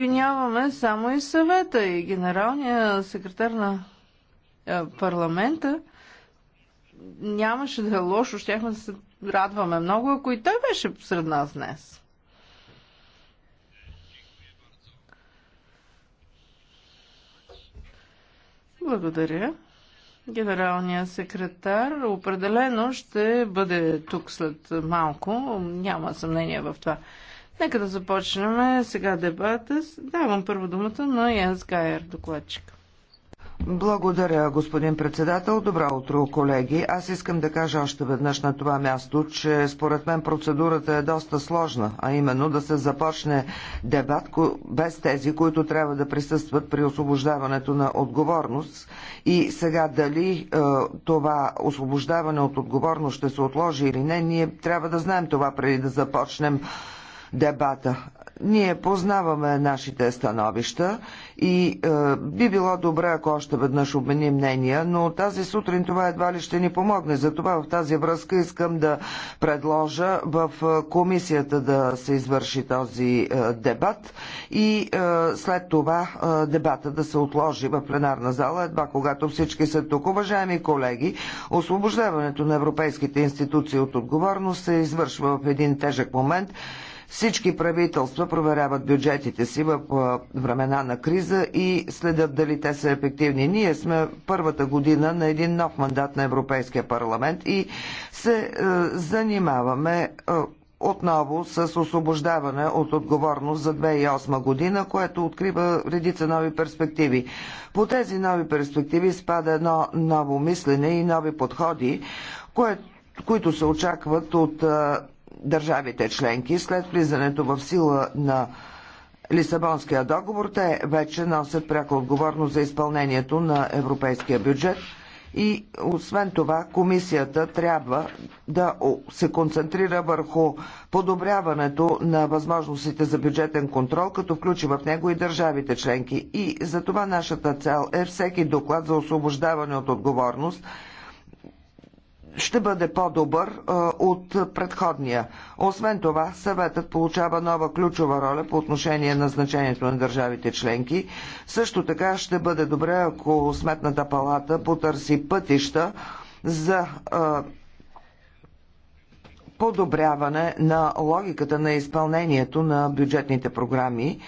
обвиняваме само и съвета и генералния секретар на е, парламента. Нямаше да е лошо, щяхме да се радваме много, ако и той беше сред нас днес. Благодаря. Генералният секретар определено ще бъде тук след малко. Няма съмнение в това. Нека да започнем сега дебата. Давам първо думата на Янс Гайер, докладчик. Благодаря, господин председател. Добро утро, колеги. Аз искам да кажа още веднъж на това място, че според мен процедурата е доста сложна, а именно да се започне дебат без тези, които трябва да присъстват при освобождаването на отговорност. И сега дали е, това освобождаване от отговорност ще се отложи или не, ние трябва да знаем това преди да започнем дебата. Ние познаваме нашите становища и е, би било добре, ако още веднъж обменим мнения, но тази сутрин това едва ли ще ни помогне. Затова в тази връзка искам да предложа в е, комисията да се извърши този е, дебат и е, след това е, дебата да се отложи в пленарна зала, едва когато всички са тук. Уважаеми колеги, освобождаването на европейските институции от отговорност се извършва в един тежък момент. Всички правителства проверяват бюджетите си в времена на криза и следят дали те са ефективни. Ние сме първата година на един нов мандат на Европейския парламент и се е, занимаваме е, отново с освобождаване от отговорност за 2008 година, което открива редица нови перспективи. По тези нови перспективи спада едно ново мислене и нови подходи, които се очакват от е, държавите членки след влизането в сила на Лисабонския договор, те вече носят пряко отговорност за изпълнението на европейския бюджет и освен това комисията трябва да се концентрира върху подобряването на възможностите за бюджетен контрол, като включи в него и държавите членки. И за това нашата цел е всеки доклад за освобождаване от отговорност ще бъде по-добър от предходния. Освен това, съветът получава нова ключова роля по отношение на значението на държавите членки. Също така ще бъде добре, ако Сметната палата потърси пътища за подобряване на логиката на изпълнението на бюджетните програми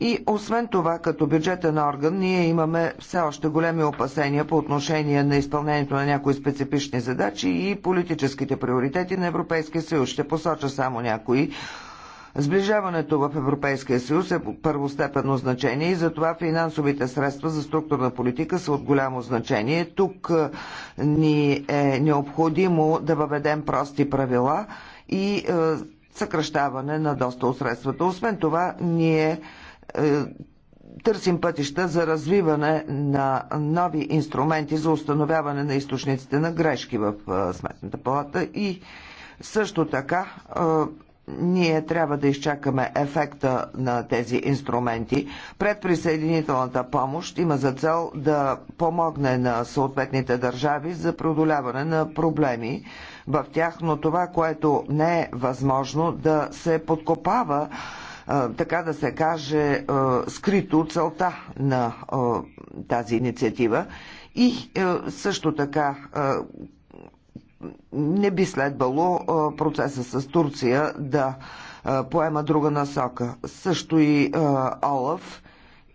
и освен това, като бюджетен орган, ние имаме все още големи опасения по отношение на изпълнението на някои специфични задачи и политическите приоритети на Европейския съюз. Ще посоча само някои. Сближаването в Европейския съюз е първостепенно значение и затова финансовите средства за структурна политика са от голямо значение. Тук е, ни е необходимо да въведем прости правила и е, съкръщаване на доста от средствата. Освен това, ние е, търсим пътища за развиване на нови инструменти за установяване на източниците на грешки в е, Сметната палата и също така е, ние трябва да изчакаме ефекта на тези инструменти. Предприсъединителната помощ има за цел да помогне на съответните държави за преодоляване на проблеми в тях, но това, което не е възможно да се подкопава така да се каже, скрито целта на тази инициатива и също така не би следвало процеса с Турция да поема друга насока. Също и Олаф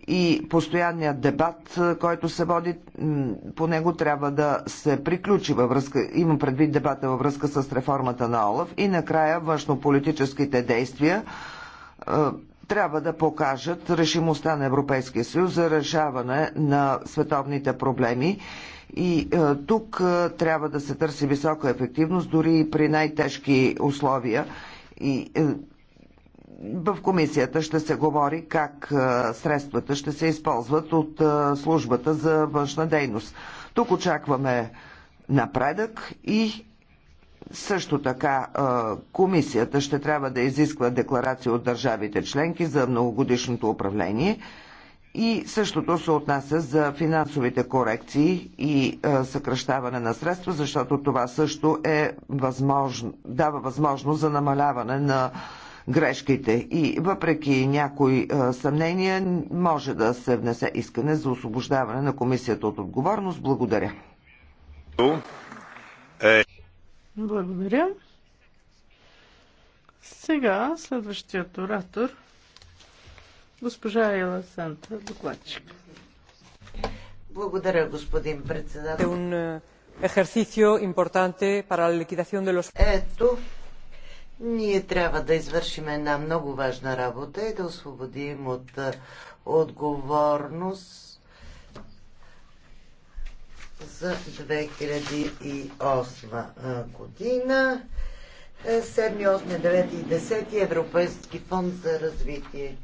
и постоянният дебат, който се води по него, трябва да се приключи във връзка, имам предвид дебата във връзка с реформата на Олаф и накрая външнополитическите действия трябва да покажат решимостта на Европейския съюз за решаване на световните проблеми. И е, тук е, трябва да се търси висока ефективност, дори и при най-тежки условия. И, е, в комисията ще се говори как е, средствата ще се използват от е, службата за външна дейност. Тук очакваме напредък и също така комисията ще трябва да изисква декларация от държавите членки за многогодишното управление и същото се отнася за финансовите корекции и съкръщаване на средства, защото това също е възможно, дава възможност за намаляване на грешките и въпреки някои съмнения може да се внесе искане за освобождаване на комисията от отговорност. Благодаря. Е, благодаря. Сега следващият оратор, госпожа Ела Санта, докладчик. Благодаря, господин председател. Е, э, ejercicio importante para la liquidación de los... Ето, ние трябва да извършим една много важна работа и да освободим от э, отговорност за 2008 година. 7, 8, 9 и 10 Европейски фонд за развитие.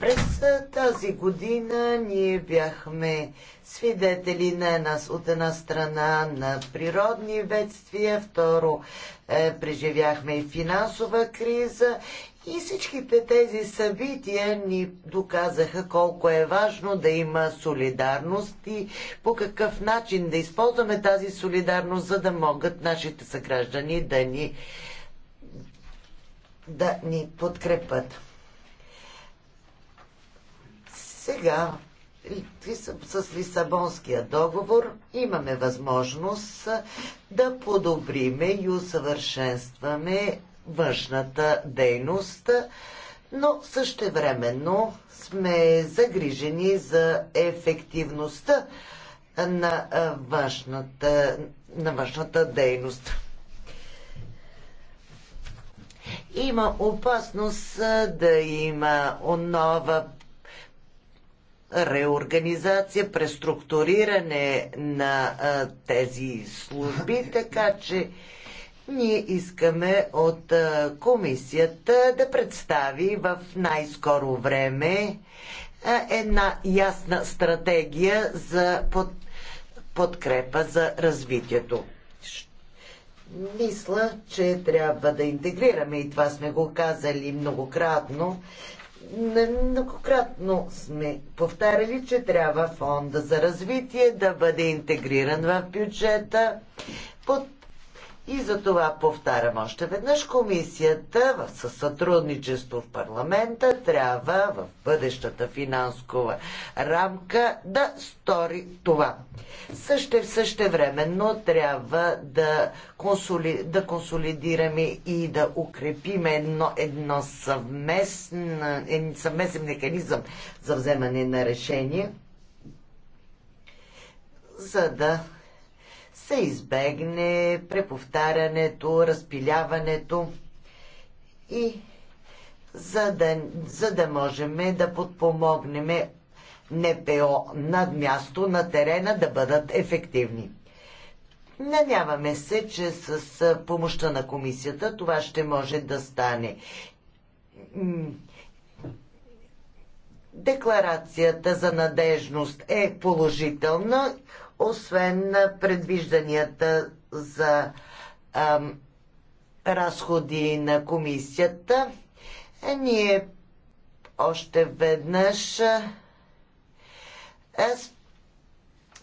През тази година ние бяхме свидетели на една, от една страна на природни бедствия, второ е, преживяхме и финансова криза и всичките тези събития ни доказаха колко е важно да има солидарност и по какъв начин да използваме тази солидарност, за да могат нашите съграждани да ни, да ни подкрепят. Сега с Лисабонския договор имаме възможност да подобриме и усъвършенстваме външната дейност, но същевременно сме загрижени за ефективността на външната, на външната дейност. Има опасност да има нова реорганизация, преструктуриране на тези служби, така че ние искаме от комисията да представи в най-скоро време една ясна стратегия за под, подкрепа за развитието. Мисля, че трябва да интегрираме и това сме го казали многократно. Многократно сме повтаряли, че трябва фонда за развитие да бъде интегриран в бюджета. Под и за това повтарям още веднъж, комисията в със сътрудничество в парламента трябва в бъдещата финансова рамка да стори това. Също, същевременно трябва да, консоли, да консолидираме и да укрепим едно, едно съвместна, един съвместен механизъм за вземане на решения, за да се избегне преповтарянето, разпиляването и за да, за да можем да подпомогнем НПО над място, на терена да бъдат ефективни. Надяваме се, че с помощта на комисията това ще може да стане. Декларацията за надежност е положителна освен предвижданията за ам, разходи на комисията, е, ние още веднъж аз е,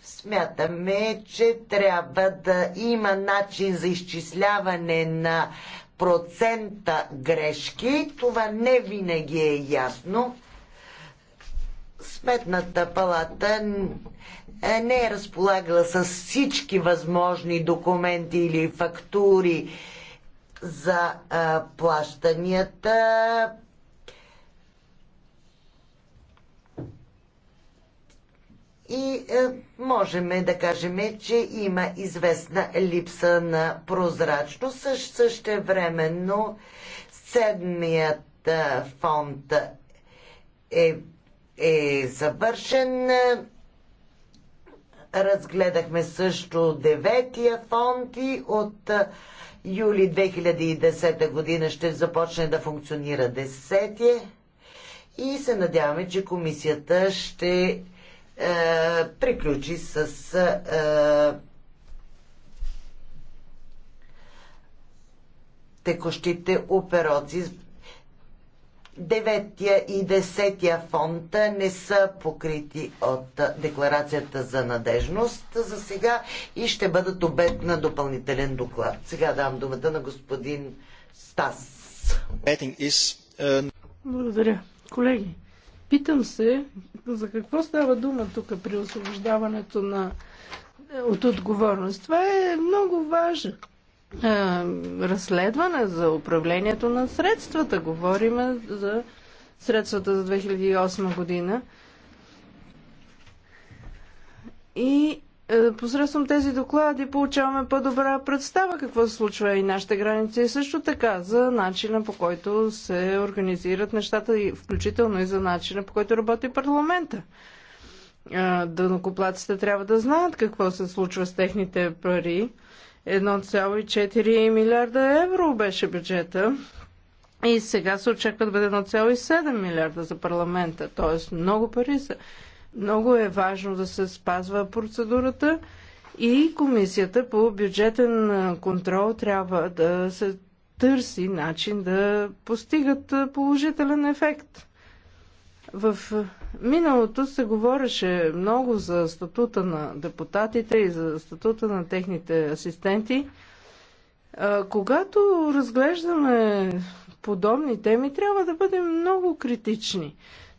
смятаме, че трябва да има начин за изчисляване на процента грешки. Това не винаги е ясно. Сметната палата е, не е разполагала с всички възможни документи или фактури за а, плащанията. И е, можем да кажем, че има известна липса на прозрачност. Също времено седмият фонд е, е завършен разгледахме също деветия фонд и от юли 2010 година ще започне да функционира десетия и се надяваме, че комисията ще е, приключи с е, текущите операции Деветия и десетия фонд не са покрити от декларацията за надежност за сега и ще бъдат обект на допълнителен доклад. Сега давам думата на господин Стас. Е, Благодаря. Колеги, питам се за какво става дума тук при освобождаването на, от отговорност. Това е много важно разследване за управлението на средствата. Говорим за средствата за 2008 година. И е, посредством тези доклади получаваме по-добра представа какво се случва и нашите граници, и също така за начина по който се организират нещата, включително и за начина по който работи парламента. Е, дънокоплаците трябва да знаят какво се случва с техните пари. 1,4 милиарда евро беше бюджета. И сега се очаква да бъде 1,7 милиарда за парламента. Тоест много пари са. Много е важно да се спазва процедурата и комисията по бюджетен контрол трябва да се търси начин да постигат положителен ефект. В миналото се говореше много за статута на депутатите и за статута на техните асистенти. Когато разглеждаме подобни теми, трябва да бъдем много критични.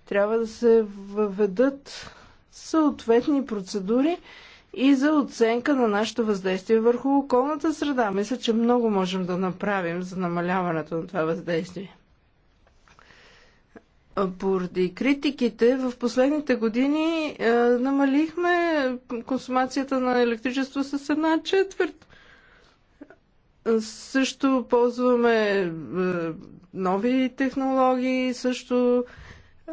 Трябва да се въведат съответни процедури и за оценка на нашето въздействие върху околната среда. Мисля, че много можем да направим за намаляването на това въздействие. Поради критиките в последните години е, намалихме консумацията на електричество с една четвърт. Също ползваме е, нови технологии, също е,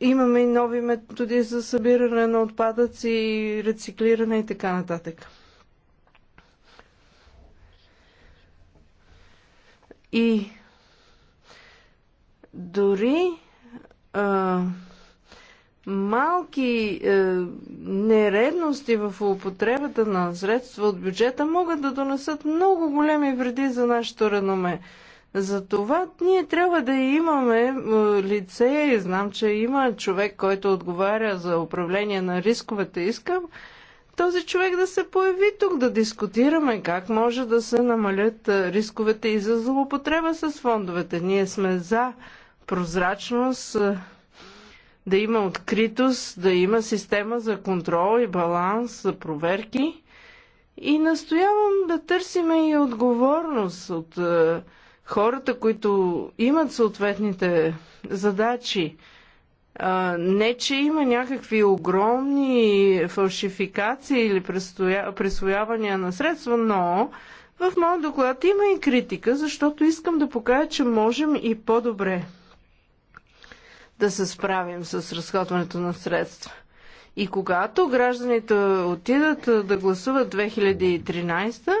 имаме и нови методи за събиране на отпадъци, рециклиране и така нататък. И дори а, малки а, е, нередности в употребата на средства от бюджета могат да донесат много големи вреди за нашето реноме. Затова ние трябва да имаме е, лице, знам, че има човек, който отговаря за управление на рисковете. Искам този човек да се появи тук, да дискутираме как може да се намалят е, рисковете и за злоупотреба с фондовете. Ние сме за прозрачност, е, да има откритост, да има система за контрол и баланс, за проверки. И настоявам да търсиме и отговорност от е, хората, които имат съответните задачи. Е, не, че има някакви огромни фалшификации или присвоявания на средства, но в моят доклад има и критика, защото искам да покажа, че можем и по-добре да се справим с разходването на средства. И когато гражданите отидат да гласуват 2013,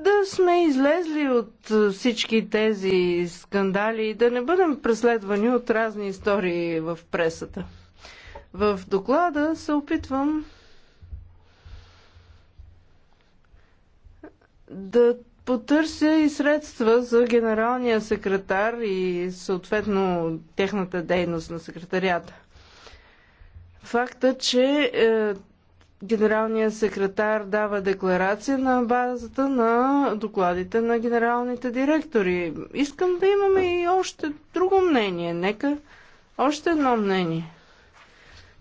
да сме излезли от всички тези скандали и да не бъдем преследвани от разни истории в пресата. В доклада се опитвам да потърся и средства за генералния секретар и съответно техната дейност на секретарията. Факта, че е, генералният секретар дава декларация на базата на докладите на генералните директори. Искам да имаме и още друго мнение. Нека още едно мнение.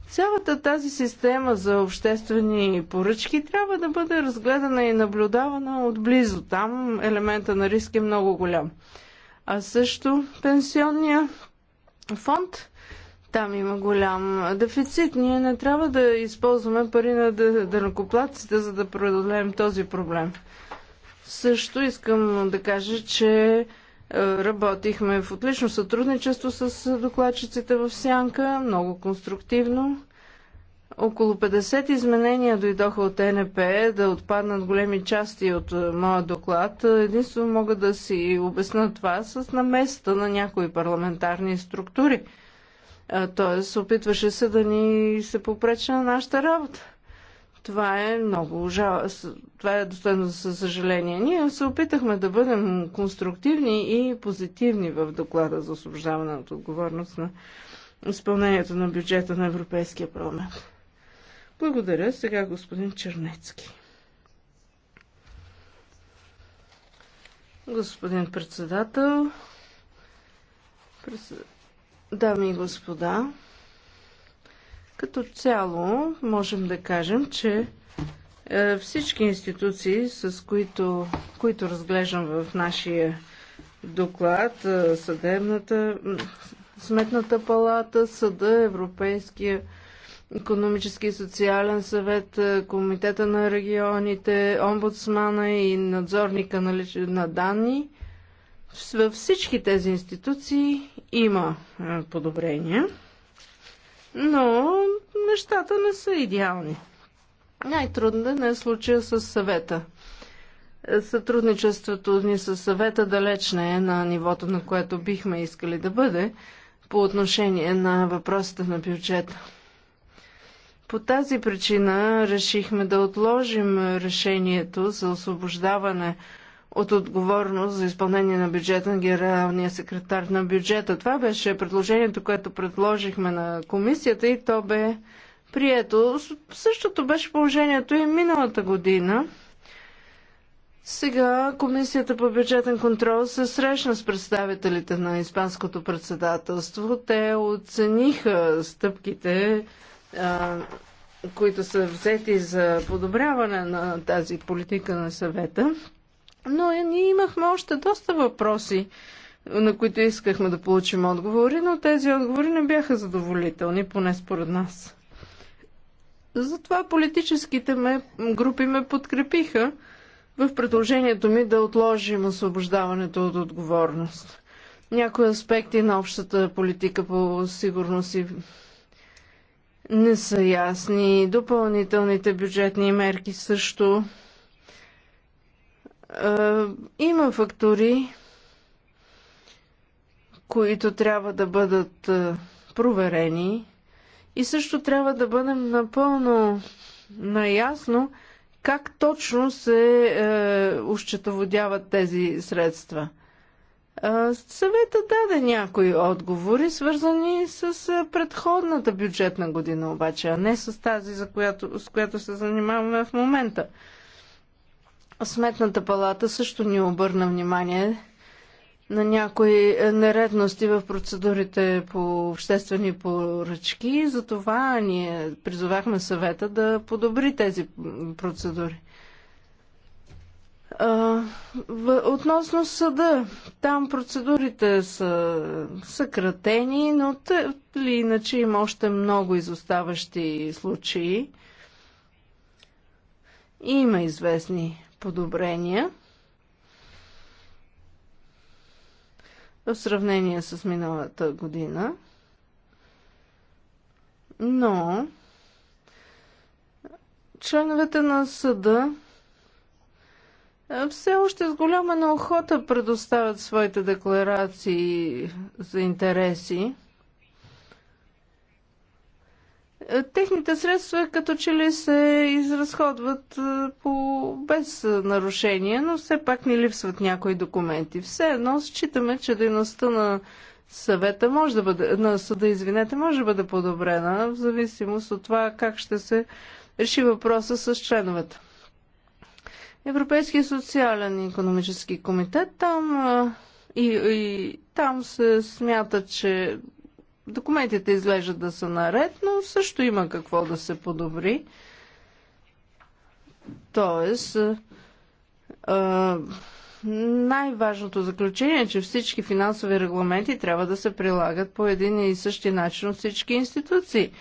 Цялата тази система за обществени поръчки трябва да бъде разгледана и наблюдавана отблизо. Там елемента на риск е много голям. А също пенсионния фонд, там има голям дефицит. Ние не трябва да използваме пари на дънакоплатците, за да преодолеем този проблем. Също искам да кажа, че Работихме в отлично сътрудничество с докладчиците в Сянка, много конструктивно. Около 50 изменения дойдоха от НП е да отпаднат големи части от моя доклад. Единствено мога да си обясна това с наместа на някои парламентарни структури. Тоест, опитваше се да ни се попречи на нашата работа. Това е много жал... Това е достойно за съжаление. Ние се опитахме да бъдем конструктивни и позитивни в доклада за освобождаване от отговорност на изпълнението на бюджета на Европейския парламент. Благодаря. Сега господин Чернецки. Господин председател, председател, дами и господа, като цяло можем да кажем, че е, всички институции, с които, които разглеждам в нашия доклад, е, съдебната, Сметната палата, Съда, Европейския економически и социален съвет, е, Комитета на регионите, омбудсмана и надзорника на, лич... на данни. Във всички тези институции има подобрения но нещата не са идеални. най не е случая с съвета. Сътрудничеството ни с съвета далеч не е на нивото, на което бихме искали да бъде по отношение на въпросите на бюджета. По тази причина решихме да отложим решението за освобождаване от отговорност за изпълнение на бюджета на генералния секретар на бюджета. Това беше предложението, което предложихме на комисията и то бе прието. Същото беше положението и миналата година. Сега Комисията по бюджетен контрол се срещна с представителите на Испанското председателство. Те оцениха стъпките, които са взети за подобряване на тази политика на съвета. Но е, ние имахме още доста въпроси, на които искахме да получим отговори, но тези отговори не бяха задоволителни, поне според нас. Затова политическите ме, групи ме подкрепиха в предложението ми да отложим освобождаването от отговорност. Някои аспекти на общата политика по сигурност и не са ясни. Допълнителните бюджетни мерки също е, има фактори, които трябва да бъдат е, проверени и също трябва да бъдем напълно наясно как точно се е, ущетоводяват тези средства. Е, Съвета даде някои отговори, свързани с предходната бюджетна година обаче, а не с тази, за която, с която се занимаваме в момента. Сметната палата също ни обърна внимание на някои е, нередности в процедурите по обществени поръчки. Затова ние призовахме съвета да подобри тези процедури. Относно съда, там процедурите са съкратени, но ли иначе има още много изоставащи случаи. Има известни подобрения в сравнение с миналата година, но членовете на съда все още с голяма неохота предоставят своите декларации за интереси техните средства като че ли се изразходват е, по, без нарушение, но все пак ни липсват някои документи. Все едно считаме, че дейността на съвета може да бъде, на съда, извинете, може да бъде подобрена в зависимост от това как ще се реши въпроса с членовете. Европейския социален и економически комитет, там е, и, и там се смята, че документите излежат да са наред, но също има какво да се подобри. Тоест, най-важното заключение е, че всички финансови регламенти трябва да се прилагат по един и същи начин от всички институции.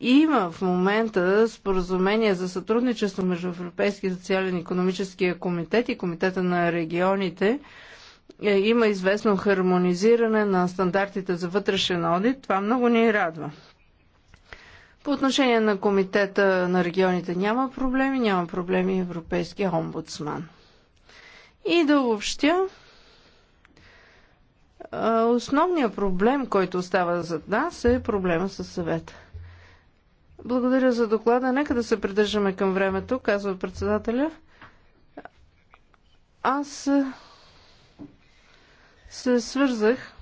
Има в момента споразумение за сътрудничество между Европейския социален и економическия комитет и Комитета на регионите, е, има известно хармонизиране на стандартите за вътрешен одит. Това много ни радва. По отношение на комитета на регионите няма проблеми, няма проблеми Европейския омбудсман. И да въобще. основният проблем, който остава зад нас е проблема с съвета. Благодаря за доклада. Нека да се придържаме към времето, казва председателя. Аз се свързах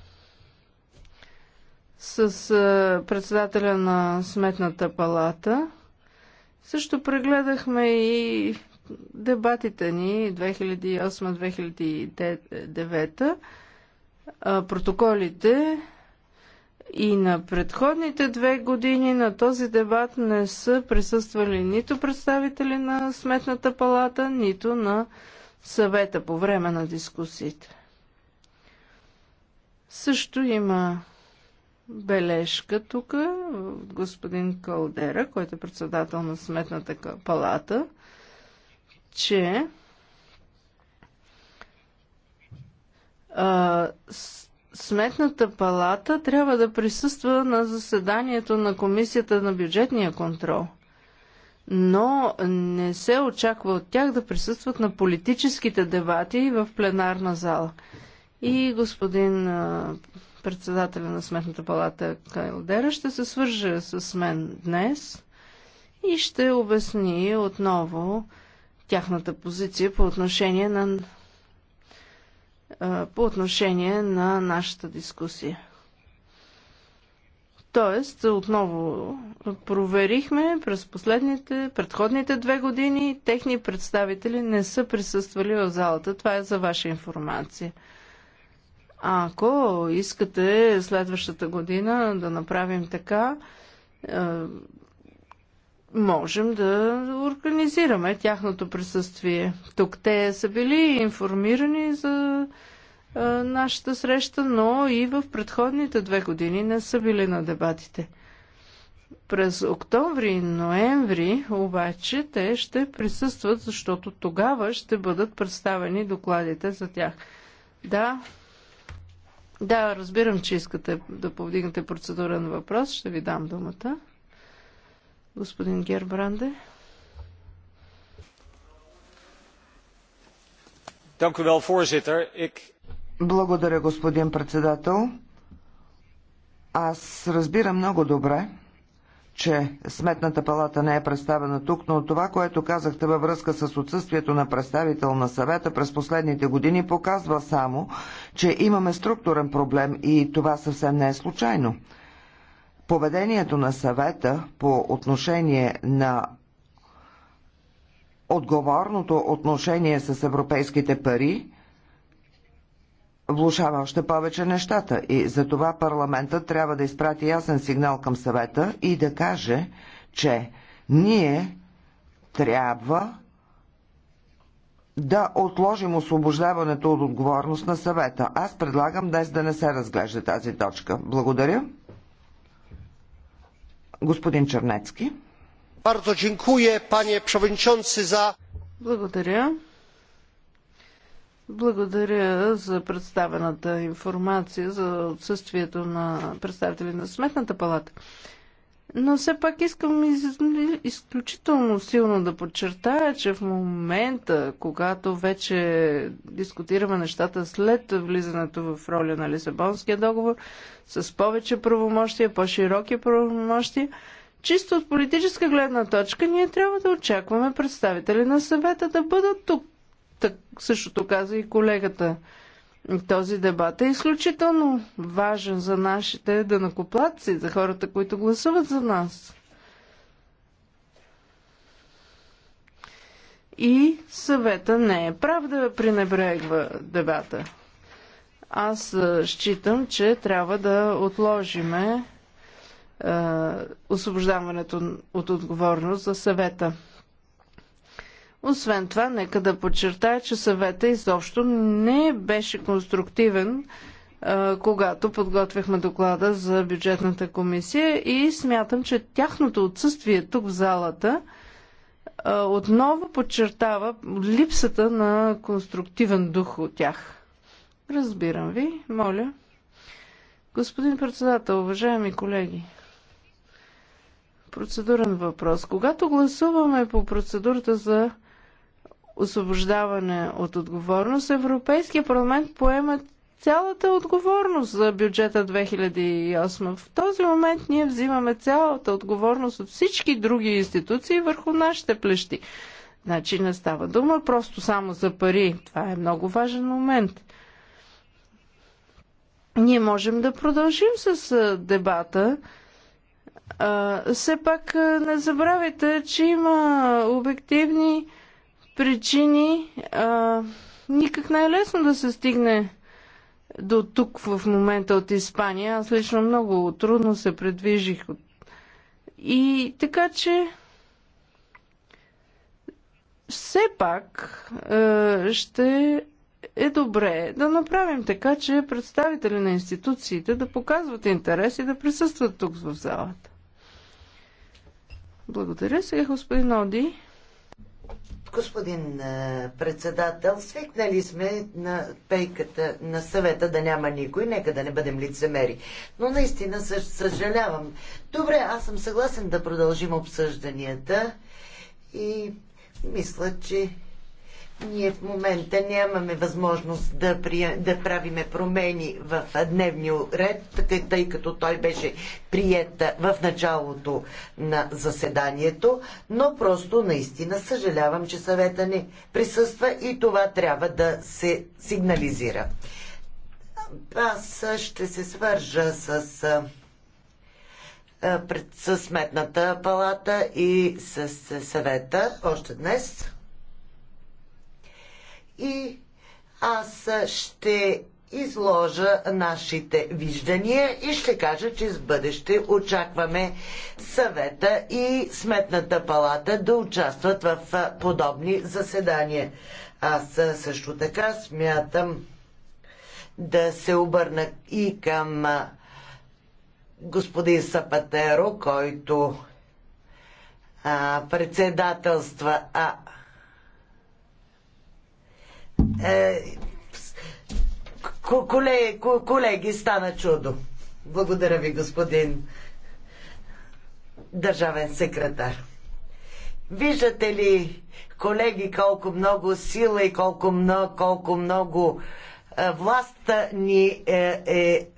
с председателя на Сметната палата. Също прегледахме и дебатите ни 2008-2009, протоколите и на предходните две години на този дебат не са присъствали нито представители на Сметната палата, нито на съвета по време на дискусиите. Също има бележка тук от господин Калдера, който е председател на Сметната палата, че а, Сметната палата трябва да присъства на заседанието на Комисията на бюджетния контрол, но не се очаква от тях да присъстват на политическите дебати в пленарна зала и господин председателя на Сметната палата Кайлдера ще се свърже с мен днес и ще обясни отново тяхната позиция по отношение на по отношение на нашата дискусия. Тоест, отново проверихме през последните, предходните две години, техни представители не са присъствали в залата. Това е за ваша информация. Ако искате следващата година да направим така, е, можем да организираме тяхното присъствие. Тук те са били информирани за е, нашата среща, но и в предходните две години не са били на дебатите. През октомври и ноември обаче те ще присъстват, защото тогава ще бъдат представени докладите за тях. Да, да, разбирам, че искате да повдигнете процедурен въпрос. Ще ви дам думата. Господин Гербранде. Благодаря, господин председател. Аз разбирам много добре, че Сметната палата не е представена тук, но това, което казахте във връзка с отсъствието на представител на съвета през последните години, показва само, че имаме структурен проблем и това съвсем не е случайно. Поведението на съвета по отношение на отговорното отношение с европейските пари влушава още повече нещата и за това парламентът трябва да изпрати ясен сигнал към съвета и да каже, че ние трябва да отложим освобождаването от отговорност на съвета. Аз предлагам днес да не се разглежда тази точка. Благодаря. Господин Чернецки. Благодаря. Благодаря за представената информация за отсъствието на представители на Сметната палата. Но все пак искам из... изключително силно да подчертая, че в момента, когато вече дискутираме нещата след влизането в роля на Лисабонския договор, с повече правомощия, по-широки правомощия, чисто от политическа гледна точка, ние трябва да очакваме представители на съвета да бъдат тук Так, същото каза и колегата. Този дебат е изключително важен за нашите дънакоплатци, за хората, които гласуват за нас. И съвета не е прав да пренебрегва дебата. Аз считам, че трябва да отложиме е, освобождаването от отговорност за съвета. Освен това, нека да подчертая, че съвета изобщо не беше конструктивен, когато подготвяхме доклада за бюджетната комисия и смятам, че тяхното отсъствие тук в залата отново подчертава липсата на конструктивен дух от тях. Разбирам ви, моля. Господин председател, уважаеми колеги, процедурен въпрос. Когато гласуваме по процедурата за освобождаване от отговорност, Европейския парламент поема цялата отговорност за бюджета 2008. В този момент ние взимаме цялата отговорност от всички други институции върху нашите плещи. Значи не става дума просто само за пари. Това е много важен момент. Ние можем да продължим с дебата. все пак не забравяйте, че има обективни причини а, никак не е лесно да се стигне до тук в момента от Испания. Аз лично много трудно се предвижих. И така че все пак а, ще е добре да направим така, че представители на институциите да показват интерес и да присъстват тук в залата. Благодаря. Сега господин Оди. Господин председател, свикнали сме на пейката на съвета да няма никой, нека да не бъдем лицемери. Но наистина съжалявам. Добре, аз съм съгласен да продължим обсъжданията и мисля, че ние в момента нямаме възможност да, при, да правиме промени в дневния ред, тъй като той беше прият в началото на заседанието, но просто наистина съжалявам, че съвета не присъства и това трябва да се сигнализира. Аз ще се свържа с пред, Сметната палата и с съвета още днес и аз ще изложа нашите виждания и ще кажа, че с бъдеще очакваме съвета и сметната палата да участват в подобни заседания. Аз също така смятам да се обърна и към господин Сапатеро, който председателства а, е, колеги, стана чудо. Благодаря ви, господин държавен секретар. Виждате ли, колеги, колко много сила и колко много, колко много е, власт ни е, е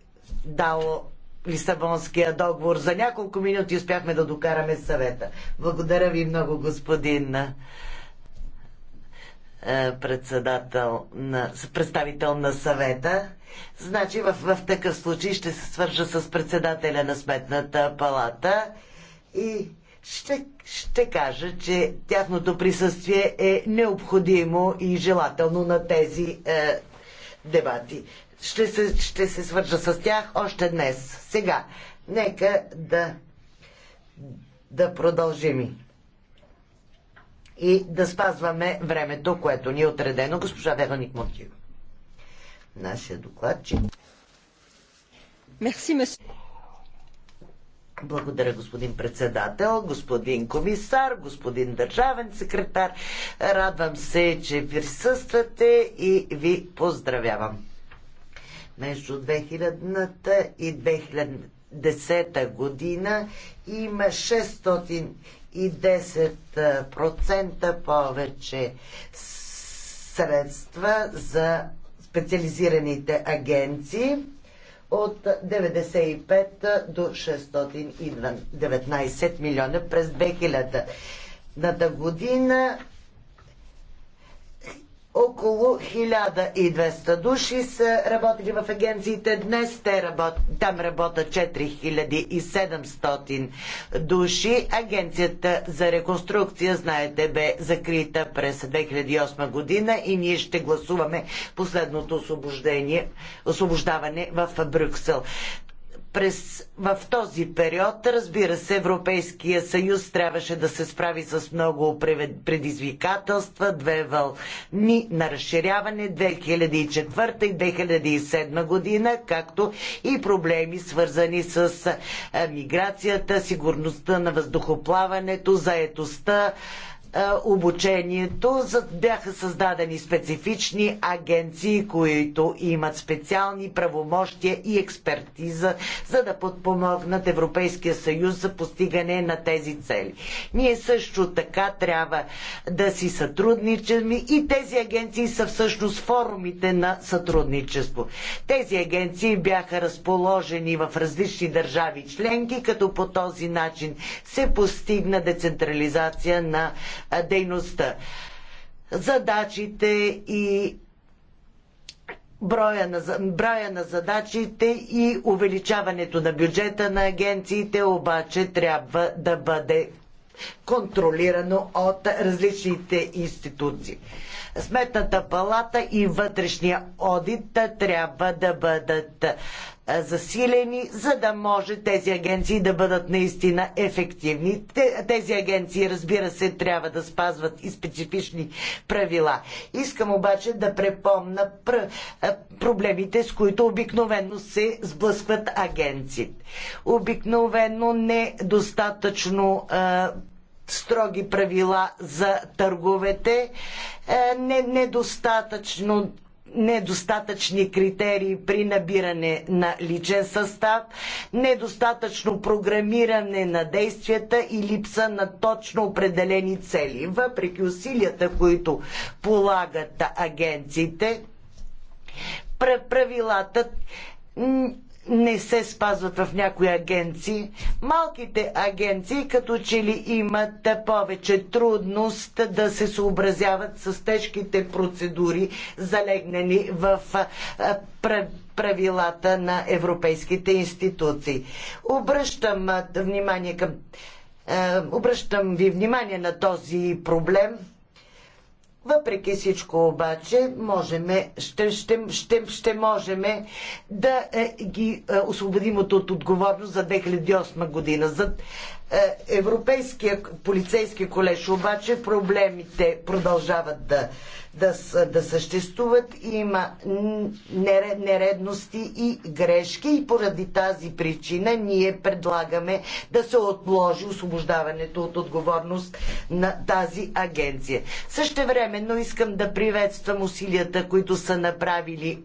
дало Лисабонския договор. За няколко минути успяхме да докараме съвета. Благодаря ви много, господин е, председател на, представител на съвета. Значи в, в такъв случай ще се свържа с председателя на сметната палата и ще, ще кажа, че тяхното присъствие е необходимо и желателно на тези е, дебати. Ще се, ще се свържа с тях още днес. Сега, нека да, да продължим и да спазваме времето, което ни е отредено. Госпожа Вероник Монтиева. Нашия докладчик. Мерси, месо. Благодаря, господин председател, господин комисар, господин държавен секретар. Радвам се, че присъствате и ви поздравявам. Между 2000-та и 2010 година има 600 10% повече средства за специализираните агенции от 95 до 619 милиона през 2000 година около 1200 души са работили в агенциите. Днес те работ... там работят 4700 души. Агенцията за реконструкция, знаете, бе закрита през 2008 година и ние ще гласуваме последното освобождение, освобождаване в Брюксел през, в този период, разбира се, Европейския съюз трябваше да се справи с много предизвикателства, две вълни на разширяване 2004 и 2007 година, както и проблеми свързани с миграцията, сигурността на въздухоплаването, заетостта, обучението. Бяха създадени специфични агенции, които имат специални правомощия и експертиза, за да подпомогнат Европейския съюз за постигане на тези цели. Ние също така трябва да си сътрудничим и тези агенции са всъщност форумите на сътрудничество. Тези агенции бяха разположени в различни държави членки, като по този начин се постигна децентрализация на дейността. Задачите и броя на, броя на задачите и увеличаването на бюджета на агенциите обаче трябва да бъде контролирано от различните институции. Сметната палата и вътрешния одит трябва да бъдат засилени, за да може тези агенции да бъдат наистина ефективни. Тези агенции, разбира се, трябва да спазват и специфични правила. Искам обаче да препомна пр- проблемите, с които обикновено се сблъскват агенциите. Обикновено недостатъчно достатъчно строги правила за търговете, недостатъчно недостатъчни критерии при набиране на личен състав, недостатъчно програмиране на действията и липса на точно определени цели. Въпреки усилията, които полагат агенциите, правилата не се спазват в някои агенции. Малките агенции като че ли имат повече трудност да се съобразяват с тежките процедури, залегнани в правилата на европейските институции. Обръщам внимание към Обръщам ви внимание на този проблем въпреки всичко обаче, ще, ще, ще, ще можем да е, ги е, освободим от, от отговорност за 2008 година. За, е, европейския полицейски колеж обаче проблемите продължават да, да, да съществуват. Има нередности и грешки и поради тази причина ние предлагаме да се отложи освобождаването от отговорност на тази агенция. Същевременно искам да приветствам усилията, които са направили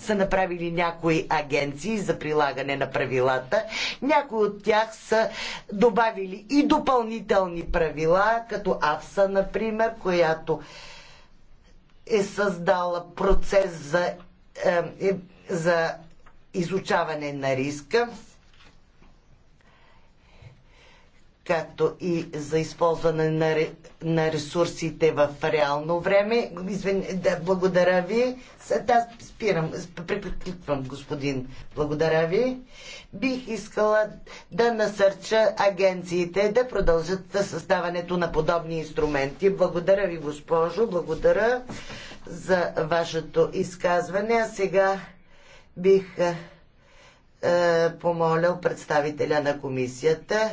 са направили някои агенции за прилагане на правилата. Някои от тях са добавили и допълнителни правила, като АФСА, например, която е създала процес за, е, е за изучаване на риска. както и за използване на, ре, на ресурсите в реално време. Извин, да, благодаря ви. Аз спирам, приключвам, господин. Благодаря ви. Бих искала да насърча агенциите да продължат съставането на подобни инструменти. Благодаря ви, госпожо. Благодаря за вашето изказване. А сега бих е, помолял представителя на комисията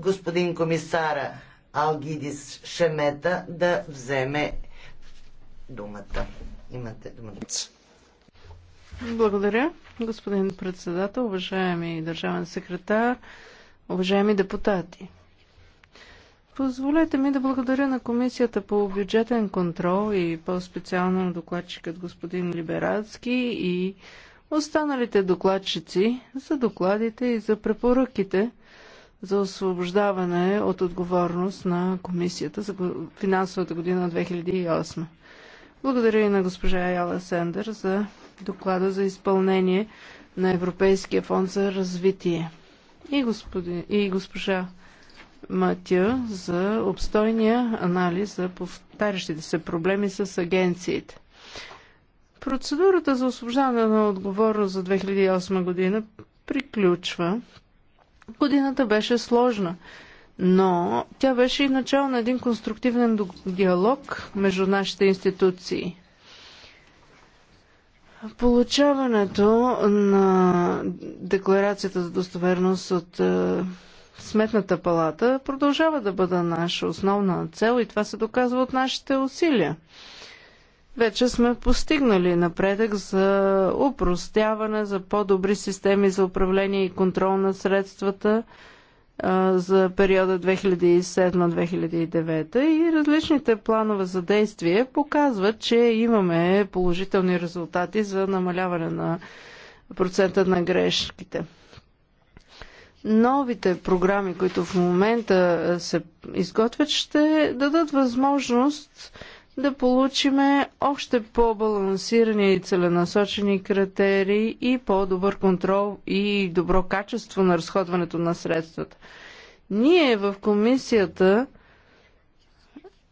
господин комисара Алгидис Шемета да вземе думата. Имате думата. Благодаря, господин председател, уважаеми държавен секретар, уважаеми депутати. Позволете ми да благодаря на Комисията по бюджетен контрол и по-специално докладчикът господин Либерацки и останалите докладчици за докладите и за препоръките, за освобождаване от отговорност на комисията за финансовата година 2008. Благодаря и на госпожа Яла Сендър за доклада за изпълнение на Европейския фонд за развитие и, господи, и госпожа Матя за обстойния анализ за повтарящите се проблеми с агенциите. Процедурата за освобождаване на отговорност за 2008 година приключва Годината беше сложна, но тя беше и начало на един конструктивен диалог между нашите институции. Получаването на декларацията за достоверност от е, Сметната палата продължава да бъде наша основна цел и това се доказва от нашите усилия вече сме постигнали напредък за упростяване, за по-добри системи за управление и контрол на средствата за периода 2007-2009 и различните планове за действие показват, че имаме положителни резултати за намаляване на процента на грешките. Новите програми, които в момента се изготвят, ще дадат възможност да получиме още по-балансирани и целенасочени критерии и по-добър контрол и добро качество на разходването на средствата. Ние в комисията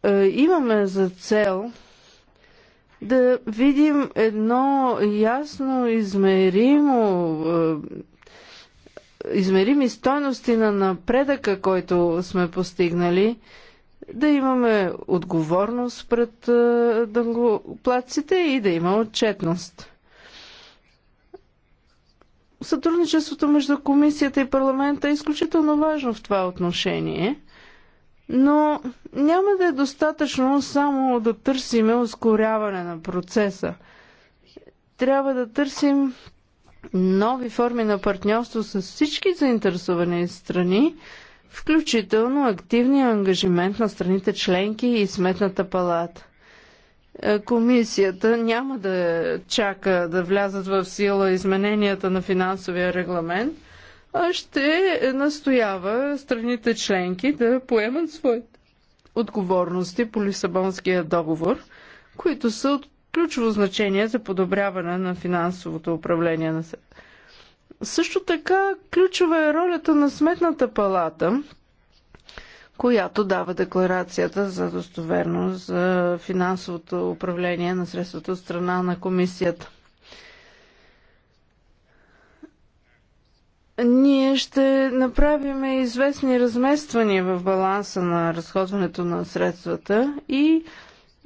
е, имаме за цел да видим едно ясно измеримо е, измерими стойности на напредъка, който сме постигнали – да имаме отговорност пред дългоплатците и да има отчетност. Сътрудничеството между комисията и парламента е изключително важно в това отношение, но няма да е достатъчно само да търсиме ускоряване на процеса. Трябва да търсим нови форми на партньорство с всички заинтересовани страни, включително активния ангажимент на страните членки и Сметната палата. Е, комисията няма да чака да влязат в сила измененията на финансовия регламент, а ще настоява страните членки да поемат своите отговорности по Лисабонския договор, които са от ключово значение за подобряване на финансовото управление на СЕП. Също така ключова е ролята на Сметната палата, която дава декларацията за достоверност за финансовото управление на средствата от страна на комисията. Ние ще направим известни размествания в баланса на разходването на средствата и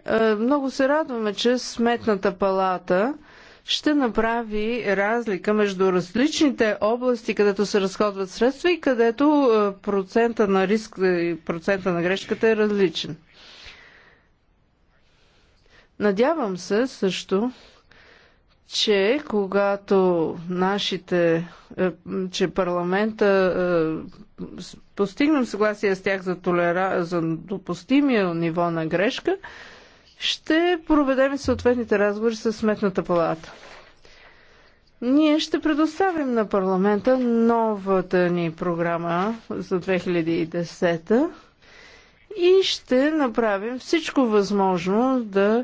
е, много се радваме, че Сметната палата – ще направи разлика между различните области, където се разходват средства и където е, процента на риск и процента на грешката е различен. Надявам се също, че когато нашите, е, че парламента е, постигнем съгласие с тях за, толера, за допустимия ниво на грешка, ще проведем съответните разговори с Сметната палата. Ние ще предоставим на парламента новата ни програма за 2010 и ще направим всичко възможно да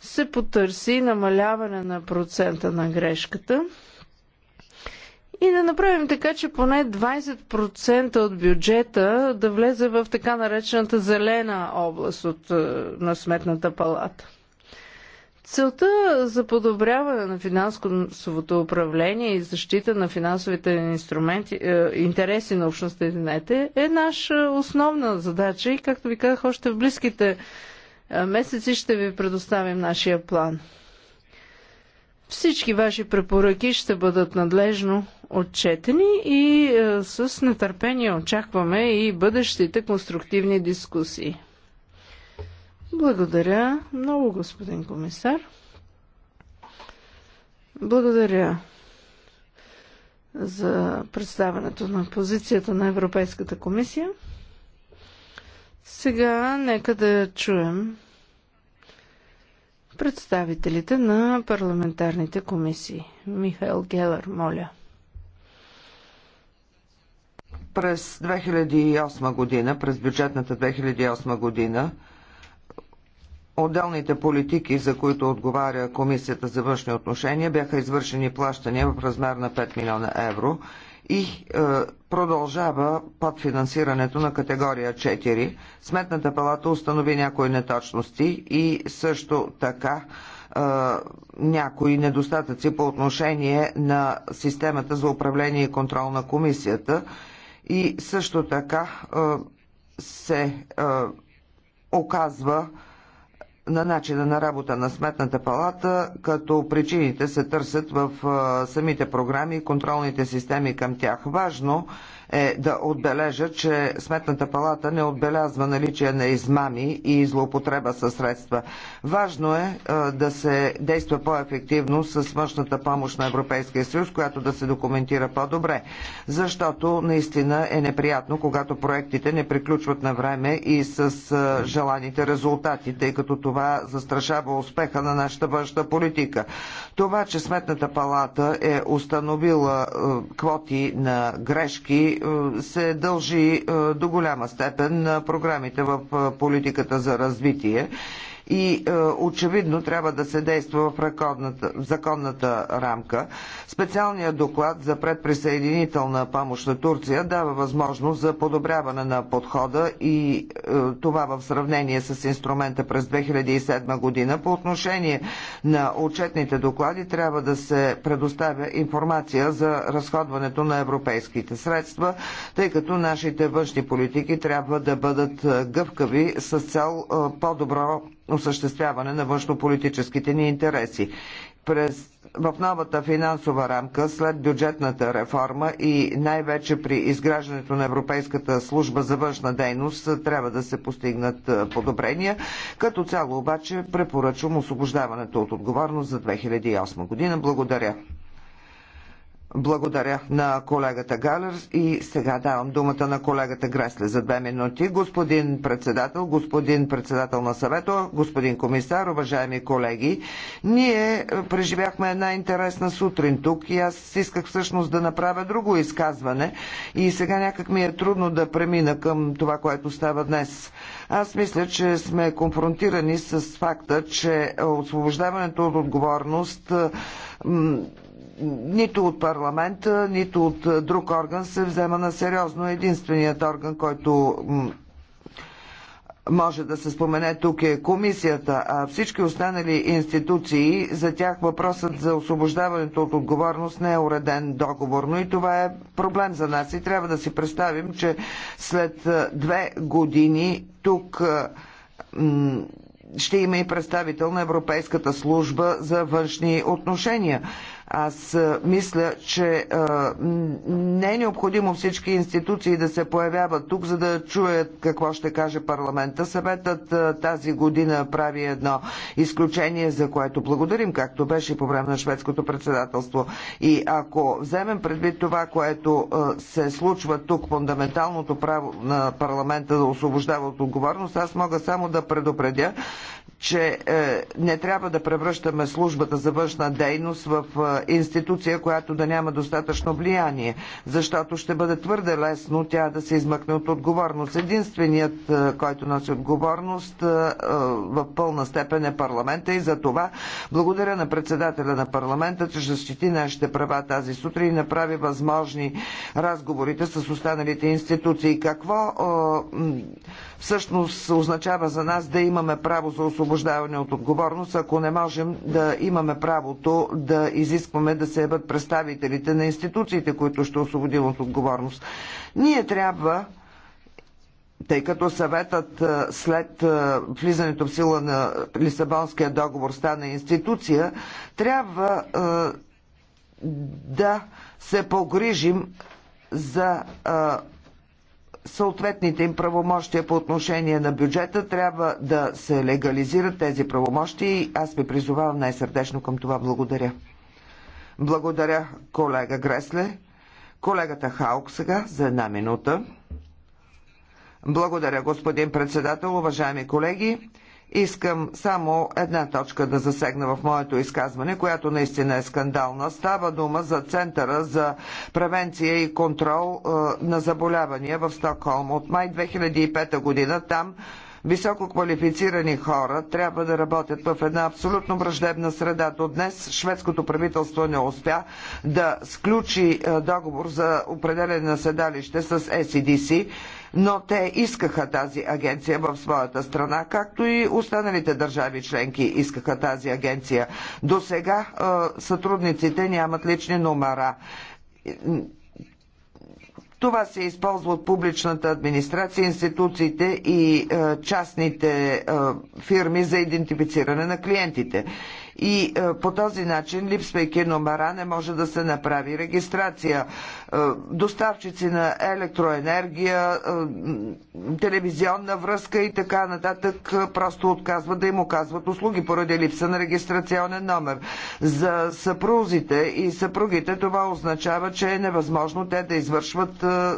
се потърси намаляване на процента на грешката и да направим така, че поне 20% от бюджета да влезе в така наречената зелена област от, е, на Сметната палата. Целта за подобряване на финансовото управление и защита на финансовите инструменти, е, интереси на общността извинете, е наша основна задача и, както ви казах, още в близките е, месеци ще ви предоставим нашия план. Всички ваши препоръки ще бъдат надлежно отчетени и е, с нетърпение очакваме и бъдещите конструктивни дискусии. Благодаря много, господин комисар. Благодаря за представянето на позицията на Европейската комисия. Сега нека да чуем представителите на парламентарните комисии. Михаил Гелър, моля. През 2008 година, през бюджетната 2008 година, отделните политики, за които отговаря Комисията за външни отношения, бяха извършени плащания в размер на 5 милиона евро и е, продължава подфинансирането на категория 4. Сметната палата установи някои неточности и също така е, някои недостатъци по отношение на системата за управление и контрол на комисията и също така се оказва на начина на работа на Сметната палата, като причините се търсят в самите програми и контролните системи към тях. Важно е да отбележа, че Сметната палата не отбелязва наличие на измами и злоупотреба със средства. Важно е, е да се действа по-ефективно с външната помощ на Европейския съюз, която да се документира по-добре, защото наистина е неприятно, когато проектите не приключват на време и с е, желаните резултати, тъй като това застрашава успеха на нашата външна политика. Това, че Сметната палата е установила е, квоти на грешки, е, се дължи е, до голяма степен на програмите в е, политиката за развитие и е, очевидно трябва да се действа в, в законната рамка. Специалният доклад за предприсъединителна помощ на Турция дава възможност за подобряване на подхода и е, това в сравнение с инструмента през 2007 година. По отношение на отчетните доклади трябва да се предоставя информация за разходването на европейските средства, тъй като нашите външни политики трябва да бъдат е, гъвкави с цел е, по-добро осъществяване на външнополитическите ни интереси. През, в новата финансова рамка, след бюджетната реформа и най-вече при изграждането на Европейската служба за външна дейност, трябва да се постигнат подобрения. Като цяло обаче препоръчвам освобождаването от отговорност за 2008 година. Благодаря. Благодаря на колегата Галер и сега давам думата на колегата Гресле за две минути. Господин председател, господин председател на съвето, господин комисар, уважаеми колеги, ние преживяхме една интересна сутрин тук и аз исках всъщност да направя друго изказване и сега някак ми е трудно да премина към това, което става днес. Аз мисля, че сме конфронтирани с факта, че освобождаването от отговорност нито от парламента, нито от е, друг орган се взема на сериозно. Единственият орган, който може да се спомене тук е комисията, а всички останали институции, за тях въпросът за освобождаването от отговорност не е уреден договорно и това е проблем за нас и трябва да си представим, че след е, две години тук е, ще има и представител на Европейската служба за външни отношения. Аз мисля, че не е необходимо всички институции да се появяват тук, за да чуят какво ще каже парламента. Съветът тази година прави едно изключение, за което благодарим, както беше и по време на шведското председателство. И ако вземем предвид това, което се случва тук, фундаменталното право на парламента да освобождава от отговорност, аз мога само да предупредя, че е, не трябва да превръщаме службата за външна дейност в е, институция, която да няма достатъчно влияние, защото ще бъде твърде лесно тя да се измъкне от отговорност. Единственият, е, който носи отговорност е, е, в пълна степен е парламента и за това благодаря на председателя на парламента, че защити нашите права тази сутрин и направи възможни разговорите с останалите институции. Какво е, всъщност означава за нас да имаме право за освобождаване от отговорност, ако не можем да имаме правото да изискваме да се ебат представителите на институциите, които ще освободим от отговорност. Ние трябва тъй като съветът след влизането в сила на Лисабонския договор стана институция, трябва да се погрижим за съответните им правомощия по отношение на бюджета, трябва да се легализират тези правомощия и аз ви призовавам най-сърдечно към това. Благодаря. Благодаря, колега Гресле. Колегата Хаук сега за една минута. Благодаря, господин председател, уважаеми колеги. Искам само една точка да засегна в моето изказване, която наистина е скандална. Става дума за Центъра за превенция и контрол е, на заболявания в Стокхолм. От май 2005 година там високо квалифицирани хора трябва да работят в една абсолютно враждебна среда. До днес шведското правителство не успя да сключи е, договор за определене на седалище с SEDC но те искаха тази агенция в своята страна, както и останалите държави членки искаха тази агенция. До сега е, сътрудниците нямат лични номера. Това се използва от публичната администрация, институциите и е, частните е, фирми за идентифициране на клиентите и е, по този начин, липсвайки номера, не може да се направи регистрация. Е, доставчици на електроенергия, е, телевизионна връзка и така нататък просто отказват да им оказват услуги поради липса на регистрационен номер. За съпрузите и съпругите това означава, че е невъзможно те да извършват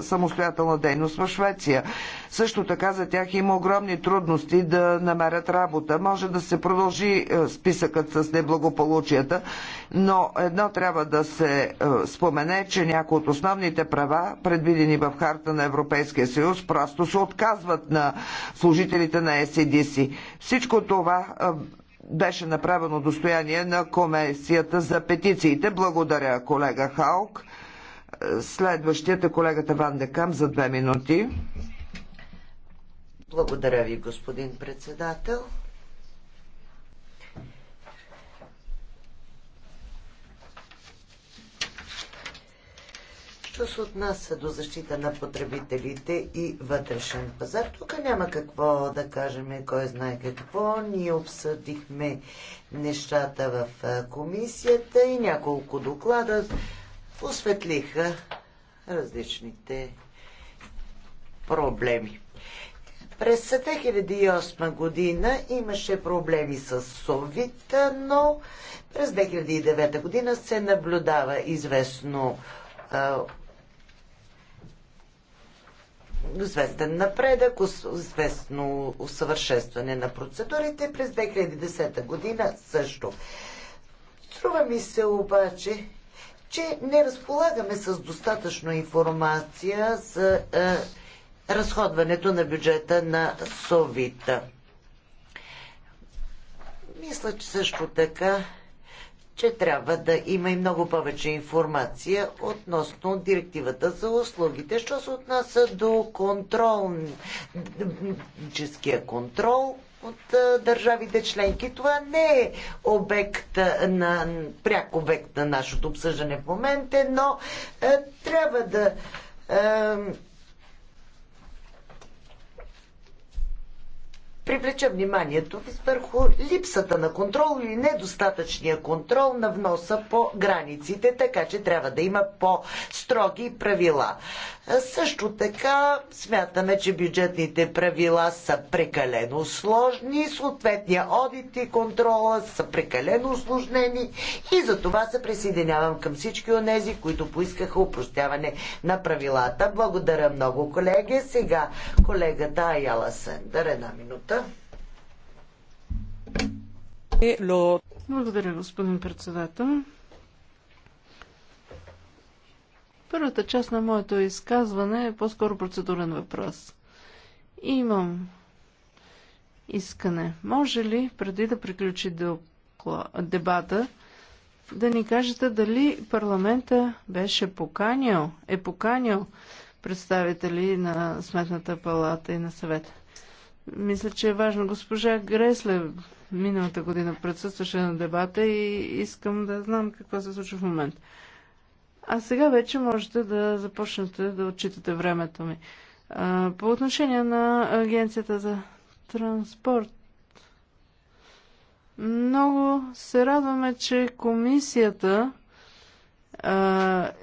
самостоятелна дейност в Швеция. Също така за тях има огромни трудности да намерят работа. Може да се продължи списъкът с с неблагополучията, но едно трябва да се е, спомене, че някои от основните права, предвидени в харта на Европейския съюз, просто се отказват на служителите на СДС. Всичко това е, беше направено достояние на Комисията за петициите. Благодаря, колега Халк. Е, следващият е колегата Ван Декам за две минути. Благодаря ви, господин председател. Що се отнася до защита на потребителите и вътрешен пазар, тук няма какво да кажем, кой знае какво. Ние обсъдихме нещата в комисията и няколко доклада осветлиха различните проблеми. През 2008 година имаше проблеми с Совит, но през 2009 година се наблюдава известно известен напредък, известно усъвършенстване на процедурите през 2010 година също. Струва ми се обаче, че не разполагаме с достатъчно информация за е, разходването на бюджета на Совита. Мисля, че също така че трябва да има и много повече информация относно директивата за услугите. Що се отнася до контрол, контрол от държавите членки, това не е обект на, пряк обект на нашето обсъждане в момента, но е, трябва да е, привлеча вниманието ви върху липсата на контрол или недостатъчния контрол на вноса по границите, така че трябва да има по-строги правила. Също така смятаме, че бюджетните правила са прекалено сложни, съответния одит и контрола са прекалено осложнени и за това се присъединявам към всички тези, които поискаха упростяване на правилата. Благодаря много, колеги. Сега колегата Аяла Сендър, една минута думата. Благодаря, господин председател. Първата част на моето изказване е по-скоро процедурен въпрос. Имам искане. Може ли, преди да приключи дебата, да ни кажете дали парламента беше поканял, е поканял представители на Сметната палата и на съвета? Мисля, че е важно. Госпожа Гресле миналата година присъстваше на дебата и искам да знам какво се случва в момента. А сега вече можете да започнете да отчитате времето ми. А, по отношение на Агенцията за транспорт, много се радваме, че комисията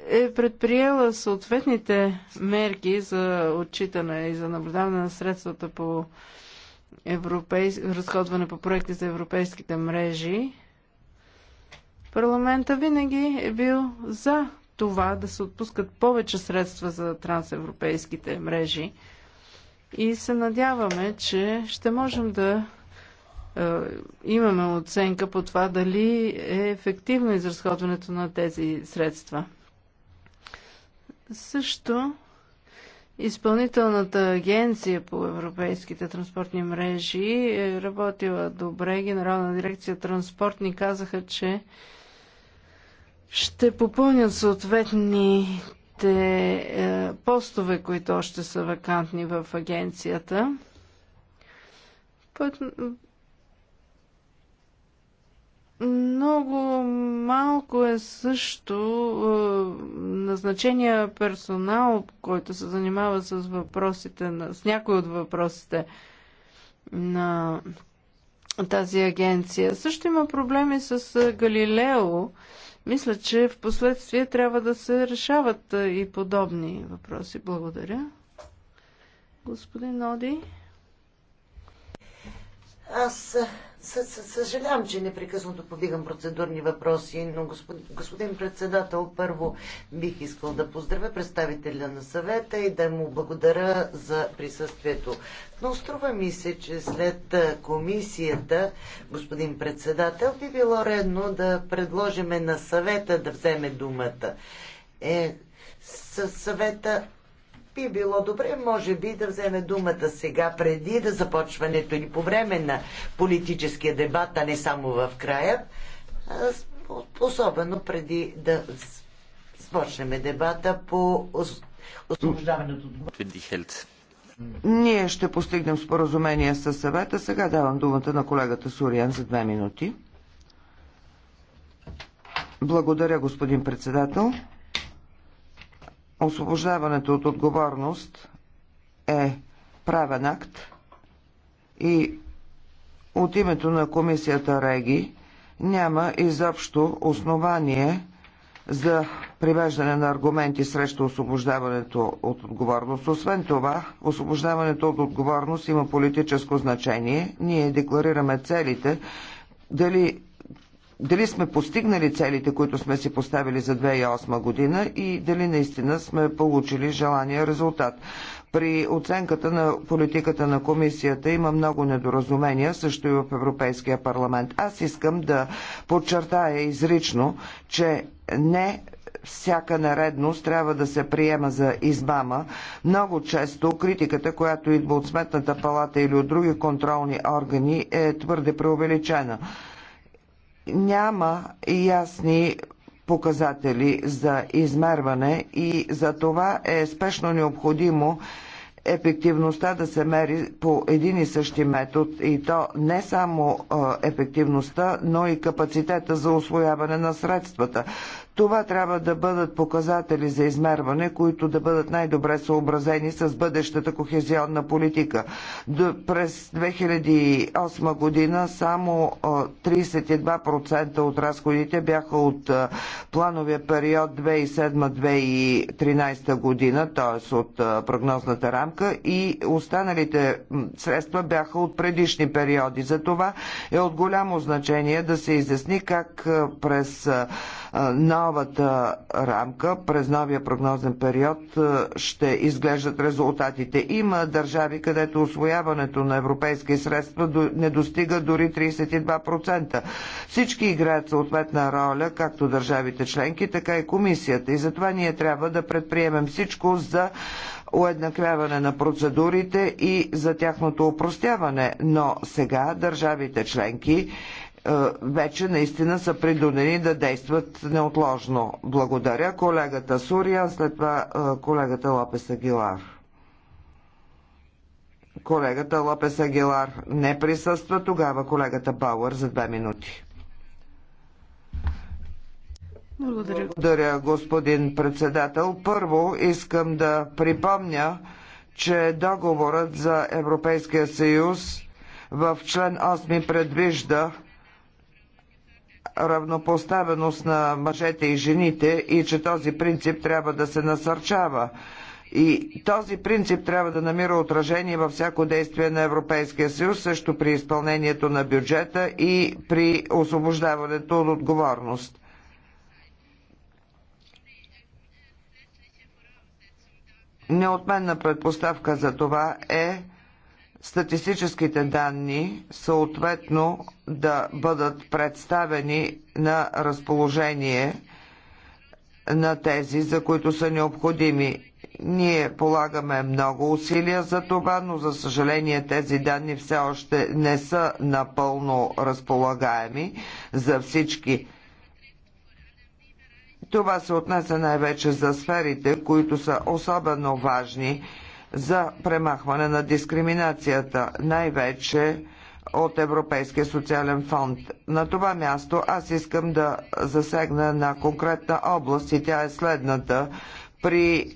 е предприела съответните мерки за отчитане и за наблюдаване на средствата по европейс... разходване по проекти за европейските мрежи, парламента винаги е бил за това да се отпускат повече средства за трансевропейските мрежи и се надяваме, че ще можем да е, имаме оценка по това дали е ефективно изразходването на тези средства. Също изпълнителната агенция по европейските транспортни мрежи е работила добре. Генерална дирекция транспортни казаха, че ще попълнят съответните е, постове, които още са вакантни в агенцията. Много малко е също е, назначения персонал, който се занимава с въпросите, на, с някои от въпросите на тази агенция. Също има проблеми с е, Галилео. Мисля, че в последствие трябва да се решават е, и подобни въпроси. Благодаря. Господин Оди. Аз съжалявам, че непрекъснато повдигам процедурни въпроси, но господин, господин председател, първо бих искал да поздравя представителя на съвета и да му благодаря за присъствието. Но струва ми се, че след комисията, господин председател, би било редно да предложиме на съвета да вземе думата. Е, съвета би било добре, може би, да вземе думата сега, преди да започването или по време на политическия дебат, а не само в края, особено преди да започнем дебата по освобождаването. Ние ще постигнем споразумение с съвета. Сега давам думата на колегата Сориан за две минути. Благодаря, господин председател освобождаването от отговорност е правен акт и от името на комисията Реги няма изобщо основание за привеждане на аргументи срещу освобождаването от отговорност. Освен това, освобождаването от отговорност има политическо значение. Ние декларираме целите, дали дали сме постигнали целите, които сме си поставили за 2008 година и дали наистина сме получили желания резултат. При оценката на политиката на комисията има много недоразумения, също и в Европейския парламент. Аз искам да подчертая изрично, че не всяка наредност трябва да се приема за избама. Много често критиката, която идва от Сметната палата или от други контролни органи, е твърде преувеличена няма ясни показатели за измерване и за това е спешно необходимо ефективността да се мери по един и същи метод и то не само ефективността, но и капацитета за освояване на средствата. Това трябва да бъдат показатели за измерване, които да бъдат най-добре съобразени с бъдещата кохезионна политика. До, през 2008 година само 32% от разходите бяха от плановия период 2007-2013 година, т.е. от прогнозната рамка и останалите средства бяха от предишни периоди. За това е от голямо значение да се изясни как през новата рамка през новия прогнозен период ще изглеждат резултатите. Има държави, където освояването на европейски средства не достига дори 32%. Всички играят съответна роля, както държавите членки, така и комисията. И затова ние трябва да предприемем всичко за уеднаквяване на процедурите и за тяхното упростяване. Но сега държавите членки е, вече наистина са придонени да действат неотложно. Благодаря колегата Сурия, след това е, колегата Лапес Агилар. Колегата Лопес Агилар не присъства, тогава колегата Бауър за две минути. Благодаря. Благодаря, господин председател. Първо искам да припомня, че договорът за Европейския съюз в член 8 предвижда равнопоставеност на мъжете и жените и че този принцип трябва да се насърчава. И този принцип трябва да намира отражение във всяко действие на Европейския съюз, също при изпълнението на бюджета и при освобождаването от отговорност. Неотменна предпоставка за това е статистическите данни съответно да бъдат представени на разположение на тези, за които са необходими. Ние полагаме много усилия за това, но за съжаление тези данни все още не са напълно разполагаеми за всички. Това се отнесе най-вече за сферите, които са особено важни – за премахване на дискриминацията, най-вече от Европейския социален фонд. На това място аз искам да засегна на конкретна област и тя е следната. При е,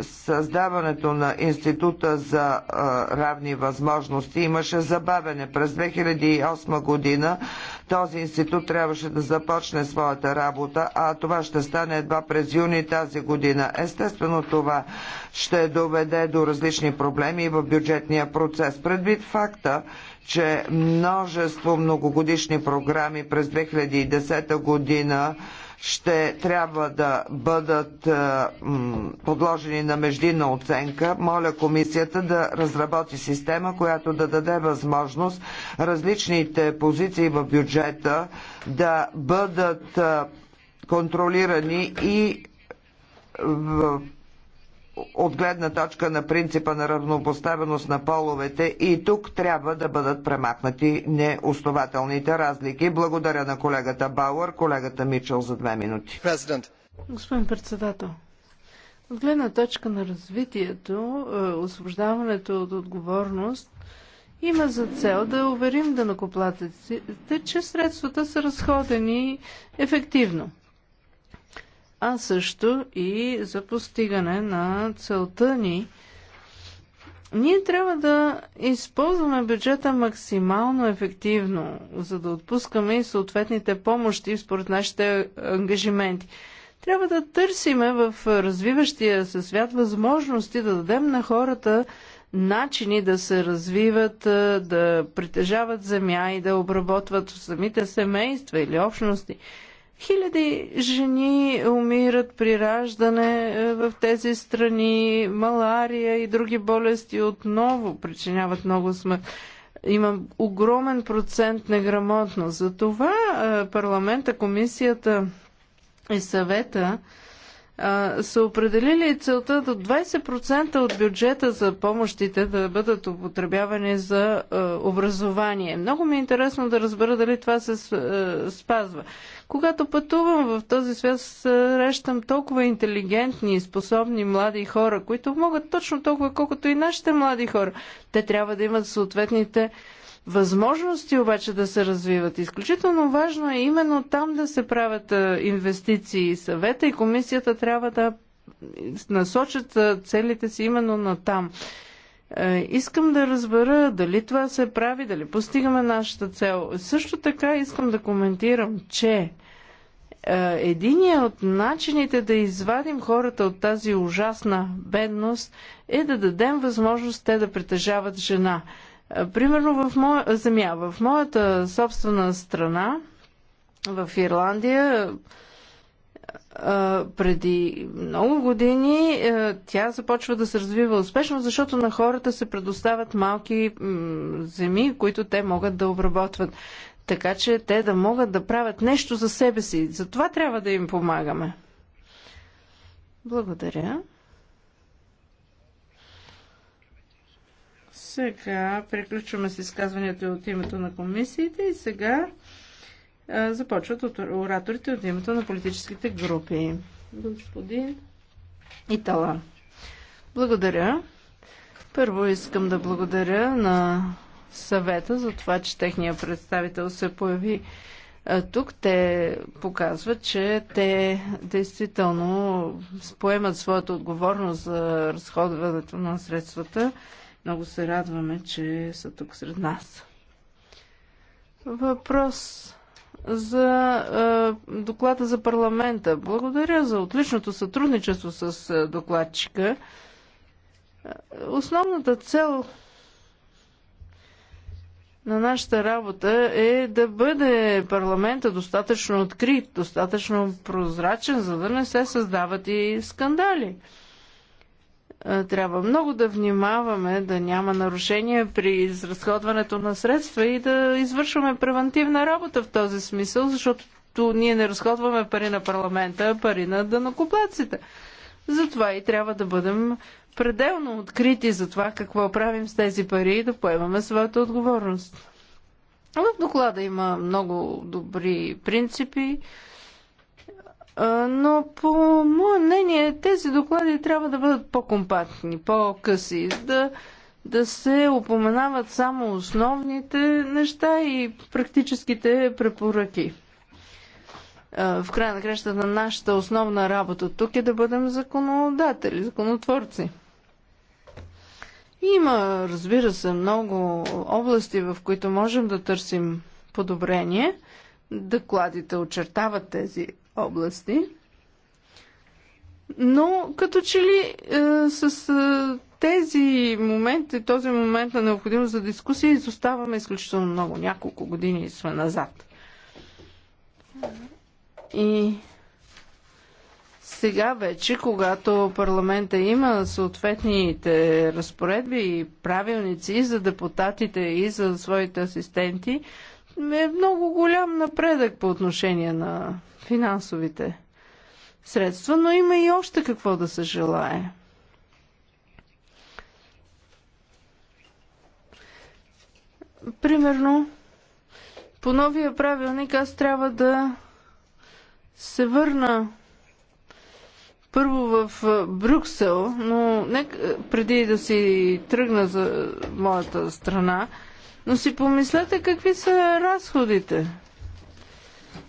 създаването на Института за равни възможности имаше забавене. През 2008 година този институт трябваше да започне своята работа, а това ще стане едва през юни тази година. Естествено това ще доведе до различни проблеми в бюджетния процес. Предвид факта, че множество многогодишни програми през 2010 година ще трябва да бъдат е, подложени на междинна оценка, моля комисията да разработи система, която да даде възможност различните позиции в бюджета да бъдат е, контролирани и в от гледна точка на принципа на равнопоставеност на половете и тук трябва да бъдат премахнати неоснователните разлики. Благодаря на колегата Бауър, колегата Мичел за две минути. Господин председател, от гледна точка на развитието, е, освобождаването от отговорност има за цел да уверим данакоплатеците, че средствата са разходени ефективно а също и за постигане на целта ни. Ние трябва да използваме бюджета максимално ефективно, за да отпускаме и съответните помощи според нашите ангажименти. Трябва да търсиме в развиващия се свят възможности да дадем на хората начини да се развиват, да притежават земя и да обработват самите семейства или общности. Хиляди жени умират при раждане е, в тези страни. Малария и други болести отново причиняват много смърт. Има огромен процент неграмотност. Затова е, парламента, комисията и съвета е, са определили целта до 20% от бюджета за помощите да бъдат употребявани за образование. Много ми е интересно да разбера дали това се спазва. Когато пътувам в този свят, срещам толкова интелигентни и способни млади хора, които могат точно толкова, колкото и нашите млади хора. Те трябва да имат съответните възможности обаче да се развиват. Изключително важно е именно там да се правят инвестиции. Съвета и комисията трябва да насочат целите си именно на там. Е, искам да разбера дали това се прави, дали постигаме нашата цел. Също така искам да коментирам, че е, единият от начините да извадим хората от тази ужасна бедност е да дадем възможност те да притежават жена. Е, примерно в моя земя, в моята собствена страна, в Ирландия, преди много години тя започва да се развива успешно, защото на хората се предоставят малки земи, които те могат да обработват. Така че те да могат да правят нещо за себе си. За това трябва да им помагаме. Благодаря. Сега приключваме с изказванията от името на комисиите и сега започват от ораторите от името на политическите групи. Господин Итала. Благодаря. Първо искам да благодаря на съвета за това, че техния представител се появи тук. Те показват, че те действително поемат своята отговорност за разходването на средствата. Много се радваме, че са тук сред нас. Въпрос за е, доклада за парламента. Благодаря за отличното сътрудничество с е, докладчика. Е, основната цел на нашата работа е да бъде парламента достатъчно открит, достатъчно прозрачен, за да не се създават и скандали. Е, трябва много да внимаваме да няма нарушения при изразходването на средства и да извършваме превентивна работа в този смисъл, защото ние не разходваме пари на парламента, а пари на данокоплаците. Затова и трябва да бъдем пределно открити за това какво правим с тези пари и да поемаме своята отговорност. В доклада има много добри принципи но по мое мнение тези доклади трябва да бъдат по-компактни, по-къси, да, да се упоменават само основните неща и практическите препоръки. В края на кращата на нашата основна работа тук е да бъдем законодатели, законотворци. Има, разбира се, много области, в които можем да търсим подобрение. Докладите очертават тези области. Но като че ли е, с е, тези моменти, този момент на необходимост за дискусия изоставаме изключително много. Няколко години сме назад. И сега вече, когато парламента има съответните разпоредби и правилници и за депутатите, и за своите асистенти, е много голям напредък по отношение на финансовите средства, но има и още какво да се желае. Примерно, по новия правилник аз трябва да се върна първо в Брюксел, но не преди да си тръгна за моята страна, но си помислете какви са разходите.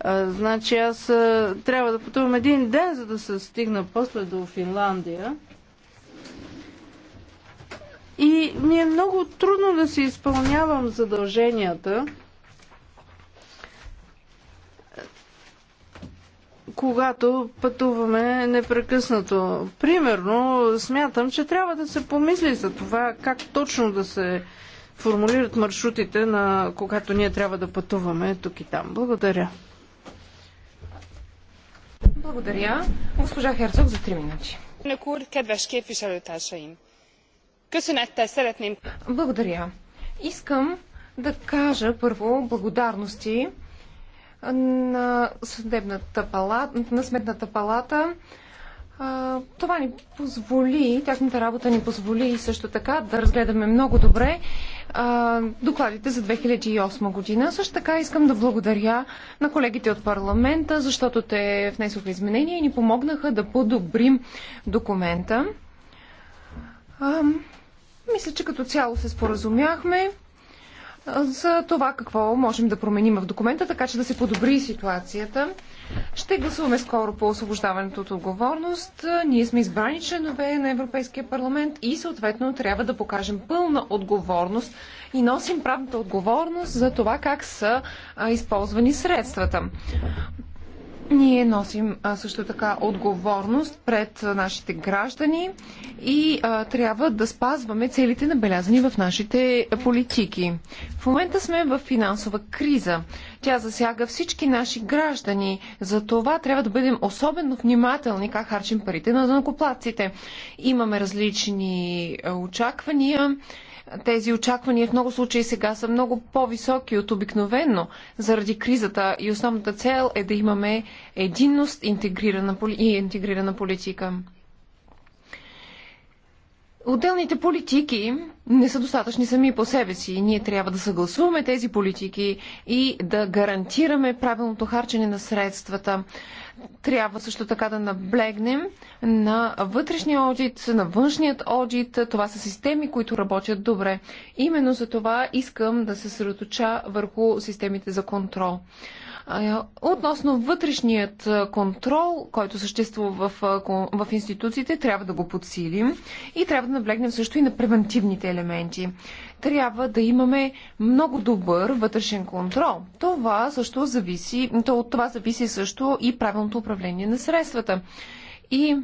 А, значи аз а, трябва да пътувам един ден, за да се стигна после до Финландия. И ми е много трудно да си изпълнявам задълженията, когато пътуваме непрекъснато. Примерно, смятам, че трябва да се помисли за това как точно да се формулират маршрутите, на когато ние трябва да пътуваме тук и там. Благодаря. Благодаря. Госпожа Херцог за 3 минути. Благодаря. Искам да кажа първо благодарности на съдебната палата, на сметната палата. Това ни позволи, тяхната работа ни позволи също така да разгледаме много добре а, докладите за 2008 година. Също така искам да благодаря на колегите от парламента, защото те внесоха изменения и ни помогнаха да подобрим документа. А, мисля, че като цяло се споразумяхме за това какво можем да променим в документа, така че да се подобри ситуацията. Ще гласуваме скоро по освобождаването от отговорност. Ние сме избрани членове на Европейския парламент и съответно трябва да покажем пълна отговорност и носим правната отговорност за това как са използвани средствата. Ние носим също така отговорност пред нашите граждани и а, трябва да спазваме целите набелязани в нашите политики. В момента сме в финансова криза. Тя засяга всички наши граждани. За това трябва да бъдем особено внимателни как харчим парите на занакоплаците. Имаме различни очаквания тези очаквания в много случаи сега са много по-високи от обикновено заради кризата и основната цел е да имаме единност интегрирана, и интегрирана политика. Отделните политики не са достатъчни сами по себе си. Ние трябва да съгласуваме тези политики и да гарантираме правилното харчене на средствата. Трябва също така да наблегнем на вътрешния одит, на външният одит. Това са системи, които работят добре. Именно за това искам да се средоточа върху системите за контрол. Относно вътрешният контрол, който съществува в, в институциите, трябва да го подсилим и трябва да наблегнем също и на превентивните елементи. Трябва да имаме много добър вътрешен контрол. Това също зависи, от това зависи също и правилното управление на средствата. И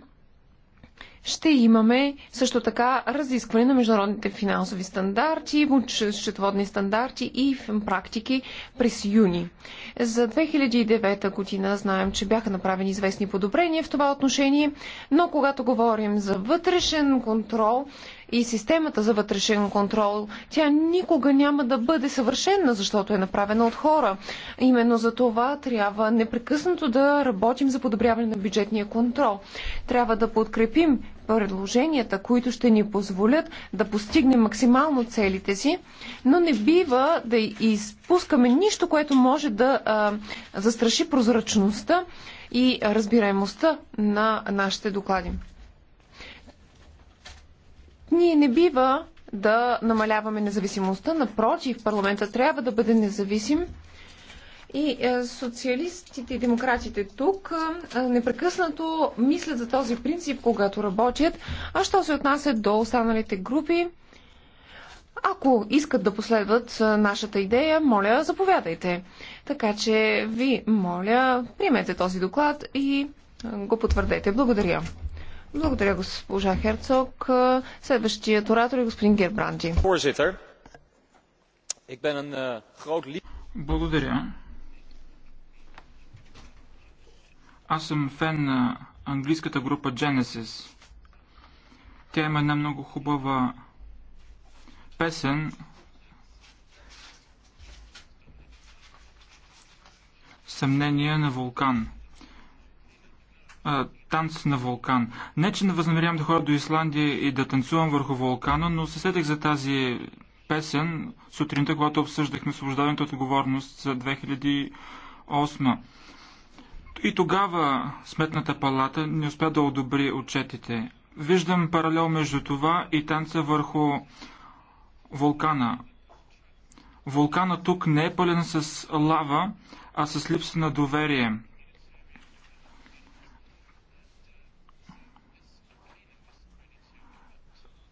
ще имаме също така разискване на международните финансови стандарти, счетоводни стандарти и практики през юни. За 2009 година знаем, че бяха направени известни подобрения в това отношение, но когато говорим за вътрешен контрол, и системата за вътрешен контрол, тя никога няма да бъде съвършена, защото е направена от хора. Именно за това трябва непрекъснато да работим за подобряване на бюджетния контрол. Трябва да подкрепим предложенията, които ще ни позволят да постигнем максимално целите си, но не бива да изпускаме нищо, което може да а, застраши прозрачността и разбираемостта на нашите доклади. Ние не бива да намаляваме независимостта. Напротив, парламента трябва да бъде независим. И е, социалистите и демократите тук е, е непрекъснато мислят за този принцип, когато работят. А що се отнася до останалите групи, ако искат да последват е, нашата идея, моля, заповядайте. Така че ви моля, приемете този доклад и е, го потвърдете. Благодаря. Благодаря, госпожа Херцог. Следващият оратор е господин Гербранди. Eh, Благодаря. Аз съм фен на английската група Genesis. Тя има една много хубава песен. Съмнение на вулкан. А, танц на вулкан. Не, че не възнамерявам да ходя до Исландия и да танцувам върху вулкана, но се следех за тази песен сутринта, когато обсъждахме освобождаването от отговорност за 2008. И тогава Сметната палата не успя да одобри отчетите. Виждам паралел между това и танца върху вулкана. Вулкана тук не е пълен с лава, а с липса на доверие.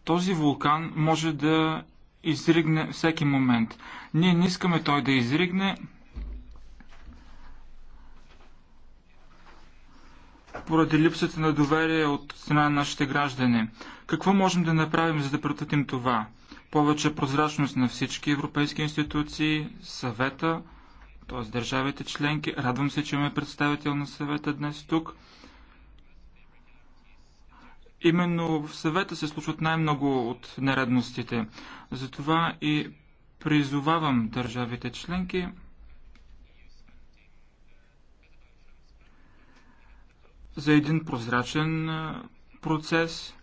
Този вулкан може да изригне всеки момент. Ние не искаме той да изригне. поради липсата на доверие от страна на нашите граждани. Какво можем да направим, за да предотвратим това? Повече прозрачност на всички европейски институции, съвета, т.е. държавите членки. Радвам се, че имаме представител на съвета днес тук. Именно в съвета се случват най-много от нередностите. Затова и призовавам държавите членки за един прозрачен процес,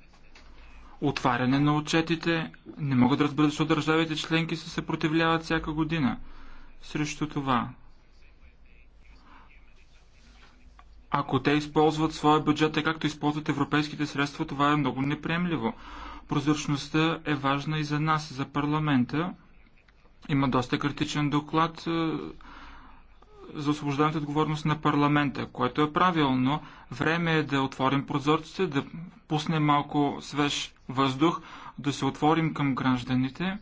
отваряне на отчетите. Не мога да разбера защо държавите членки се съпротивляват всяка година срещу това. Ако те използват своя бюджет, така както използват европейските средства, това е много неприемливо. Прозрачността е важна и за нас, за парламента. Има доста критичен доклад е, за освобождаването отговорност на парламента, което е правилно. Време е да отворим прозорците, да пуснем малко свеж въздух, да се отворим към гражданите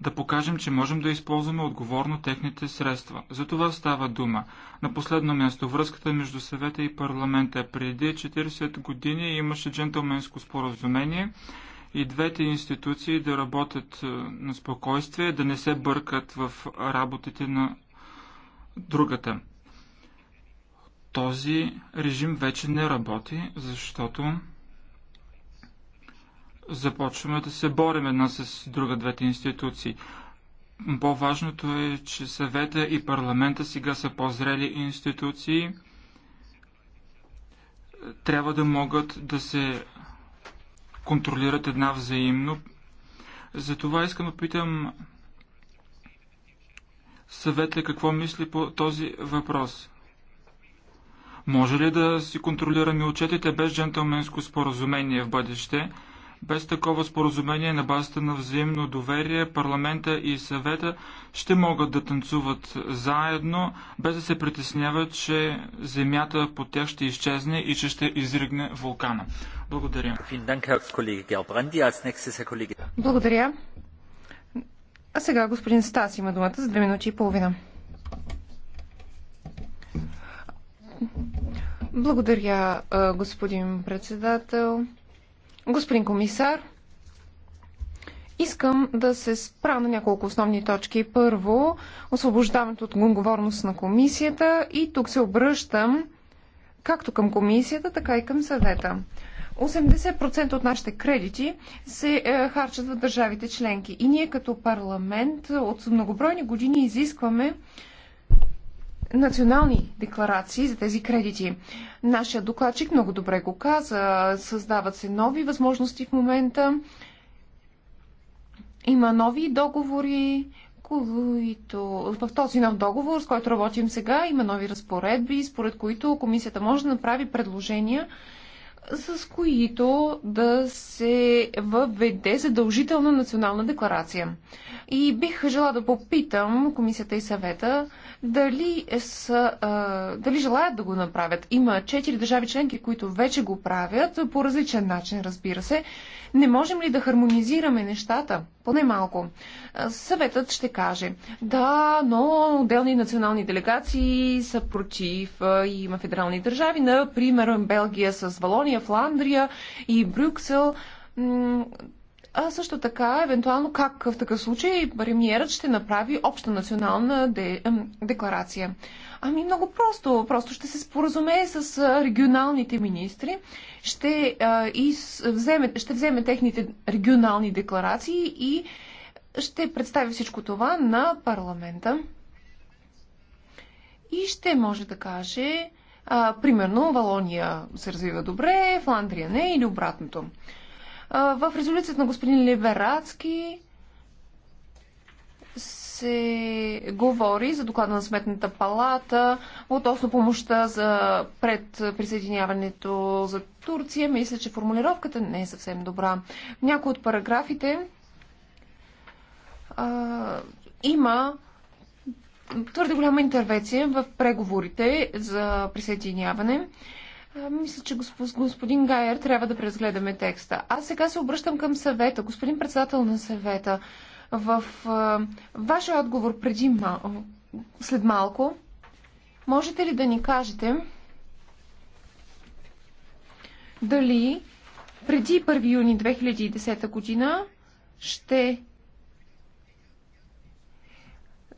да покажем, че можем да използваме отговорно техните средства. За това става дума. На последно място, връзката между съвета и парламента. Преди 40 години имаше джентълменско споразумение и двете институции да работят е, на спокойствие, да не се бъркат в работите на другата. Този режим вече не работи, защото започваме да се борим една с друга двете институции. По-важното е, че съвета и парламента сега са по-зрели институции. Трябва да могат да се контролират една взаимно. Затова искам да питам съвета какво мисли по този въпрос. Може ли да си контролираме отчетите без джентълменско споразумение в бъдеще? Без такова споразумение на базата на взаимно доверие, парламента и съвета ще могат да танцуват заедно, без да се притесняват, че земята по тях ще изчезне и че ще изригне вулкана. Благодаря. Благодаря. А сега господин Стас има думата за две минути и половина. Благодаря, господин председател. Господин комисар, искам да се спра на няколко основни точки. Първо, освобождаването от отговорност на комисията и тук се обръщам както към комисията, така и към съвета. 80% от нашите кредити се е, харчат в държавите членки. И ние като парламент от многобройни години изискваме национални декларации за тези кредити. Нашия докладчик много добре го каза. Създават се нови възможности в момента. Има нови договори, които... В този нов договор, с който работим сега, има нови разпоредби, според които комисията може да направи предложения с които да се въведе задължителна национална декларация. И бих желала да попитам комисията и съвета дали, са, а, дали желаят да го направят. Има четири държави членки, които вече го правят по различен начин, разбира се. Не можем ли да хармонизираме нещата? Поне малко. Съветът ще каже, да, но отделни национални делегации са против. Има федерални държави, например Белгия с Валония, Германия, Фландрия и Брюксел. А също така, евентуално как в такъв случай премиерът ще направи обща национална де, декларация. Ами много просто. Просто ще се споразумее с регионалните министри, ще, а, и вземе, ще вземе техните регионални декларации и ще представи всичко това на парламента. И ще може да каже, а, примерно, Валония се развива добре, Фландрия не или обратното. А, в резолюцията на господин Либерацки се говори за доклада на Сметната палата относно помощта за предприсъединяването за Турция. Мисля, че формулировката не е съвсем добра. Някои от параграфите а, има твърде голяма интервенция в преговорите за присъединяване. Мисля, че господин Гайер трябва да преразгледаме текста. Аз сега се обръщам към съвета, господин председател на съвета. В вашия отговор преди малко, след малко, можете ли да ни кажете дали преди 1 юни 2010 година ще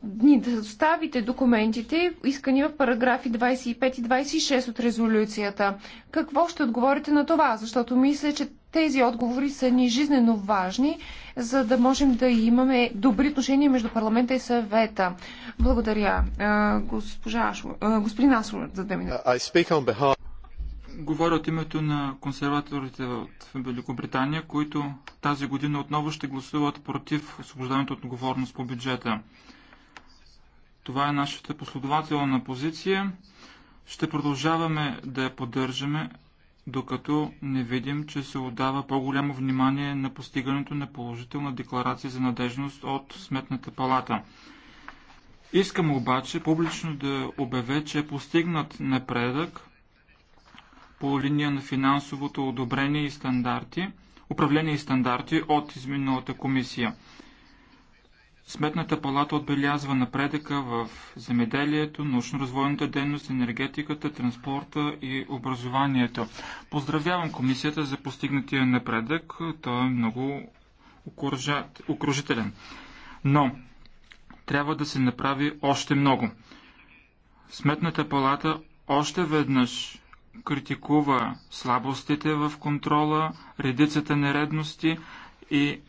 ни да доставите документите, искани в параграфи 25 и 26 от резолюцията. Какво ще отговорите на това? Защото мисля, че тези отговори са ни жизнено важни, за да можем да имаме добри отношения между парламента и съвета. Благодаря. Госпожа господин Асур, за да мине. Говоря от името на консерваторите от Великобритания, които тази година отново ще гласуват против освобождането от отговорност по бюджета. Това е нашата последователна позиция. Ще продължаваме да я поддържаме, докато не видим, че се отдава по-голямо внимание на постигането на положителна декларация за надежност от Сметната палата. Искам обаче публично да обявя, че е постигнат напредък по линия на финансовото одобрение и стандарти, управление и стандарти от изминалата комисия. Сметната палата отбелязва напредъка в земеделието, научно-развойната дейност, енергетиката, транспорта и образованието. Поздравявам комисията за постигнатия напредък. Той е много окружителен. Но трябва да се направи още много. Сметната палата още веднъж критикува слабостите в контрола, редицата нередности и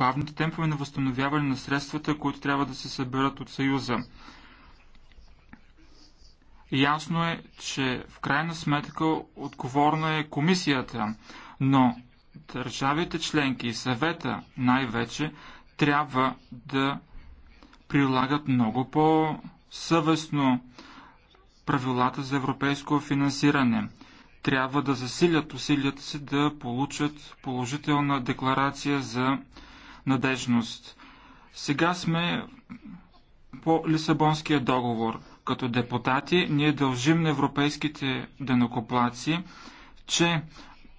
бавните темпове на възстановяване на средствата, които трябва да се съберат от Съюза. Ясно е, че в крайна сметка отговорна е комисията, но държавите членки и съвета най-вече трябва да прилагат много по-съвестно правилата за европейско финансиране. Трябва да засилят усилията си да получат положителна декларация за надежност. Сега сме по Лисабонския договор. Като депутати ние дължим на европейските денокоплаци, че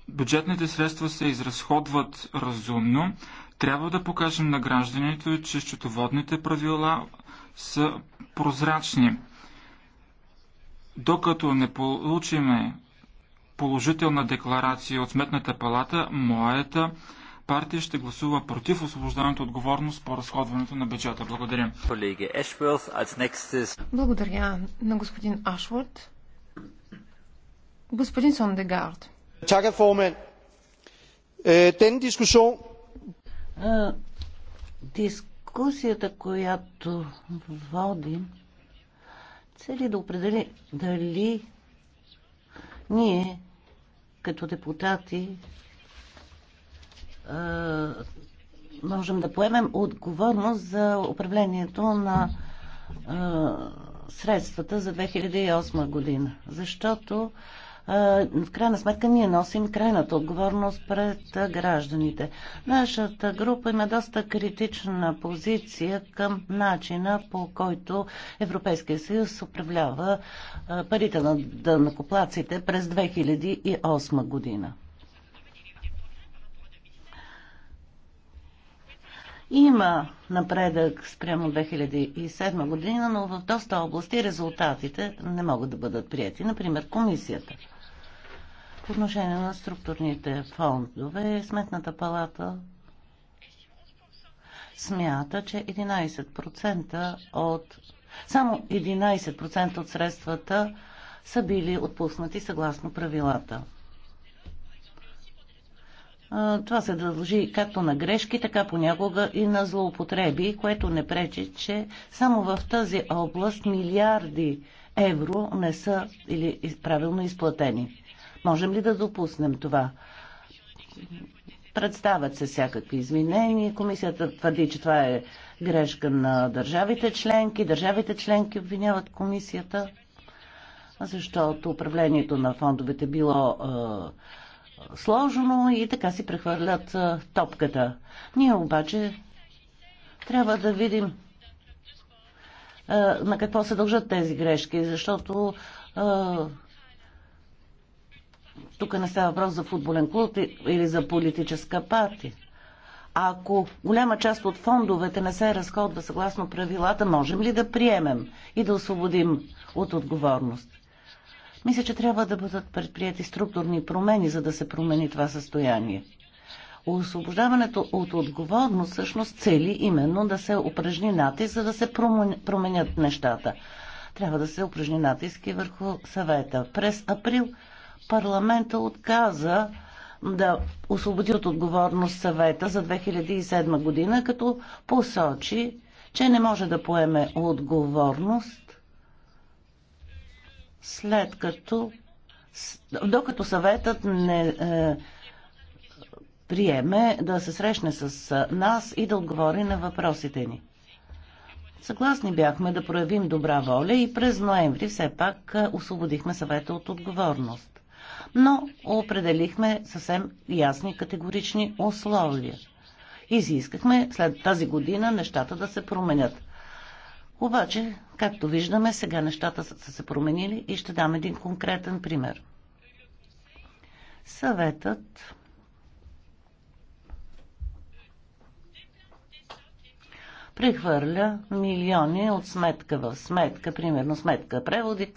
бюджетните средства се изразходват разумно. Трябва да покажем на гражданите, че счетоводните правила са прозрачни. Докато не получиме положителна декларация от Сметната палата, моята партия ще гласува против освобождането отговорност по разходването на бюджета. Благодаря. Благодаря на господин Ашвард. Господин Сондегард. Чака, формен. Е, ден дискусион... Дискусията, която водим, цели да определи дали ние като депутати можем да поемем отговорност за управлението на средствата за 2008 година. Защото в крайна сметка ние носим крайната отговорност пред гражданите. Нашата група има доста критична позиция към начина по който Европейския съюз управлява парите на накоплаците през 2008 година. Има напредък спрямо 2007 година, но в доста области резултатите не могат да бъдат прияти. Например, комисията. По отношение на структурните фондове, Сметната палата смята, че 11% от само 11% от средствата са били отпуснати съгласно правилата. Това се дължи както на грешки, така понякога и на злоупотреби, което не пречи, че само в тази област милиарди евро не са или правилно изплатени. Можем ли да допуснем това? Представят се всякакви изменения. Комисията твърди, че това е грешка на държавите членки. Държавите членки обвиняват комисията, защото управлението на фондовете било е, сложно и така си прехвърлят топката. Ние обаче трябва да видим на какво се дължат тези грешки, защото тук не става въпрос за футболен клуб или за политическа партия. А ако голяма част от фондовете не се разходва съгласно правилата, можем ли да приемем и да освободим от отговорност? Мисля, че трябва да бъдат предприяти структурни промени, за да се промени това състояние. Освобождаването от отговорност всъщност цели именно да се упражни натиск, за да се променят нещата. Трябва да се упражни натиски върху съвета. През април парламента отказа да освободи от отговорност съвета за 2007 година, като посочи, че не може да поеме отговорност след като докато съветът не е, приеме да се срещне с е, нас и да отговори на въпросите ни. Съгласни бяхме да проявим добра воля и през ноември все пак е, освободихме съвета от отговорност. Но определихме съвсем ясни категорични условия. Изискахме след тази година нещата да се променят. Обаче, както виждаме, сега нещата са се променили и ще дам един конкретен пример. Съветът прехвърля милиони от сметка в сметка, примерно сметка преводи,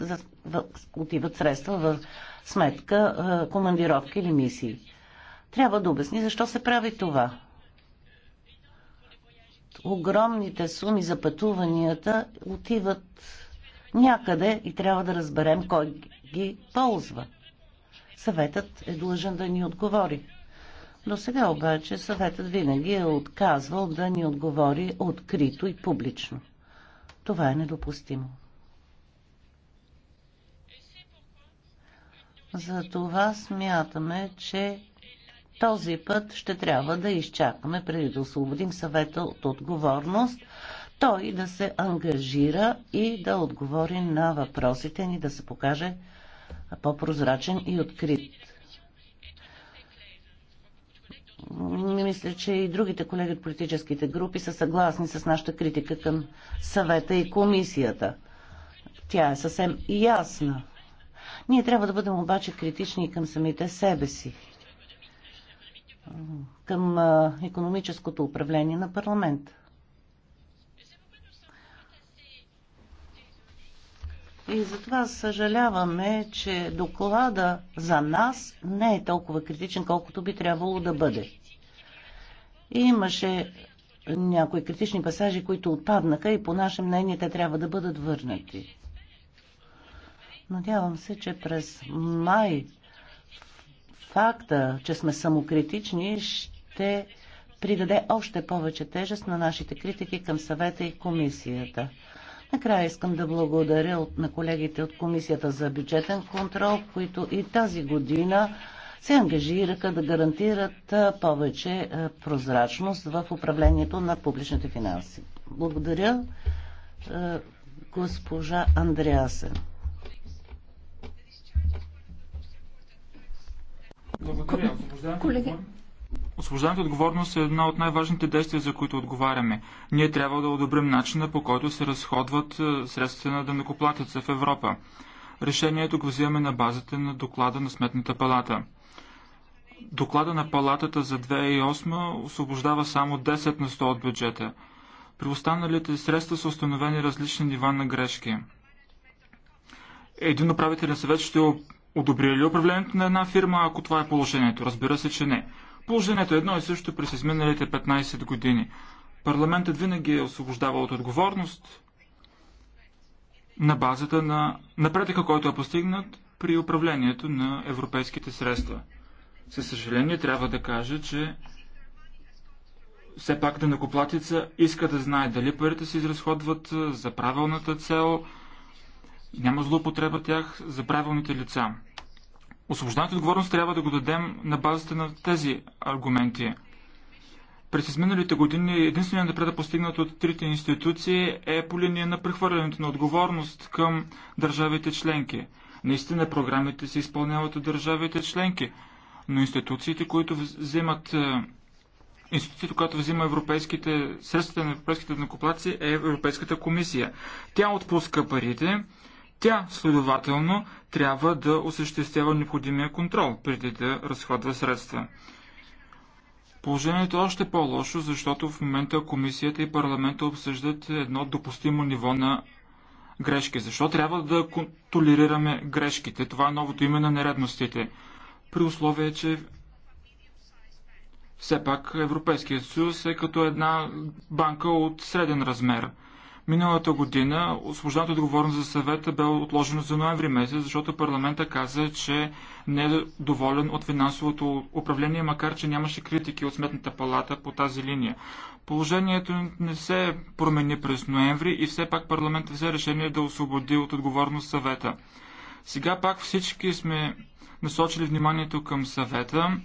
отиват средства в сметка командировки или мисии. Трябва да обясни защо се прави това огромните суми за пътуванията отиват някъде и трябва да разберем кой ги ползва. Съветът е длъжен да ни отговори. До сега обаче съветът винаги е отказвал да ни отговори открито и публично. Това е недопустимо. За това смятаме, че този път ще трябва да изчакаме преди да освободим съвета от отговорност, той да се ангажира и да отговори на въпросите ни, да се покаже по-прозрачен и открит. Мисля, че и другите колеги от политическите групи са съгласни с нашата критика към съвета и комисията. Тя е съвсем ясна. Ние трябва да бъдем обаче критични и към самите себе си към економическото управление на парламент. И затова съжаляваме, че доклада за нас не е толкова критичен, колкото би трябвало да бъде. И имаше някои критични пасажи, които отпаднаха и по наше мнение те трябва да бъдат върнати. Надявам се, че през май Факта, че сме самокритични, ще придаде още повече тежест на нашите критики към съвета и комисията. Накрая искам да благодаря на колегите от Комисията за бюджетен контрол, които и тази година се ангажираха да гарантират повече прозрачност в управлението на публичните финанси. Благодаря госпожа Андреасен. Благодаря. Освобождането Колеги... отговорност е една от най-важните действия, за които отговаряме. Ние трябва да одобрим начина по който се разходват е, средствата на дънакоплатеца в Европа. Решението го взимаме на базата на доклада на Сметната палата. Доклада на палатата за 2008 освобождава само 10 на 100 от бюджета. При останалите средства са установени различни нива на грешки. Един управителен съвет ще Одобри ли управлението на една фирма, ако това е положението? Разбира се, че не. Положението е едно и също през изминалите 15 години. Парламентът винаги е освобождавал от отговорност на базата на напредъка, който е постигнат при управлението на европейските средства. Със съжаление трябва да кажа, че все пак накоплатица иска да знае дали парите се изразходват за правилната цел, няма злоупотреба тях за правилните лица. Освобождането отговорност трябва да го дадем на базата на тези аргументи. През изминалите години единственият напред постигнат от трите институции е по линия на прехвърлянето на отговорност към държавите членки. Наистина програмите се изпълняват от държавите членки, но институциите, които вземат е, институцията, която взима европейските, средствата на европейските накоплаци е Европейската комисия. Тя отпуска парите, тя, следователно, трябва да осъществява необходимия контрол, преди да разходва средства. Положението е още по-лошо, защото в момента комисията и парламента обсъждат едно допустимо ниво на грешки. Защо трябва да толерираме грешките? Това е новото име на нередностите. При условие, че все пак Европейският съюз е като една банка от среден размер – Миналата година освобождената отговорност за съвета бе отложено за ноември месец, защото парламента каза, че не е доволен от финансовото управление, макар че нямаше критики от Сметната палата по тази линия. Положението не се промени през ноември и все пак парламентът взе решение да освободи от отговорност съвета. Сега пак всички сме насочили вниманието към съвета.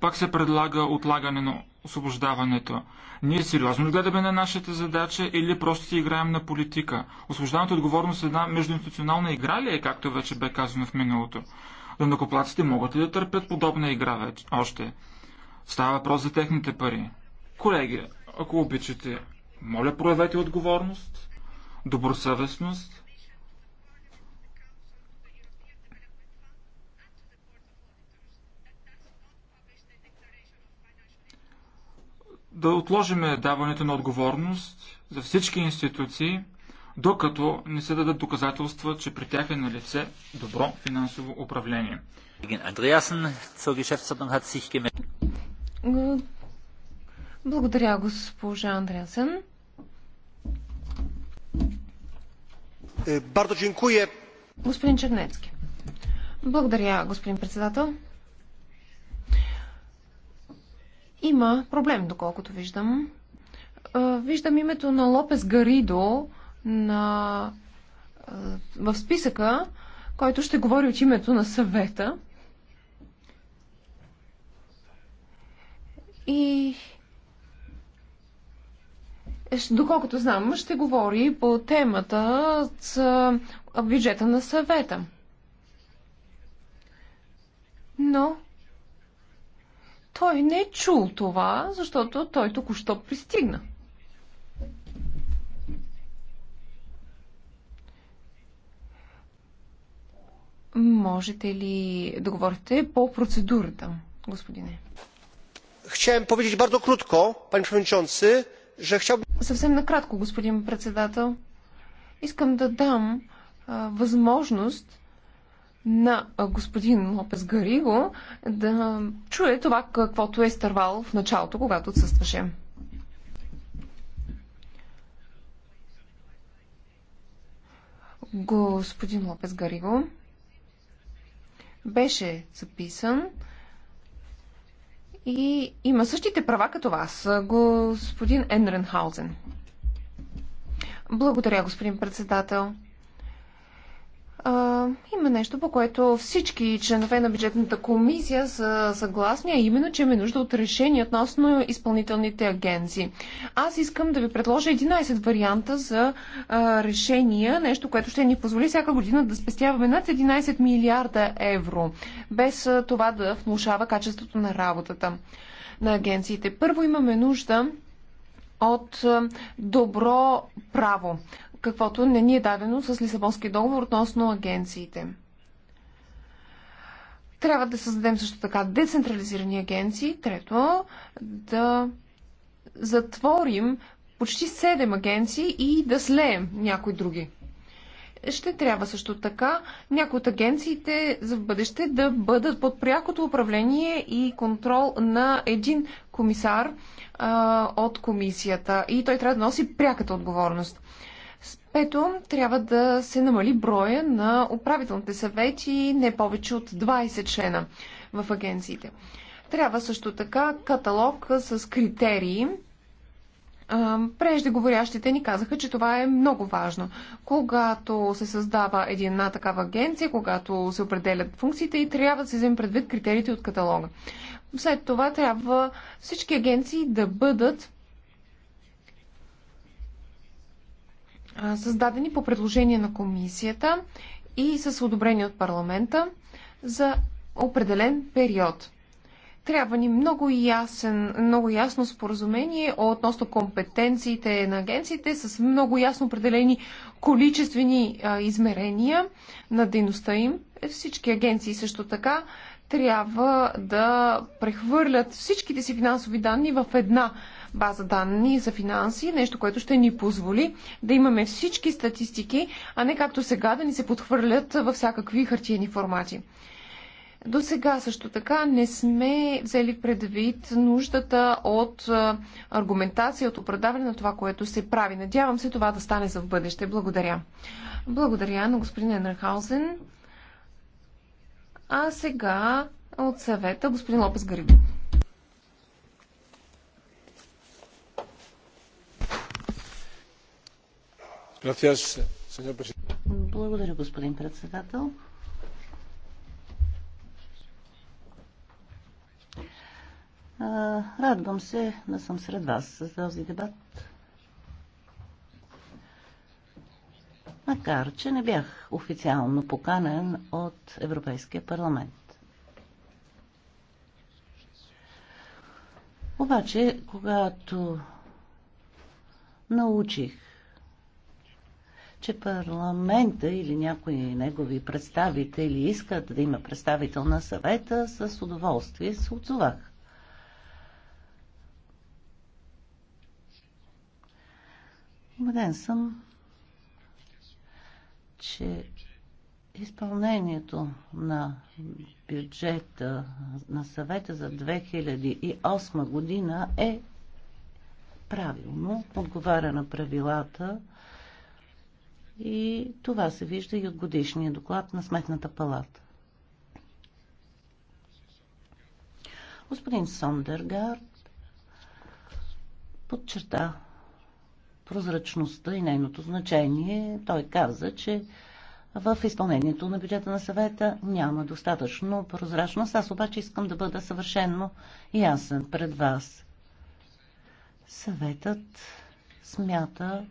Пак се предлага отлагане на освобождаването. Ние сериозно гледаме на нашата задача или просто си играем на политика? Освобождаването е отговорност е една междуинституционална игра ли е, както вече бе казано в миналото? Данокоплаците могат ли да търпят подобна игра вече? Още. Става въпрос за техните пари. Колеги, ако обичате, моля проявете отговорност, добросъвестност да отложиме даването на отговорност за всички институции, докато не се дадат доказателства, че при тях е на лице добро финансово управление. Благодаря, госпожа Андреасен. Е, господин Чернецки. Благодаря, господин председател. Има проблем, доколкото виждам. Виждам името на Лопес Гаридо на... в списъка, който ще говори от името на съвета. И е, доколкото знам, ще говори по темата с бюджета на съвета. Но той не е чул това, защото той току-що пристигна. Можете ли да говорите по процедурата, господине? Chciałem powiedzieć bardzo krótko, panie przewodniczący, że chciałbym... Съвсем накратко, господин председател. Искам да дам а, възможност на господин Лопес Гариго да чуе това, каквото е стървал в началото, когато отсъстваше. Господин Лопес Гариго беше записан и има същите права като вас, господин Енренхаузен. Благодаря, господин председател а, има нещо, по което всички членове на бюджетната комисия са съгласни, а именно, че има нужда от решение относно изпълнителните агенции. Аз искам да ви предложа 11 варианта за а, решения, нещо, което ще ни позволи всяка година да спестяваме над 11 милиарда евро, без а, това да внушава качеството на работата на агенциите. Първо имаме нужда от добро право каквото не ни е дадено с Лисабонски договор относно агенциите. Трябва да създадем също така децентрализирани агенции. Трето, да затворим почти 7 агенции и да слеем някои други. Ще трябва също така някои от агенциите за бъдеще да бъдат под прякото управление и контрол на един комисар а, от комисията. И той трябва да носи пряката отговорност. Пето, трябва да се намали броя на управителните съвети не повече от 20 члена в агенциите. Трябва също така каталог с критерии. Преждеговорящите ни казаха, че това е много важно. Когато се създава една такава агенция, когато се определят функциите и трябва да се вземе предвид критериите от каталога. След това трябва всички агенции да бъдат създадени по предложение на комисията и с одобрение от парламента за определен период. Трябва ни много, ясен, много ясно споразумение относно компетенциите на агенциите с много ясно определени количествени а, измерения на дейността им. Всички агенции също така трябва да прехвърлят всичките си финансови данни в една база данни за финанси, нещо, което ще ни позволи да имаме всички статистики, а не както сега да ни се подхвърлят във всякакви хартиени формати. До сега също така не сме взели предвид нуждата от аргументация, от оправдаване на това, което се прави. Надявам се това да стане за в бъдеще. Благодаря. Благодаря на господин Енерхаузен. А сега от съвета господин Лопес Гарибов. Благодаря, господин председател. Радвам се да съм сред вас с този дебат. Макар, че не бях официално поканен от Европейския парламент. Обаче, когато научих че парламента или някои негови представители искат да има представител на съвета, с удоволствие се отзовах. Убеден съм, че изпълнението на бюджета на съвета за 2008 година е правилно, отговаря на правилата и това се вижда и от годишния доклад на Сметната палата. Господин Сондергард подчерта прозрачността и нейното значение. Той каза, че в изпълнението на бюджета на съвета няма достатъчно прозрачност. Аз обаче искам да бъда съвършенно ясен пред вас. Съветът смята,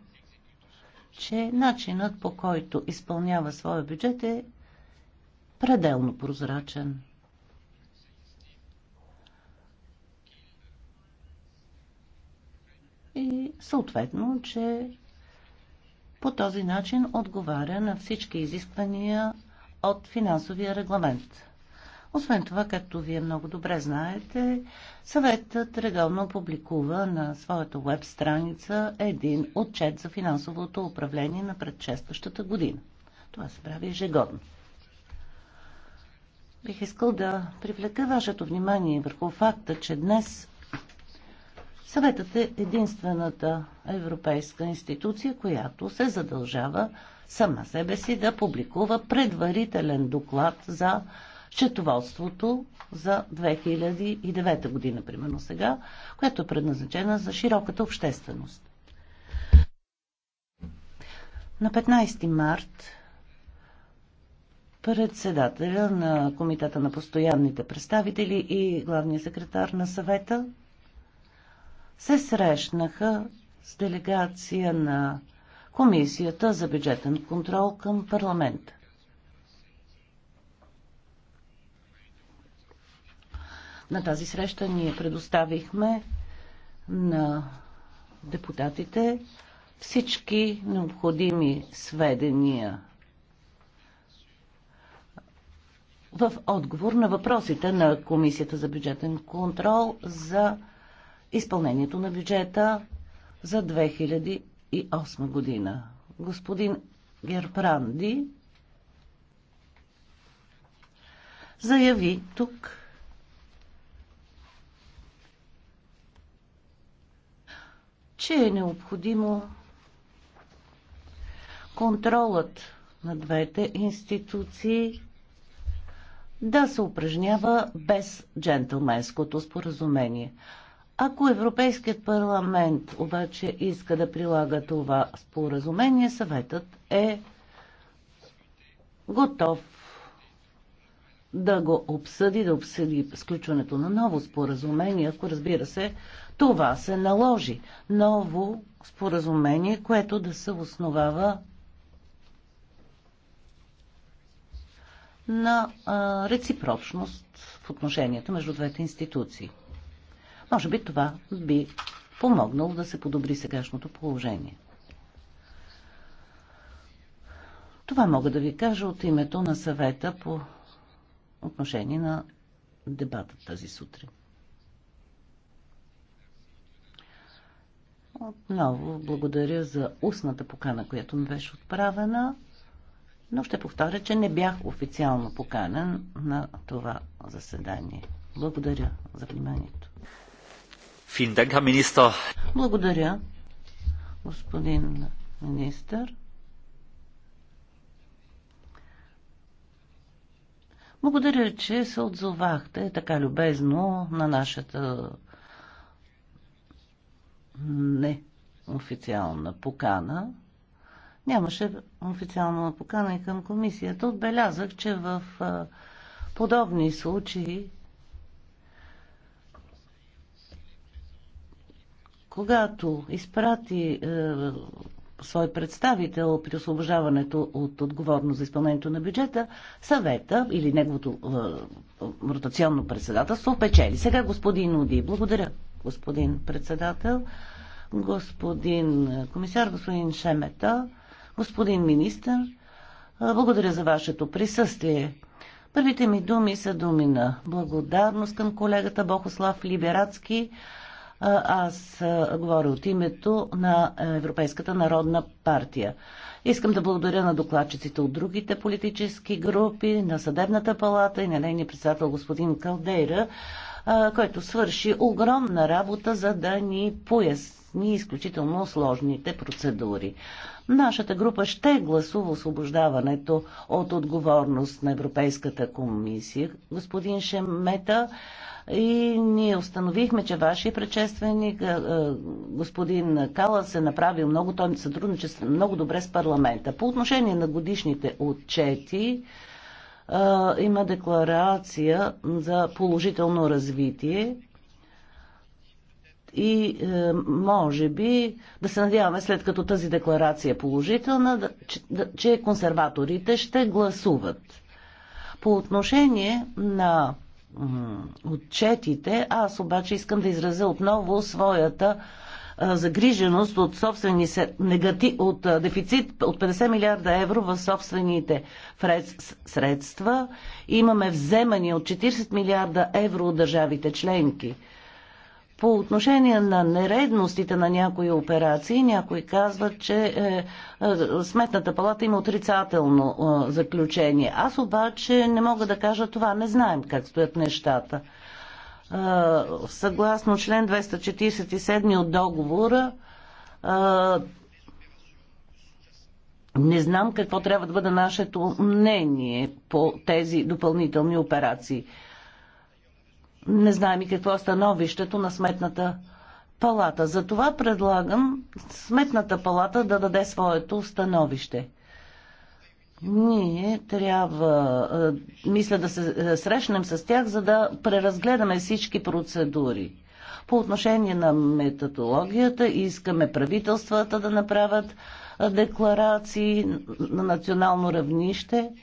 че начинът по който изпълнява своя бюджет е пределно прозрачен. И съответно, че по този начин отговаря на всички изисквания от финансовия регламент. Освен това, както вие много добре знаете, съветът регално публикува на своята веб страница един отчет за финансовото управление на предшестващата година. Това се прави ежегодно. Бих искал да привлека вашето внимание върху факта, че днес съветът е единствената европейска институция, която се задължава сама себе си да публикува предварителен доклад за счетоводството за 2009 година, примерно сега, която е предназначена за широката общественост. На 15 март председателя на Комитета на постоянните представители и главния секретар на съвета се срещнаха с делегация на Комисията за бюджетен контрол към парламента. На тази среща ние предоставихме на депутатите всички необходими сведения в отговор на въпросите на Комисията за бюджетен контрол за изпълнението на бюджета за 2008 година. Господин Герпранди заяви тук, че е необходимо контролът на двете институции да се упражнява без джентлменското споразумение. Ако Европейският парламент обаче иска да прилага това споразумение, съветът е готов да го обсъди, да обсъди сключването на ново споразумение, ако разбира се, това се наложи. Ново споразумение, което да се основава на а, реципрочност в отношенията между двете институции. Може би това би помогнало да се подобри сегашното положение. Това мога да ви кажа от името на съвета по отношение на дебата тази сутрин. Отново благодаря за устната покана, която ми беше отправена, но ще повторя, че не бях официално поканен на това заседание. Благодаря за вниманието. Благодаря, господин министър. Благодаря, че се отзовахте така любезно на нашата неофициална покана. Нямаше официална покана и към комисията. Отбелязах, че в подобни случаи когато изпрати е, свой представител при освобождаването от отговорност за изпълнението на бюджета, съвета или неговото е, ротационно председателство печели. Сега господин Уди. Благодаря, господин председател, господин комисар, господин Шемета, господин министр. Е, благодаря за вашето присъствие. Първите ми думи са думи на благодарност към колегата Бохослав Либерацки, аз говоря от името на Европейската народна партия. Искам да благодаря на докладчиците от другите политически групи, на Съдебната палата и на нейния председател господин Калдейра, който свърши огромна работа, за да ни поясни изключително сложните процедури. Нашата група ще гласува освобождаването от отговорност на Европейската комисия. Господин Шемета, и ние установихме, че вашия предшественик, господин Калас, е направил много, той сътрудничество много добре с парламента. По отношение на годишните отчети, има декларация за положително развитие и е, може би да се надяваме, след като тази декларация е положителна, да, че, да, че консерваторите ще гласуват. По отношение на отчетите, аз обаче искам да изразя отново своята а, е, загриженост от собствени се, негати, от а, е, дефицит от 50 милиарда евро в собствените средства. Имаме вземания от 40 милиарда евро от държавите членки. По отношение на нередностите на някои операции, някои казват, че е, е, Сметната палата има отрицателно е, заключение. Аз обаче не мога да кажа това. Не знаем как стоят нещата. Е, съгласно член 247 от договора, е, не знам какво трябва да бъде нашето мнение по тези допълнителни операции не знаем и какво е становището на Сметната палата. Затова предлагам Сметната палата да даде своето становище. Ние трябва, е, мисля да се е, срещнем с тях, за да преразгледаме всички процедури. По отношение на методологията искаме правителствата да направят е, декларации на национално равнище –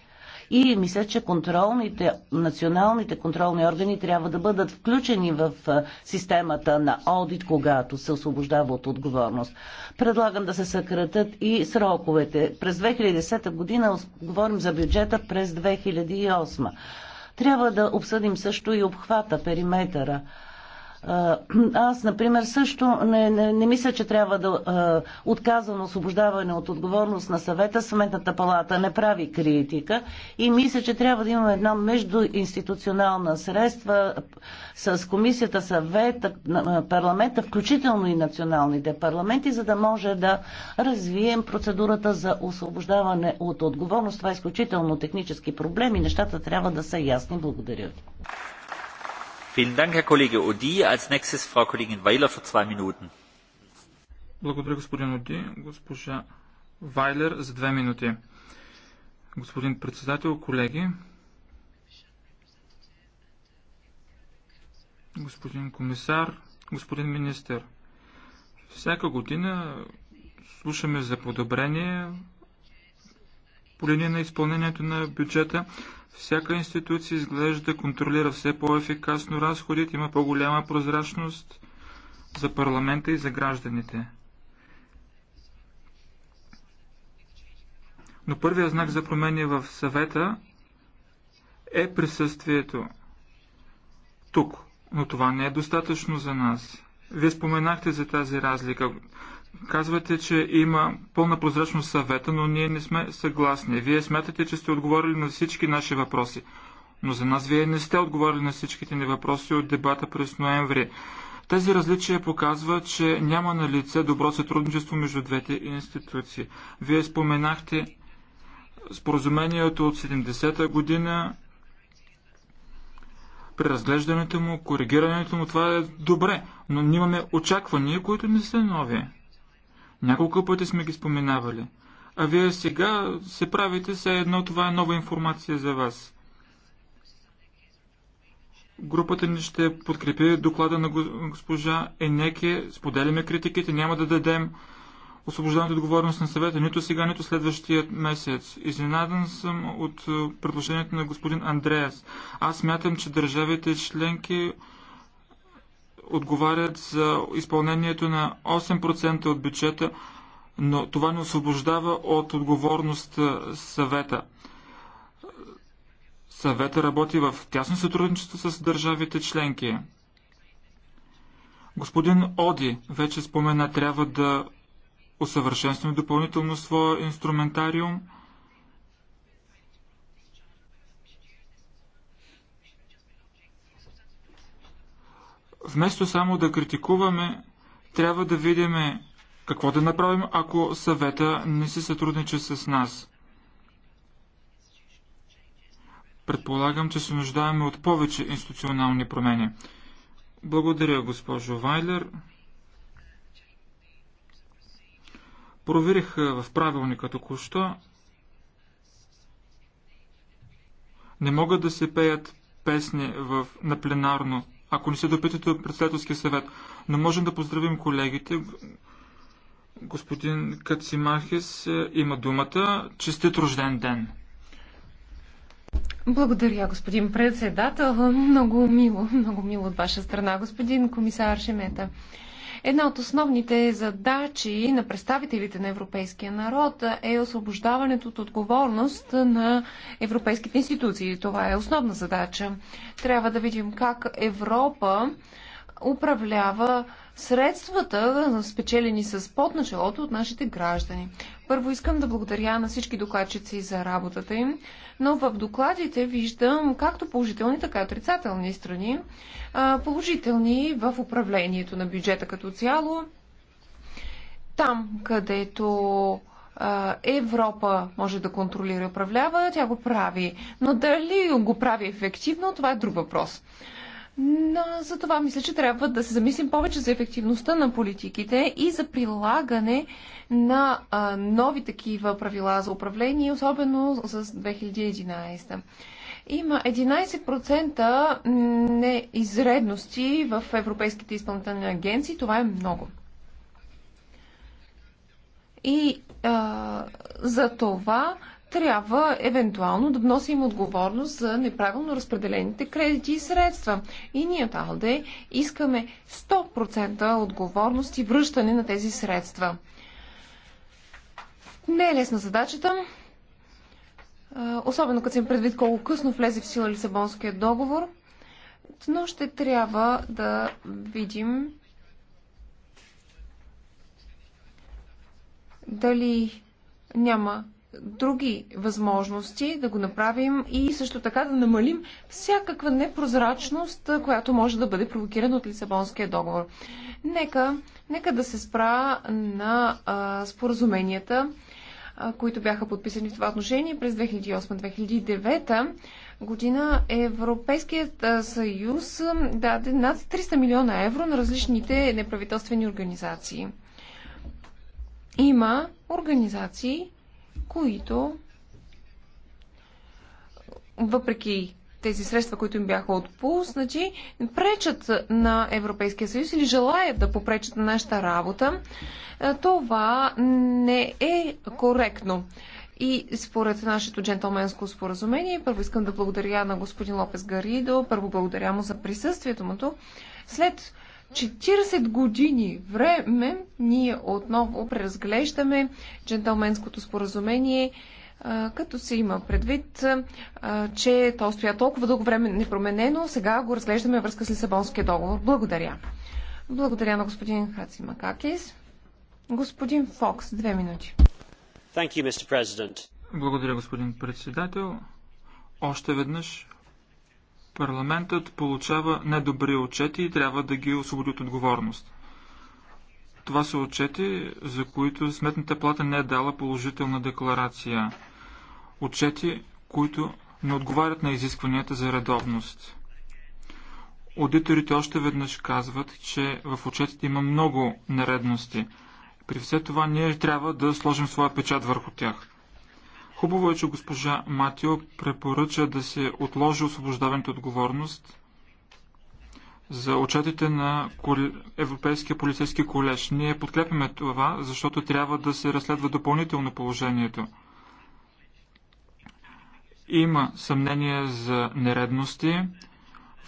и мисля, че контролните, националните контролни органи трябва да бъдат включени в системата на аудит, когато се освобождава от отговорност. Предлагам да се съкратат и сроковете. През 2010 година говорим за бюджета през 2008. Трябва да обсъдим също и обхвата, периметъра. Аз, например, също не, не, не мисля, че трябва да отказвам освобождаване от отговорност на съвета. Съметната палата не прави критика и мисля, че трябва да имаме една междуинституционална средства с комисията, съвета, парламента, включително и националните парламенти, за да може да развием процедурата за освобождаване от отговорност. Това е изключително технически проблем и нещата трябва да са ясни. Благодаря ви. Благодаря, господин Оди. Госпожа Вайлер за две минути. Господин председател, колеги, господин комисар, господин министр. Всяка година слушаме за подобрение по линия на изпълнението на бюджета. Всяка институция изглежда да контролира все по-ефикасно разходите, има по-голяма прозрачност за парламента и за гражданите. Но първият знак за промени в съвета е присъствието тук, но това не е достатъчно за нас. Вие споменахте за тази разлика. Казвате, че има пълна прозрачност в съвета, но ние не сме съгласни. Вие смятате, че сте отговорили на всички наши въпроси. Но за нас вие не сте отговорили на всичките ни въпроси от дебата през ноември. Тези различия показва, че няма на лице добро сътрудничество между двете институции. Вие споменахте споразумението от 70-та година, преразглеждането му, коригирането му, това е добре, но имаме очаквания, които не са нови. Няколко пъти сме ги споменавали. А вие сега се правите се едно, това е нова информация за вас. Групата ни ще подкрепи доклада на госпожа Енеке, споделяме критиките, няма да дадем освобождаването отговорност на съвета, нито сега, нито следващия месец. Изненадан съм от е, предложението на господин Андреас. Аз мятам, че държавите членки отговарят за изпълнението на 8% от бюджета, но това не освобождава от отговорност съвета. Съвета работи в тясно сътрудничество с държавите членки. Господин Оди вече спомена, трябва да усъвършенстваме допълнително своя инструментариум – Вместо само да критикуваме, трябва да видим какво да направим, ако съвета не се сътрудничи с нас. Предполагам, че се нуждаем от повече институционални промени. Благодаря, госпожо Вайлер. Проверих в правилника току-що. Не могат да се пеят песни в, на пленарно ако не се допитате от председателския съвет. Но можем да поздравим колегите. Господин Кацимахис е, има думата. Честит рожден ден! Благодаря, господин председател. Много мило, много мило от ваша страна, господин комисар Шемета. Една от основните задачи на представителите на европейския народ е освобождаването от отговорност на европейските институции. Това е основна задача. Трябва да видим как Европа управлява средствата, спечелени с под началото от нашите граждани. Първо искам да благодаря на всички докладчици за работата им, но в докладите виждам както положителни, така и отрицателни страни. Положителни в управлението на бюджета като цяло. Там, където Европа може да контролира и управлява, тя го прави. Но дали го прави ефективно, това е друг въпрос. Но за това мисля, че трябва да се замислим повече за ефективността на политиките и за прилагане на а, нови такива правила за управление, особено с 2011. Има 11% неизредности в европейските изпълнителни агенции. Това е много. И а, за това трябва евентуално да вносим отговорност за неправилно разпределените кредити и средства. И ние от АЛДЕ искаме 100% отговорност и връщане на тези средства. Не е лесна задачата, особено като се предвид колко късно влезе в сила Лисабонския договор, но ще трябва да видим дали няма други възможности да го направим и също така да намалим всякаква непрозрачност, която може да бъде провокирана от Лисабонския договор. Нека, нека да се спра на а, споразуменията, а, които бяха подписани в това отношение през 2008-2009 година Европейският съюз даде над 300 милиона евро на различните неправителствени организации. Има организации, които въпреки тези средства, които им бяха отпуснати, пречат на Европейския съюз или желаят да попречат на нашата работа. Това не е коректно. И според нашето джентълменско споразумение, първо искам да благодаря на господин Лопес Гаридо, първо благодаря му за присъствието му тук. След 40 години време ние отново преразглеждаме джентълменското споразумение, като се има предвид, че то стоя толкова дълго време непроменено. Сега го разглеждаме връзка с Лисабонския договор. Благодаря. Благодаря на господин Хаци Макакис. Господин Фокс, две минути. You, Благодаря, господин председател. Още веднъж Парламентът получава недобри отчети и трябва да ги освободи от отговорност. Това са отчети, за които сметната плата не е дала положителна декларация. Отчети, които не отговарят на изискванията за редовност. Аудиторите още веднъж казват, че в отчетите има много нередности. При все това ние трябва да сложим своя печат върху тях. Хубаво е, че госпожа Матио препоръча да се отложи освобождаването отговорност за отчетите на Европейския полицейски колеж. Ние подкрепяме това, защото трябва да се разследва допълнително положението. Има съмнение за нередности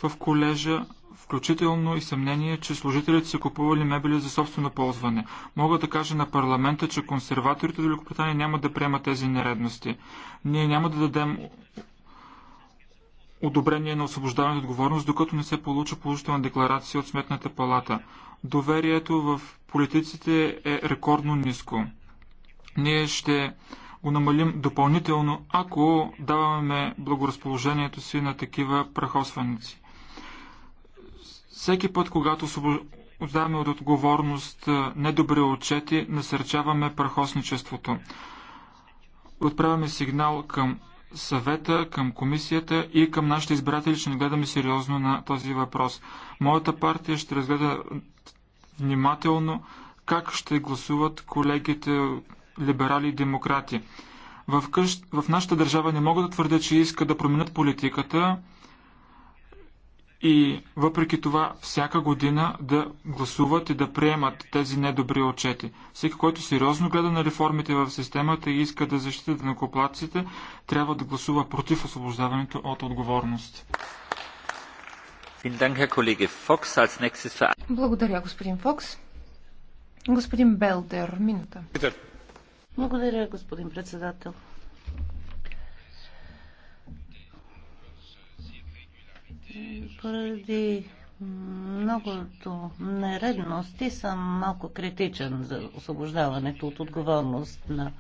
в колежа, включително и съмнение, че служителите са купували мебели за собствено ползване. Мога да кажа на парламента, че консерваторите в Великобритания няма да приемат тези нередности. Ние няма да дадем одобрение на освобождаване от отговорност, докато не се получи положителна декларация от Сметната палата. Доверието в политиците е рекордно ниско. Ние ще го намалим допълнително, ако даваме благоразположението си на такива прахосваници. Всеки път, когато освобождаваме от отговорност недобри отчети, насърчаваме прахосничеството. Отправяме сигнал към съвета, към комисията и към нашите избиратели, че не гледаме сериозно на този въпрос. Моята партия ще разгледа внимателно как ще гласуват колегите либерали и демократи. В, къщ... в нашата държава не мога да твърдят, че иска да променят политиката, и въпреки това всяка година да гласуват и да приемат тези недобри отчети. Всеки, който сериозно гледа на реформите в системата и иска да защита денокоплаците, трябва да гласува против освобождаването от отговорност. Благодаря, господин Фокс. Господин Белдер, минута. Благодаря, господин председател. Поради многото нередности съм малко критичен за освобождаването от отговорност на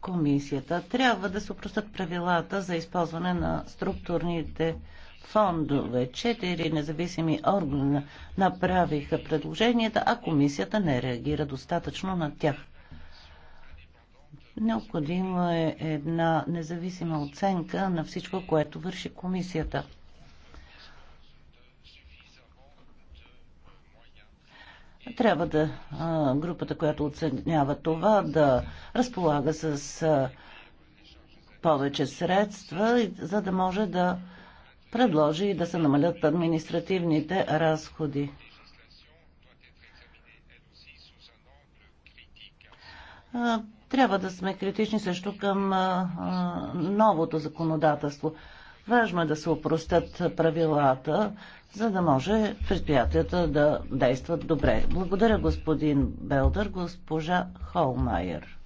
комисията. Трябва да се упростат правилата за използване на структурните фондове. Четири независими органа направиха предложенията, а комисията не реагира достатъчно на тях. Необходима е една независима оценка на всичко, което върши комисията. трябва да групата, която оценява това, да разполага с повече средства, за да може да предложи и да се намалят административните разходи. Трябва да сме критични също към новото законодателство. Важно е да се опростят правилата, за да може предприятията да действат добре. Благодаря господин Белдър, госпожа Холмайер.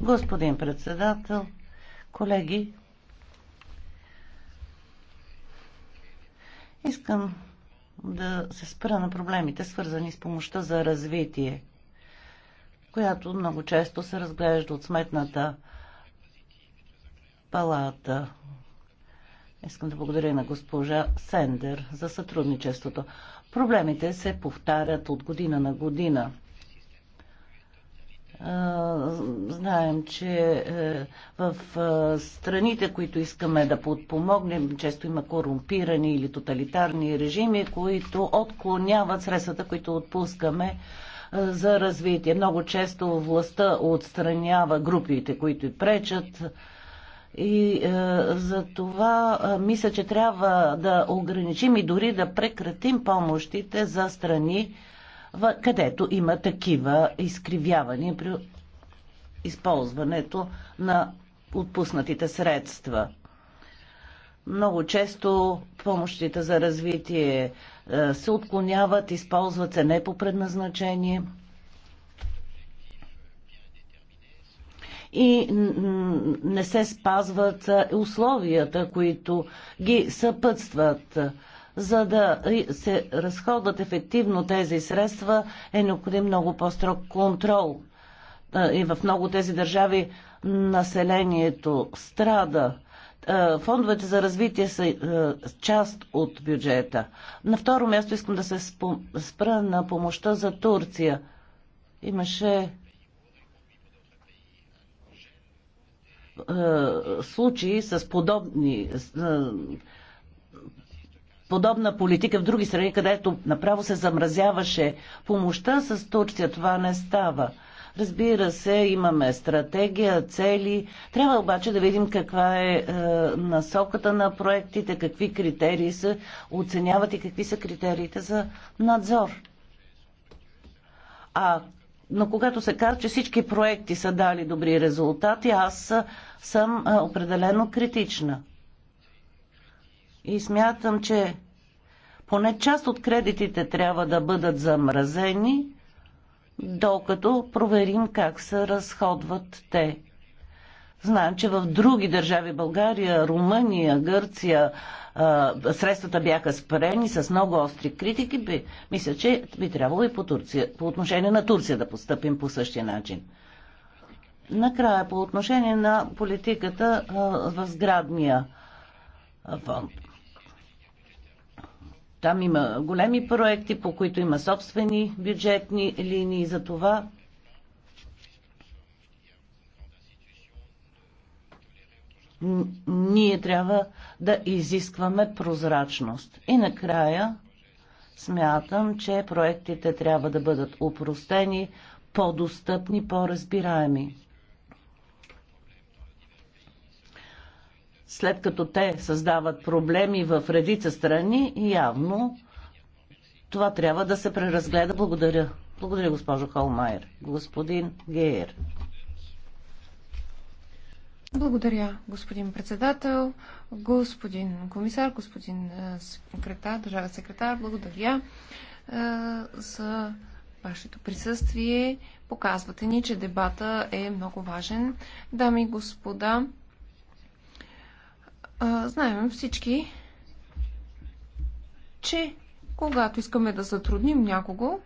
Господин председател, колеги, искам да се спра на проблемите, свързани с помощта за развитие, която много често се разглежда от сметната палата. Искам да благодаря на госпожа Сендер за сътрудничеството. Проблемите се повтарят от година на година. Знаем, че е, в е, страните, които искаме да подпомогнем, често има корумпирани или тоталитарни режими, които отклоняват средствата, които отпускаме е, за развитие. Много често властта отстранява групите, които пречат и е, за това е, мисля, че трябва да ограничим и дори да прекратим помощите за страни, в, където има такива изкривявания при използването на отпуснатите средства. Много често помощите за развитие е, се отклоняват, използват се не по предназначение – и не се спазват условията, които ги съпътстват. За да се разходват ефективно тези средства, е необходим много по-строг контрол. И в много тези държави населението страда. Фондовете за развитие са част от бюджета. На второ място искам да се спра на помощта за Турция. Имаше Е, случаи с подобни е, подобна политика в други страни, където направо се замразяваше помощта с Турция. Това не става. Разбира се, имаме стратегия, цели. Трябва обаче да видим каква е, е насоката на проектите, какви критерии се оценяват и какви са критериите за надзор. А но когато се казва, че всички проекти са дали добри резултати, аз съм определено критична. И смятам, че поне част от кредитите трябва да бъдат замразени, докато проверим как се разходват те. Знаем, че в други държави, България, Румъния, Гърция, средствата бяха спрени с много остри критики. Мисля, че би трябвало и по, Турция, по отношение на Турция да постъпим по същия начин. Накрая, по отношение на политиката в сградния фонд. Там има големи проекти, по които има собствени бюджетни линии. За това ние трябва да изискваме прозрачност. И накрая смятам, че проектите трябва да бъдат упростени, по-достъпни, по-разбираеми. След като те създават проблеми в редица страни, явно това трябва да се преразгледа. Благодаря. Благодаря, госпожо Холмайер. Господин Гейер. Благодаря, господин председател, господин комисар, господин секретар, държавен секретар. Благодаря за вашето присъствие. Показвате ни, че дебата е много важен. Дами и господа, знаем всички, че когато искаме да затрудним някого,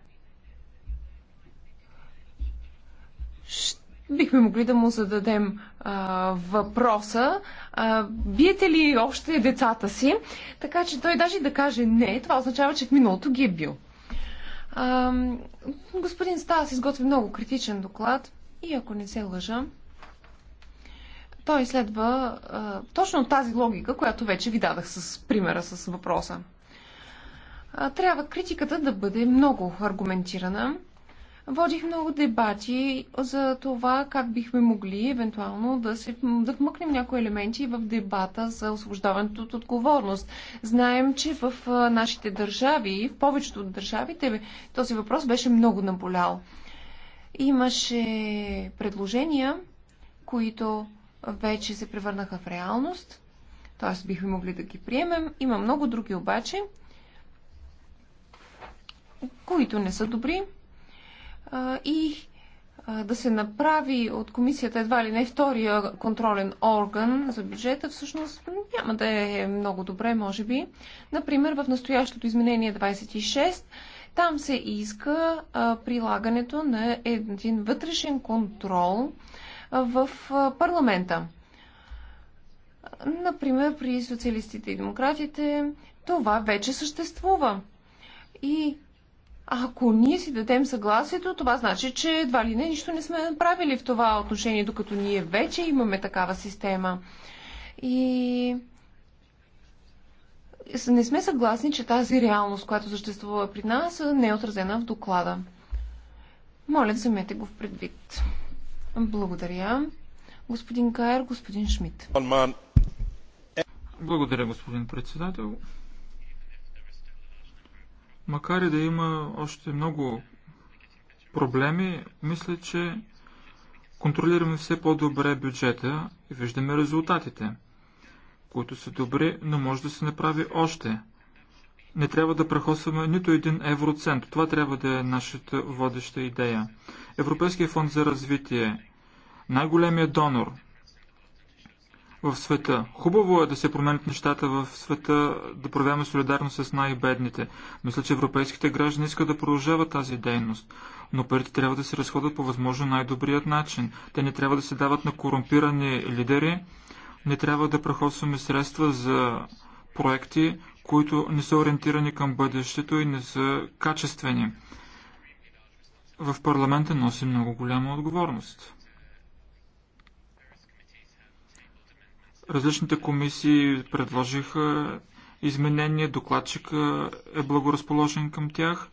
ще бихме могли да му зададем а, въпроса, а, биете ли още децата си? Така че той даже да каже не, това означава, че в миналото ги е бил. А, господин Стас изготви много критичен доклад и ако не се лъжа, той следва а, точно тази логика, която вече ви дадах с примера, с въпроса. А, трябва критиката да бъде много аргументирана Водих много дебати за това как бихме могли евентуално да, се, да вмъкнем някои елементи в дебата за освобождаването от отговорност. Знаем, че в нашите държави, в повечето от държавите, този въпрос беше много наболял. Имаше предложения, които вече се превърнаха в реалност, т.е. бихме могли да ги приемем. Има много други обаче, които не са добри и да се направи от комисията едва ли не втория контролен орган за бюджета, всъщност няма да е много добре, може би. Например, в настоящото изменение 26, там се иска прилагането на един вътрешен контрол в парламента. Например, при социалистите и демократите това вече съществува. И ако ние си дадем съгласието, това значи, че едва ли не нищо не сме направили в това отношение, докато ние вече имаме такава система. И не сме съгласни, че тази реалност, която съществува при нас, не е отразена в доклада. Моля, вземете го в предвид. Благодаря. Господин Кайер, господин Шмидт. Благодаря, господин председател. Макар и да има още много проблеми, мисля, че контролираме все по-добре бюджета и виждаме резултатите, които са добри, но може да се направи още. Не трябва да прехосваме нито един евроцент. Това трябва да е нашата водеща идея. Европейския фонд за развитие, най-големия донор – в света. Хубаво е да се променят нещата в света, да проявяваме солидарност с най-бедните. Мисля, че европейските граждани искат да продължават тази дейност. Но парите трябва да се разходят по възможно най-добрият начин. Те не трябва да се дават на корумпирани лидери, не трябва да прахосваме средства за проекти, които не са ориентирани към бъдещето и не са качествени. В парламента носи много голяма отговорност. Различните комисии предложиха изменения, докладчика е благоразположен към тях.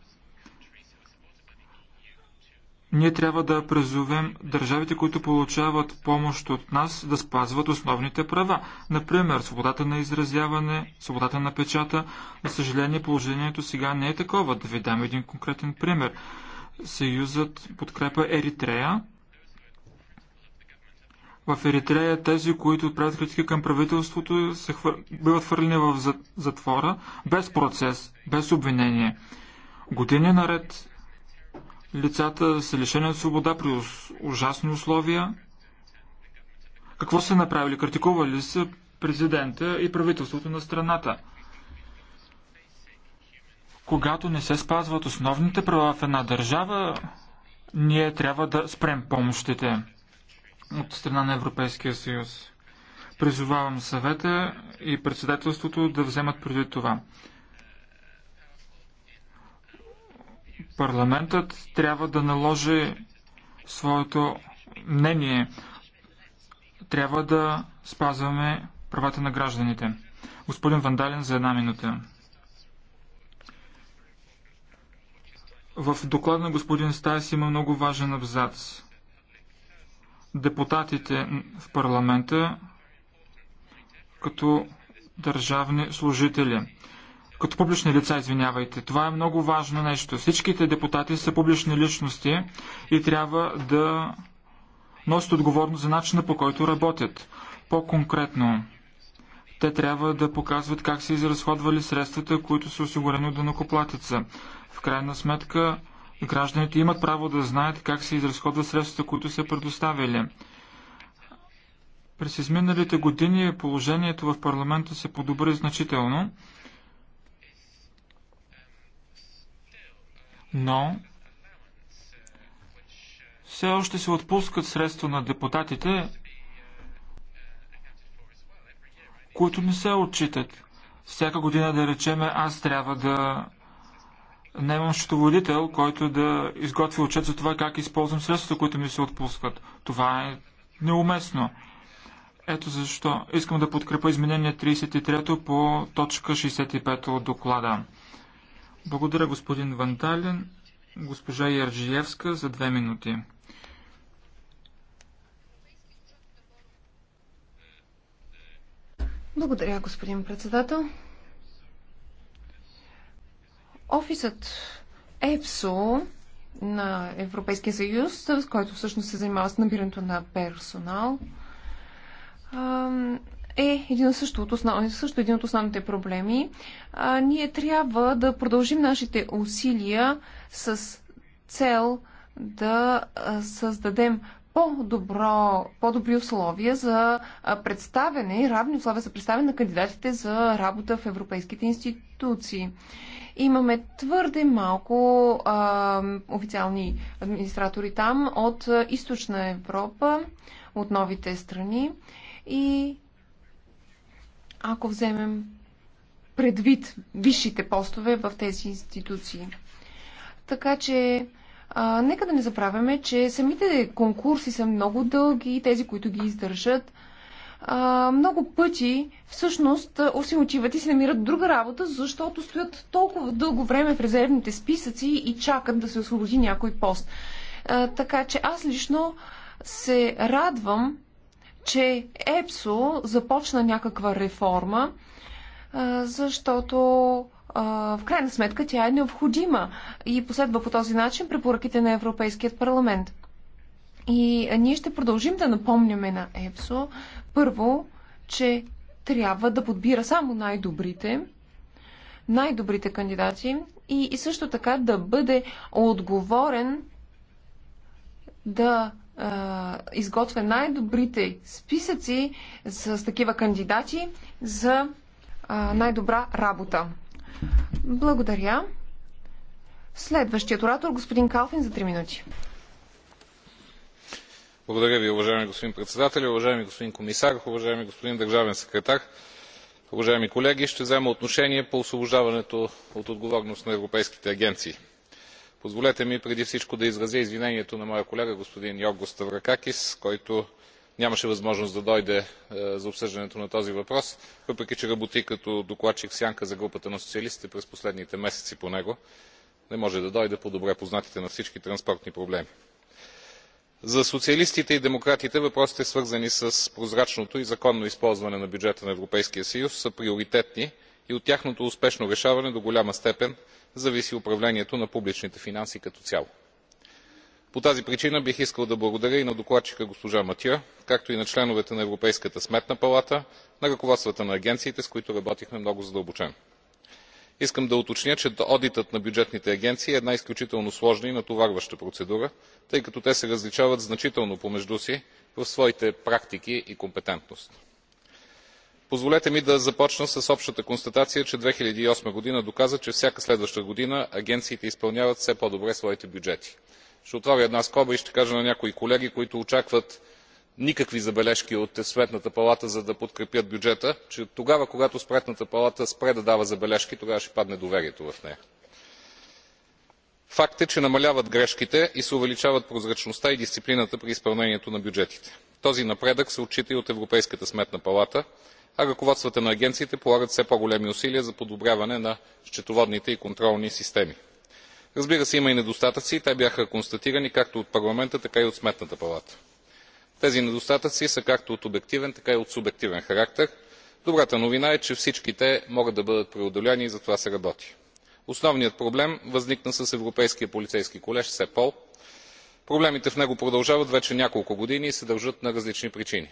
Ние трябва да призовем държавите, които получават помощ от нас, да спазват основните права. Например, свободата на изразяване, свободата на печата. на съжаление, положението сега не е такова. Да ви дам един конкретен пример. Съюзът подкрепа Еритрея, в Еритрея тези, които отправят критики към правителството, се хвър... биват хвърлени в затвора без процес, без обвинение. Години наред лицата са лишени от свобода при ужасни условия. Какво са направили? Критикували са президента и правителството на страната. Когато не се спазват основните права в една държава, ние трябва да спрем помощите от страна на Европейския съюз. Призовавам съвета и председателството да вземат преди това. Парламентът трябва да наложи своето мнение. Трябва да спазваме правата на гражданите. Господин Вандален за една минута. В доклад на господин Стайс има много важен абзац депутатите в парламента като държавни служители. Като публични лица, извинявайте. Това е много важно нещо. Всичките депутати са публични личности и трябва да носят отговорност за начина по който работят. По-конкретно, те трябва да показват как са изразходвали средствата, които са осигурени от данокоплатеца. В крайна сметка, Гражданите имат право да знаят как се изразходват средствата, които са предоставили. През изминалите години положението в парламента се подобри значително, но все още се отпускат средства на депутатите, които не се отчитат. Всяка година, да речеме, аз трябва да Нямам счетоводител, който да изготви отчет за това как използвам средствата, които ми се отпускат. Това е неуместно. Ето защо искам да подкрепа изменение 33 по точка 65 от доклада. Благодаря господин Ванталин, госпожа Ярджиевска за две минути. Благодаря, господин председател. Офисът ЕПСО на Европейския съюз, с който всъщност се занимава с набирането на персонал, е един също, от основ... също един от основните проблеми. ние трябва да продължим нашите усилия с цел да създадем по-добро, по-добри условия за представяне, равни условия за представяне на кандидатите за работа в европейските институции. Имаме твърде малко а, официални администратори там от източна Европа, от новите страни. И ако вземем предвид висшите постове в тези институции. Така че а, нека да не забравяме, че самите конкурси са много дълги и тези, които ги издържат, а, много пъти всъщност си отиват и се намират друга работа, защото стоят толкова дълго време в резервните списъци и чакат да се освободи някой пост. А, така че аз лично се радвам, че ЕПСО започна някаква реформа, а, защото в крайна сметка тя е необходима и последва по този начин препоръките на Европейският парламент. И ние ще продължим да напомняме на ЕПСО, първо, че трябва да подбира само най-добрите, най-добрите кандидати и, и също така да бъде отговорен да е, изготвя най-добрите списъци с, с такива кандидати за е, най-добра работа. Благодаря. Следващият оратор, господин Калфин, за 3 минути. Благодаря ви, уважаеми господин председател, уважаеми господин комисар, уважаеми господин държавен секретар, уважаеми колеги! Ще взема отношение по освобождаването от отговорност на европейските агенции. Позволете ми преди всичко да изразя извинението на моя колега господин Йоргос Ставракакис, който нямаше възможност да дойде е, за обсъждането на този въпрос, въпреки че работи като докладчик сянка за групата на социалистите през последните месеци по него. Не може да дойде по добре познатите на всички транспортни проблеми за социалистите и демократите въпросите свързани с прозрачното и законно използване на бюджета на европейския съюз са приоритетни и от тяхното успешно решаване до голяма степен зависи управлението на публичните финанси като цяло. по тази причина бих искал да благодаря и на докладчика госпожа матиeu както и на членовете на европейската сметна палата на ръководствата на агенциите с които работихме много задълбочено искам да уточня че одитът на бюджетните агенции е една изключително сложна и натоварваща процедура тъй като те се различават значително помежду си в своите практики и компетентност. позволете ми да започна с общата констатация че две хиляди и осма година доказа че всяка следваща година агенциите изпълняват все по добре своите бюджети. ще отворя една скоба и ще кажа на някои колеги които очакват никакви забележки от сметната палата за да подкрепят бюджета че тогава когато сметната палата спре да дава забележки тогава ще падне доверието в нея. факт е че намаляват грешките и се увеличават прозрачността и дисциплината при изпълнението на бюджетите. този напредък се отчита и от европейската сметна палата а ръководствата на агенциите полагат все по големи усилия за подобряване на счетоводните и контролни системи. разбира се има и недостатъци и те бяха констатирани както от парламента така и от сметната палата тези недостатъци са както от обективен така и от субективен характер. добрата новина е че всички те могат да бъдат преодолени и за това се работи. основният проблем възникна с европейския полицейски колеж сепол. проблемите в него продължават вече няколко години и се дължат на различни причини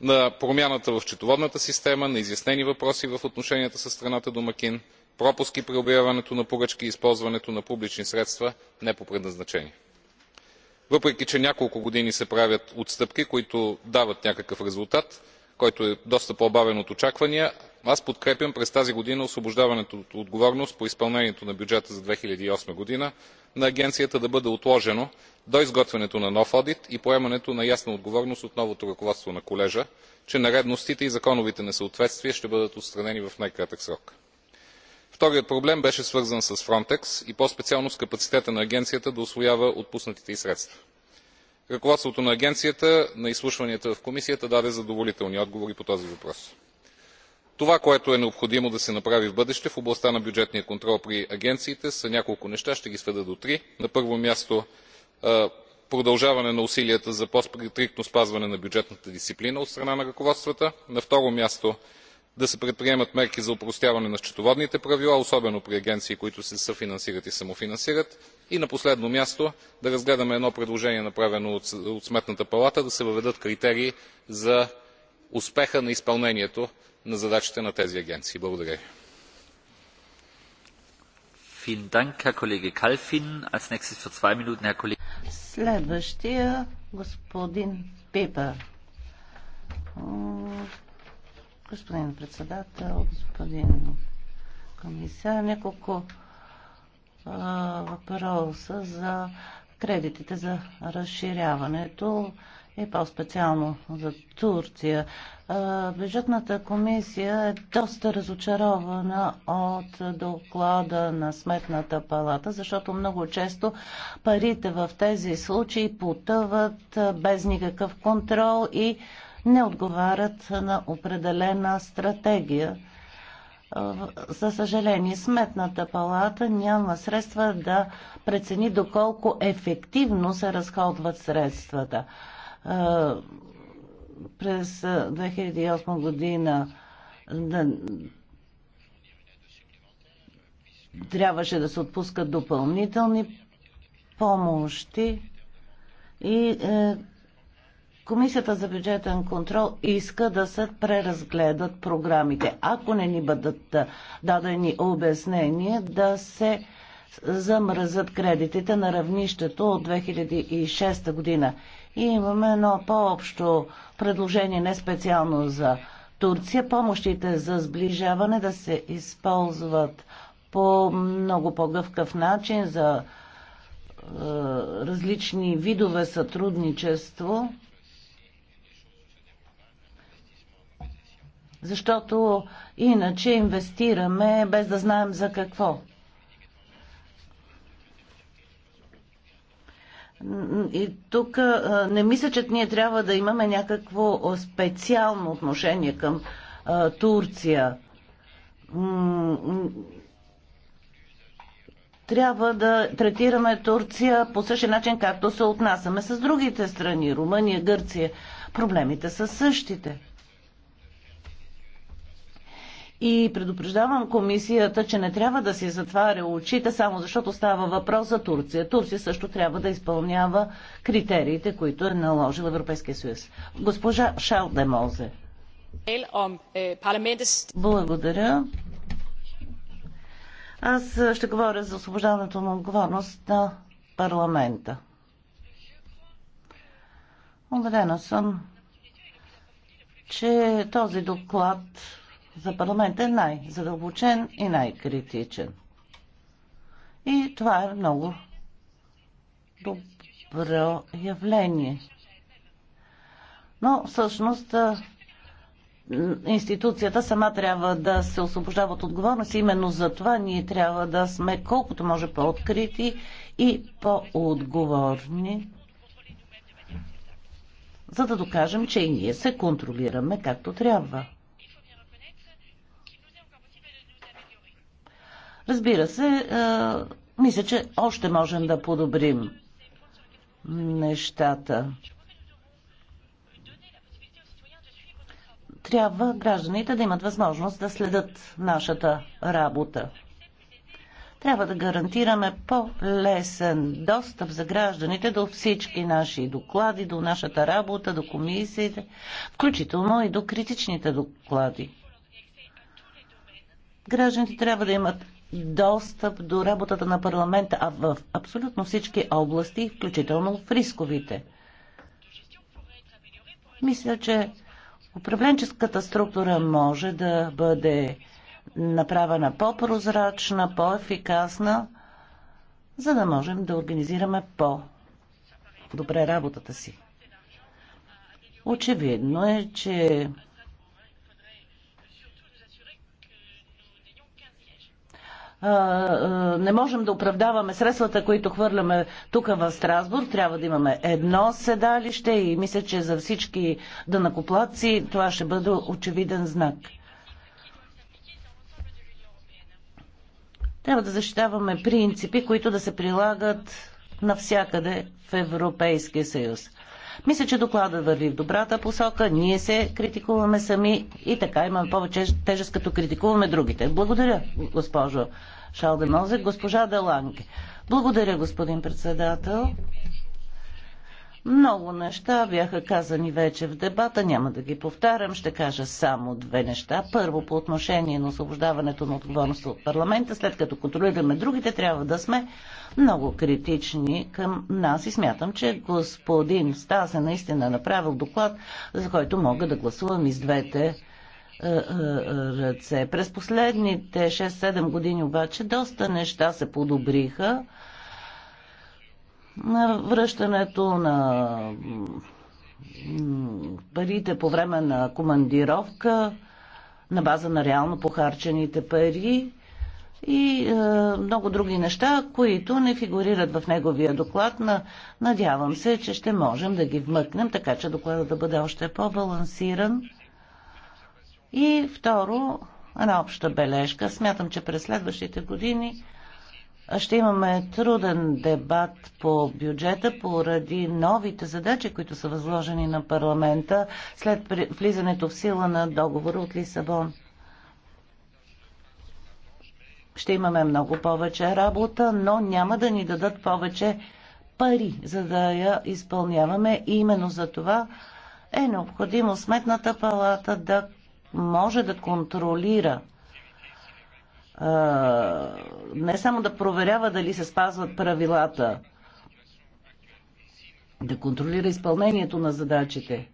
на промяната в счетоводната система на изяснени въпроси в отношенията със страната домакин пропуски при обявяването на поръчки и използването на публични средства не по предназначение въпреки че няколко години се правят отстъпки които дават някакъв резултат който е доста по бавен от очаквания аз подкрепям през тази година освобождаването от отговорност по изпълнението на бюджета за две хиляди и осма година на агенцията да бъде отложено до изготвянето на нов одит и поемането на ясна отговорност от новото ръководство на колежа че нередностите и законовите несъответствия ще бъдат отстранени в най кратък срок вторият проблем беше свързан с фронтекс и по специално с капацитета на агенцията да усвоява отпуснатите й средства. ръководството на агенцията на изслушванията в комисията даде задоволителни отговори по този въпрос. това което е необходимо да се направи в бъдеще в областта на бюджетния контрол при агенциите са няколко неща ще ги сведа до три. на първо място продължаване на усилията за по стриктно спазване на бюджетната дисциплина от страна на ръководствата. на второ място да се предприемат мерки за опростяване на счетоводните правила особено при агенции които се съфинансират и самофинансират и на последно място да разгледаме едно предложение направено от сметната палата да се въведат критерии за успеха на изпълнението на задачите на тези агенции. благодаря ви. Господин председател, господин комисар, няколко въпроса за кредитите за разширяването и по-специално за Турция. Бюджетната комисия е доста разочарована от доклада на Сметната палата, защото много често парите в тези случаи потъват без никакъв контрол и не отговарят на определена стратегия. За съжаление, Сметната палата няма средства да прецени доколко ефективно се разходват средствата. Е, през 2008 е, година трябваше да се отпускат допълнителни помощи и е, Комисията за бюджетен контрол иска да се преразгледат програмите. Ако не ни бъдат дадени обяснения, да се замръзат кредитите на равнището от 2006 година. И имаме едно по-общо предложение, не специално за Турция. Помощите за сближаване да се използват по много по-гъвкав начин за е, различни видове сътрудничество защото иначе инвестираме без да знаем за какво. И тук не мисля, че ние трябва да имаме някакво специално отношение към а, Турция. Трябва да третираме Турция по същия начин, както се отнасяме с другите страни Румъния, Гърция. Проблемите са същите и предупреждавам комисията, че не трябва да си затваря очите, само защото става въпрос за Турция. Турция също трябва да изпълнява критериите, които е наложил Европейския съюз. Госпожа Шал Демозе. Благодаря. Аз ще говоря за освобождаването на отговорност на парламента. Убедена съм, че този доклад за парламент е най-задълбочен и най-критичен. И това е много добро явление. Но всъщност институцията сама трябва да се освобождава от отговорност. Именно за това ние трябва да сме колкото може по-открити и по-отговорни, за да докажем, че и ние се контролираме както трябва. Разбира се, мисля, че още можем да подобрим нещата. Трябва гражданите да имат възможност да следят нашата работа. Трябва да гарантираме по-лесен достъп за гражданите до всички наши доклади, до нашата работа, до комисиите, включително и до критичните доклади. Гражданите трябва да имат достъп до работата на парламента а в абсолютно всички области, включително в рисковите. Мисля, че управленческата структура може да бъде направена по-прозрачна, по-ефикасна, за да можем да организираме по-добре работата си. Очевидно е, че не можем да оправдаваме средствата, които хвърляме тук в Страсбург. Трябва да имаме едно седалище и мисля, че за всички дънакоплаци това ще бъде очевиден знак. Трябва да защитаваме принципи, които да се прилагат навсякъде в Европейския съюз. Мисля, че доклада върви в добрата посока. Ние се критикуваме сами и така имаме повече тежест, като критикуваме другите. Благодаря, госпожо Шалденозе. Госпожа Деланке. Благодаря, господин председател. Много неща бяха казани вече в дебата, няма да ги повтарям, ще кажа само две неща. Първо, по отношение на освобождаването на отговорността от парламента, след като контролираме другите, трябва да сме много критични към нас и смятам, че господин Стаса наистина е направил доклад, за който мога да гласувам из двете е, е, ръце. През последните 6-7 години обаче доста неща се подобриха на връщането на парите по време на командировка на база на реално похарчените пари и е, много други неща, които не фигурират в неговия доклад. На, надявам се, че ще можем да ги вмъкнем, така че докладът да бъде още по-балансиран. И второ, една обща бележка. Смятам, че през следващите години ще имаме труден дебат по бюджета поради новите задачи, които са възложени на парламента след влизането в сила на договора от Лисабон. Ще имаме много повече работа, но няма да ни дадат повече пари, за да я изпълняваме. И именно за това е необходимо Сметната палата да може да контролира не само да проверява дали се спазват правилата, да контролира изпълнението на задачите.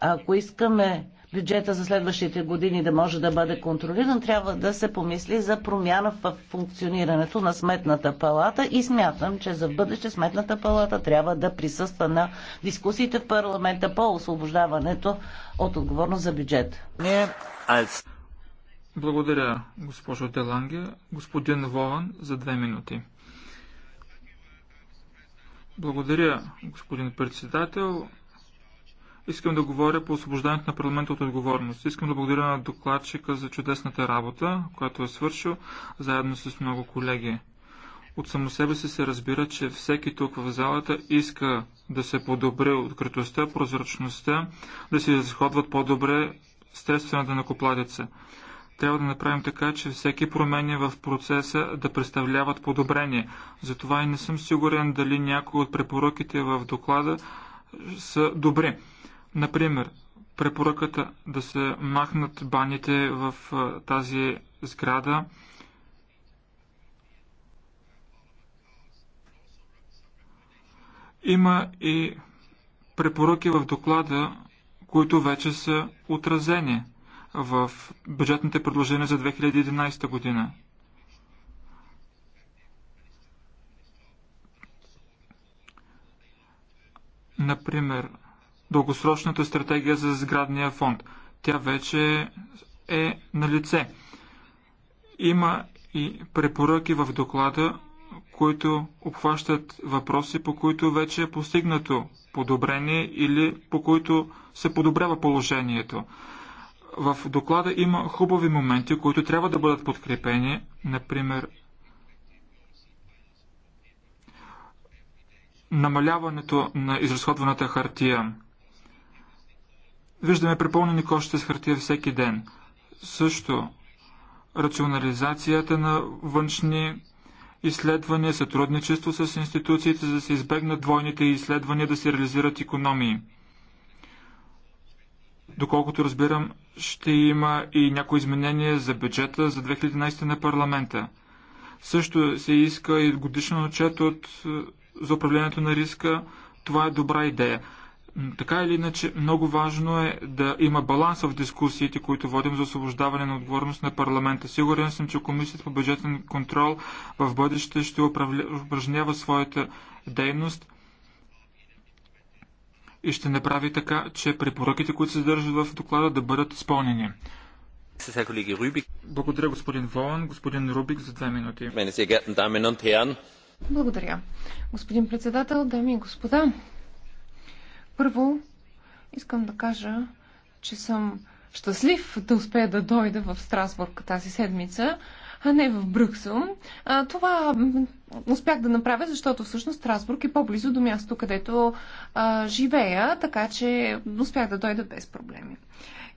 Ако искаме бюджета за следващите години да може да бъде контролиран, трябва да се помисли за промяна в функционирането на Сметната палата и смятам, че за бъдеще Сметната палата трябва да присъства на дискусиите в парламента по освобождаването от отговорност за бюджет. Благодаря, госпожо Деланге. Господин Волан, за две минути. Благодаря, господин председател. Искам да говоря по освобождането на парламента от отговорност. Искам да благодаря на докладчика за чудесната работа, която е свършил заедно с много колеги. От само себе си се разбира, че всеки тук в залата иска да се подобри откритостта, прозрачността, да се изходват по-добре средствената накопладица. Трябва да направим така, че всеки промени в процеса да представляват подобрение. Затова и не съм сигурен дали някои от препоръките в доклада са добри. Например, препоръката да се махнат баните в тази сграда Има и препоръки в доклада, които вече са отразени в бюджетните предложения за 2011 година. Например, дългосрочната стратегия за сградния фонд. Тя вече е на лице. Има и препоръки в доклада, които обхващат въпроси, по които вече е постигнато подобрение или по които се подобрява положението. В доклада има хубави моменти, които трябва да бъдат подкрепени, например намаляването на изразходваната хартия. Виждаме препълнени кошите с хартия всеки ден. Също рационализацията на външни изследвания, сътрудничество с институциите, за да се избегнат двойните изследвания, да се реализират економии. Доколкото разбирам, ще има и някои изменения за бюджета за 2011 на парламента. Също се иска и годишен отчет от, за управлението на риска. Това е добра идея. Така или иначе, много важно е да има баланс в дискусиите, които водим за освобождаване на отговорност на парламента. Сигурен съм, че Комисията по бюджетен контрол в бъдеще ще упражнява своята дейност и ще направи така, че препоръките, които се съдържат в доклада, да бъдат изпълнени. Благодаря, господин Волан. Господин Рубик за две минути. Благодаря. Господин председател, дами и господа, първо, искам да кажа, че съм щастлив да успея да дойда в Страсбург тази седмица, а не в Брюксел. А, това успях да направя, защото всъщност Страсбург е по-близо до мястото, където а, живея, така че успях да дойда без проблеми.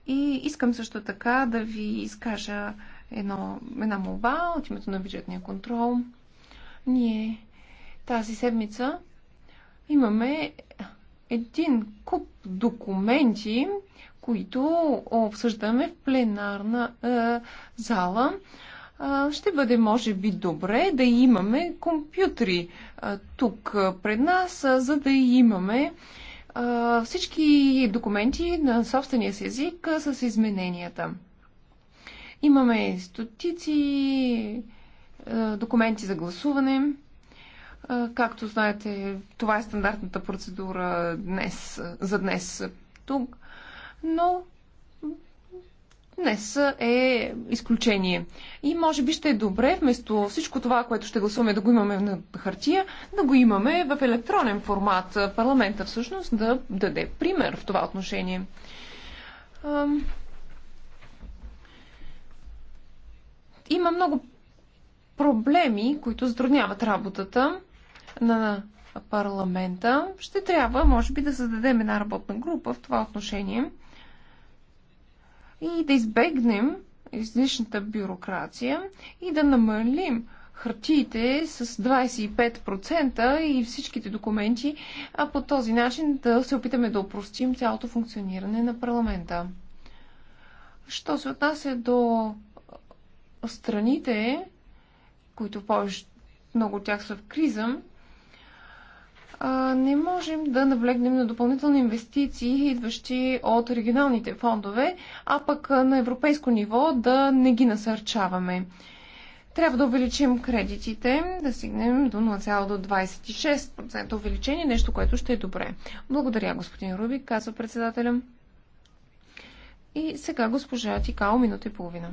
И искам също така да ви изкажа едно, една молба от името на бюджетния контрол. Ние тази седмица имаме един куп документи, които обсъждаме в пленарна е, зала. Е, ще бъде, може би, добре да имаме компютри е, тук е, пред нас, е, за да имаме е, всички документи на собствения си език е, с измененията. Имаме стотици е, документи за гласуване. Както знаете, това е стандартната процедура днес, за днес тук, но днес е изключение. И може би ще е добре, вместо всичко това, което ще гласуваме да го имаме на хартия, да го имаме в електронен формат. Парламента всъщност да даде пример в това отношение. Има много проблеми, които затрудняват работата на парламента, ще трябва, може би, да създадем една работна група в това отношение и да избегнем излишната бюрокрация и да намалим хартиите с 25% и всичките документи, а по този начин да се опитаме да опростим цялото функциониране на парламента. Що се отнася до страните, които повече много от тях са в криза, не можем да навлегнем на допълнителни инвестиции, идващи от регионалните фондове, а пък на европейско ниво да не ги насърчаваме. Трябва да увеличим кредитите, да стигнем до 0,26% увеличение, нещо, което ще е добре. Благодаря, господин Рубик, казва председателя. И сега госпожа Тикао, минута и половина.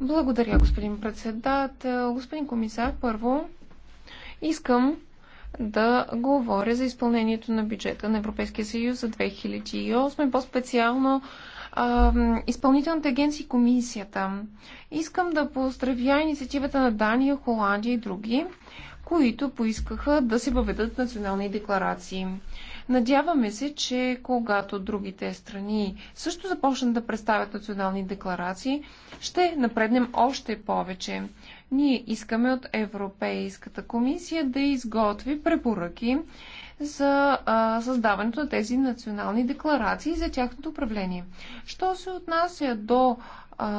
Благодаря, господин председател. Господин комисар, първо искам да говоря за изпълнението на бюджета на Европейския съюз за 2008 и по-специално изпълнителната агенция и комисията. Искам да поздравя инициативата на Дания, Холандия и други, които поискаха да се въведат национални декларации. Надяваме се, че когато другите страни също започнат да представят национални декларации, ще напреднем още повече. Ние искаме от Европейската комисия да изготви препоръки за а, създаването на тези национални декларации и за тяхното управление. Що се отнася до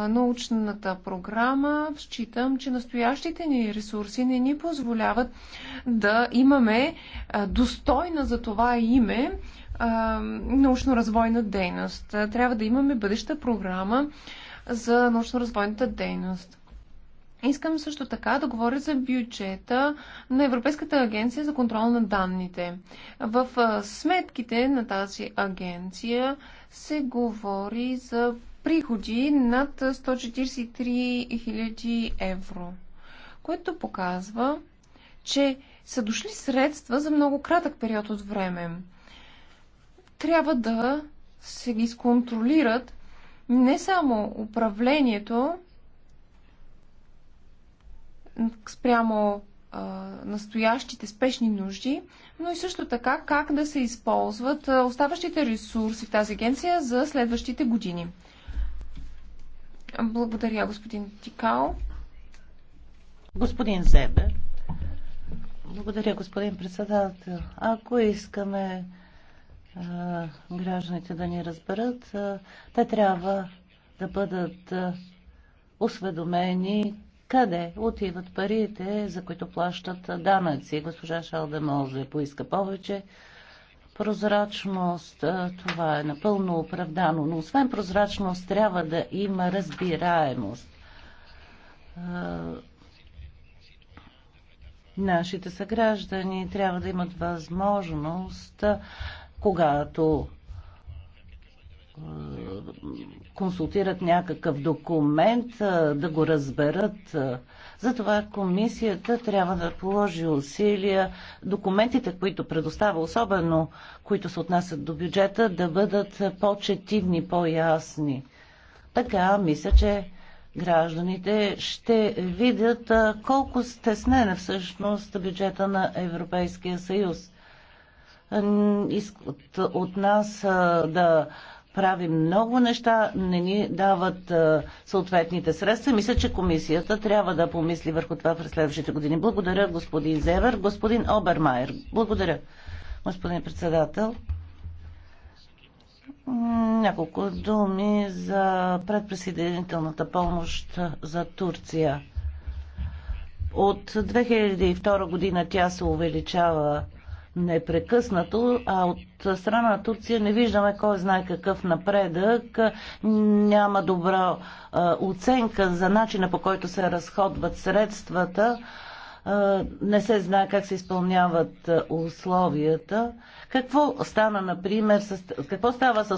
научната програма, считам, че настоящите ни ресурси не ни позволяват да имаме достойна за това име научно-развойна дейност. Трябва да имаме бъдеща програма за научно-развойната дейност. Искам също така да говоря за бюджета на Европейската агенция за контрол на данните. В сметките на тази агенция се говори за приходи над 143 000 евро, което показва, че са дошли средства за много кратък период от време. Трябва да се ги сконтролират не само управлението спрямо а, настоящите спешни нужди, но и също така как да се използват оставащите ресурси в тази агенция за следващите години. Благодаря, господин Тикал. Господин Зебе. Благодаря, господин председател. Ако искаме а, гражданите да ни разберат, а, те трябва да бъдат а, осведомени къде отиват парите, за които плащат данъци. Госпожа Шалдемолзе поиска повече прозрачност, това е напълно оправдано, но освен прозрачност трябва да има разбираемост. Нашите съграждани трябва да имат възможност, когато консултират някакъв документ, да го разберат затова комисията трябва да положи усилия документите, които предоставя, особено които се отнасят до бюджета, да бъдат по-четивни, по-ясни. Така, мисля, че гражданите ще видят колко стеснен е всъщност бюджета на Европейския съюз искат от нас да правим много неща, не ни дават а, съответните средства. Мисля, че комисията трябва да помисли върху това през следващите години. Благодаря, господин Зевер. Господин Обермайер, благодаря, господин председател. Няколко думи за предприсъединителната помощ за Турция. От 2002 година тя се увеличава непрекъснато, а от страна на Турция не виждаме кой знае какъв напредък, няма добра оценка за начина по който се разходват средствата, не се знае как се изпълняват условията. Какво стана, например, с, какво става с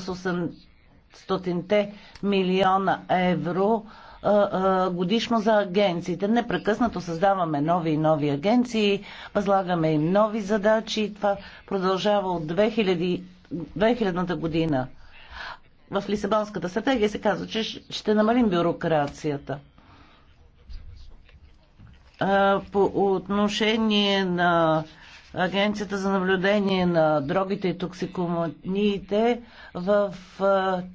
800 милиона евро, годишно за агенциите. Непрекъснато създаваме нови и нови агенции, възлагаме им нови задачи. Това продължава от 2000, 2000 година. В Лисабонската стратегия се казва, че ще намалим бюрокрацията по отношение на Агенцията за наблюдение на дрогите и токсикоманиите в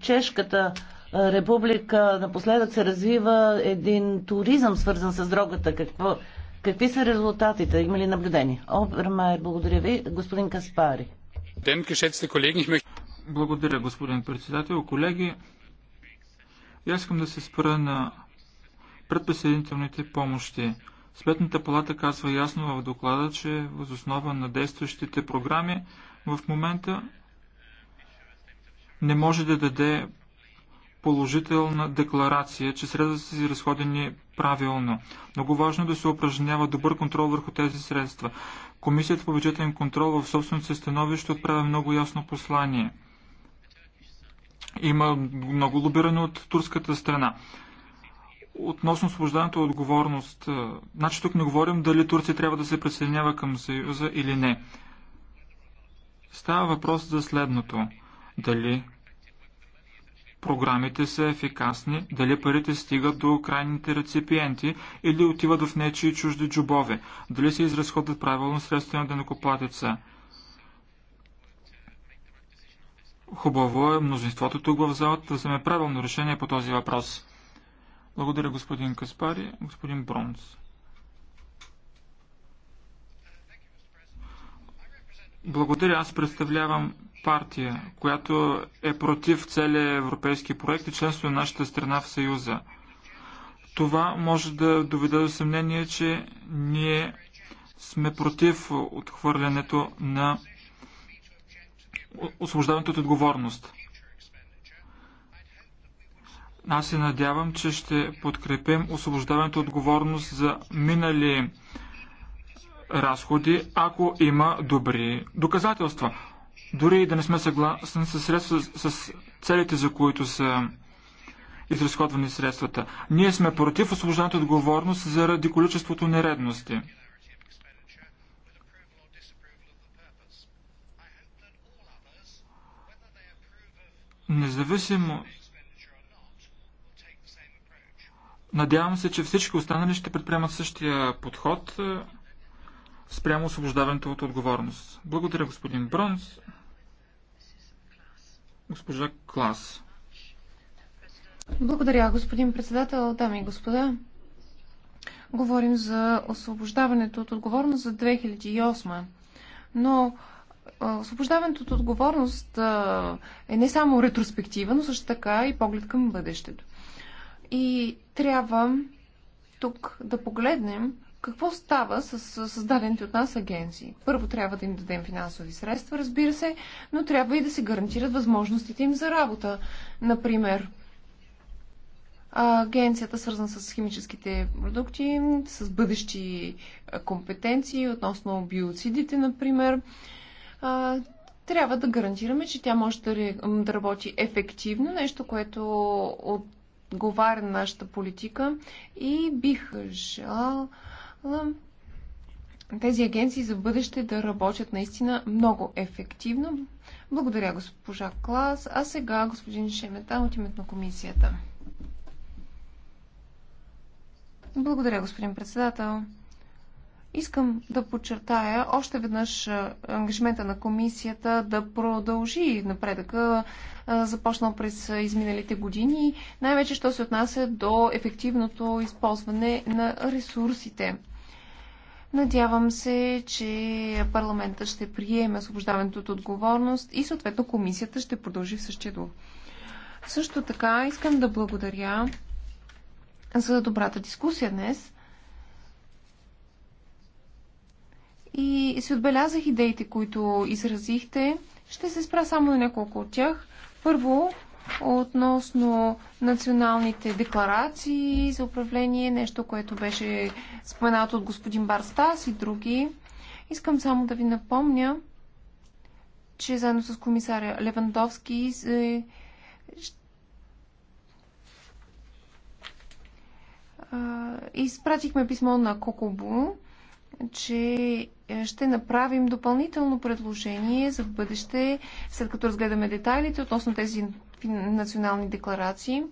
чешката република напоследък се развива един туризъм, свързан с дрогата. Какво, какви са резултатите? Има ли наблюдение? Обермайер, благодаря ви. Господин Каспари. Благодаря, господин председател. Колеги, аз искам да се спра на предприсъединителните помощи. Сметната палата казва ясно в доклада, че възоснова на действащите програми в момента не може да даде положителна декларация, че средства са изразходени правилно. Много важно е да се упражнява добър контрол върху тези средства. Комисията по бюджетен контрол в собственото си становище отправя много ясно послание. Има много лобиране от турската страна. Относно освобождането от отговорност, е, значи тук не говорим дали Турция трябва да се присъединява към Съюза или не. Става въпрос за следното. Дали програмите са ефикасни, дали парите стигат до крайните реципиенти или отиват в нечии чужди джобове, дали се изразходват правилно средства на денокоплатеца. Хубаво е мнозинството тук в залата да вземе правилно решение по този въпрос. Благодаря господин Каспари, господин Бронс. Благодаря, аз представлявам партия, която е против целия европейски проект и членство на нашата страна в Съюза. Това може да доведе до съмнение, че ние сме против отхвърлянето на освобождаването от отговорност. Аз се надявам, че ще подкрепим освобождаването от отговорност за минали разходи, ако има добри доказателства. Дори и да не сме съгласни с, средства, с целите, за които са изразходвани средствата. Ние сме против освобождането отговорност заради количеството нередности. Независимо Надявам се, че всички останали ще предприемат същия подход е, спрямо освобождаването от отговорност. Благодаря, господин Бронс. Госпожа Клас. Благодаря, господин председател, дами и господа. Говорим за освобождаването от отговорност за 2008. Но освобождаването от отговорност е не само ретроспектива, но също така и поглед към бъдещето. И трябва тук да погледнем какво става с създадените от нас агенции? Първо трябва да им дадем финансови средства, разбира се, но трябва и да се гарантират възможностите им за работа. Например, агенцията, свързана с химическите продукти, с бъдещи компетенции относно биоцидите, например. Трябва да гарантираме, че тя може да, работи ефективно, нещо, което отговаря на нашата политика и бих желал тези агенции за бъдеще да работят наистина много ефективно. Благодаря, госпожа Клас. А сега господин Шемета от името на комисията. Благодаря, господин председател. Искам да подчертая още веднъж ангажмента на комисията да продължи напредъка, започнал през изминалите години, най-вече що се отнася до ефективното използване на ресурсите. Надявам се, че парламента ще приеме освобождаването от отговорност и съответно комисията ще продължи в същия дух. Също така искам да благодаря за добрата дискусия днес. И си отбелязах идеите, които изразихте. Ще се спра само на няколко от тях. Първо, относно националните декларации за управление, нещо, което беше споменато от господин Барстас и други. Искам само да ви напомня, че заедно с комисаря Левандовски изпратихме писмо на Кокобу, че ще направим допълнително предложение за бъдеще, след като разгледаме детайлите относно тези национални декларации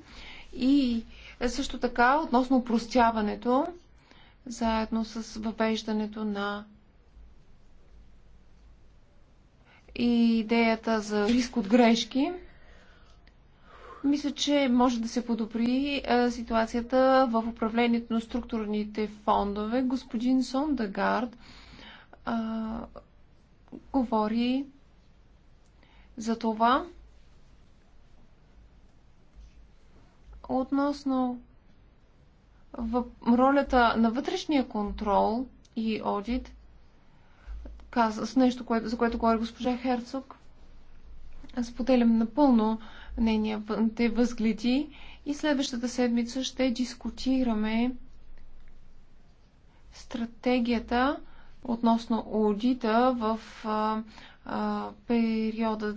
и също така относно упростяването, заедно с въвеждането на и идеята за риск от грешки, мисля, че може да се подобри е, ситуацията в управлението на структурните фондове. Господин Сондагард е, говори за това, Относно в ролята на вътрешния контрол и одит, каза, с нещо, което, за което говори госпожа Херцог, споделям напълно нейните възгледи и следващата седмица ще дискутираме стратегията относно аудита в а, а, периода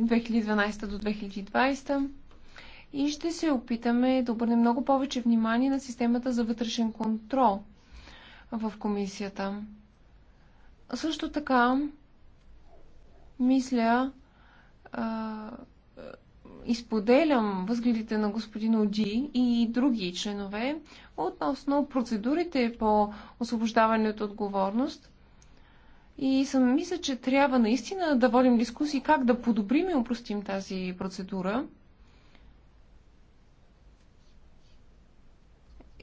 2012 до 2020 и ще се опитаме да обърнем много повече внимание на системата за вътрешен контрол в комисията. Също така, мисля, изподелям възгледите на господин Оди и други членове относно процедурите по освобождаване от отговорност. И съм мисля, че трябва наистина да водим дискусии как да подобрим и упростим тази процедура.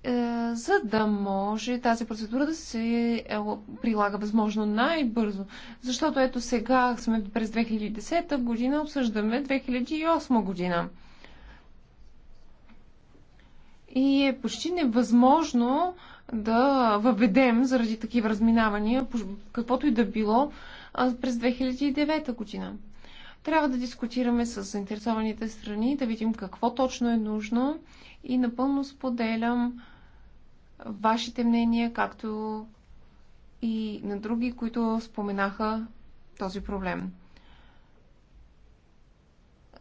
Е, за да може тази процедура да се е, прилага възможно най-бързо. Защото ето сега сме през 2010 година, обсъждаме 2008 година. И е почти невъзможно да въведем заради такива разминавания, каквото и да било, през 2009 година. Трябва да дискутираме с заинтересованите страни, да видим какво точно е нужно и напълно споделям вашите мнения, както и на други, които споменаха този проблем.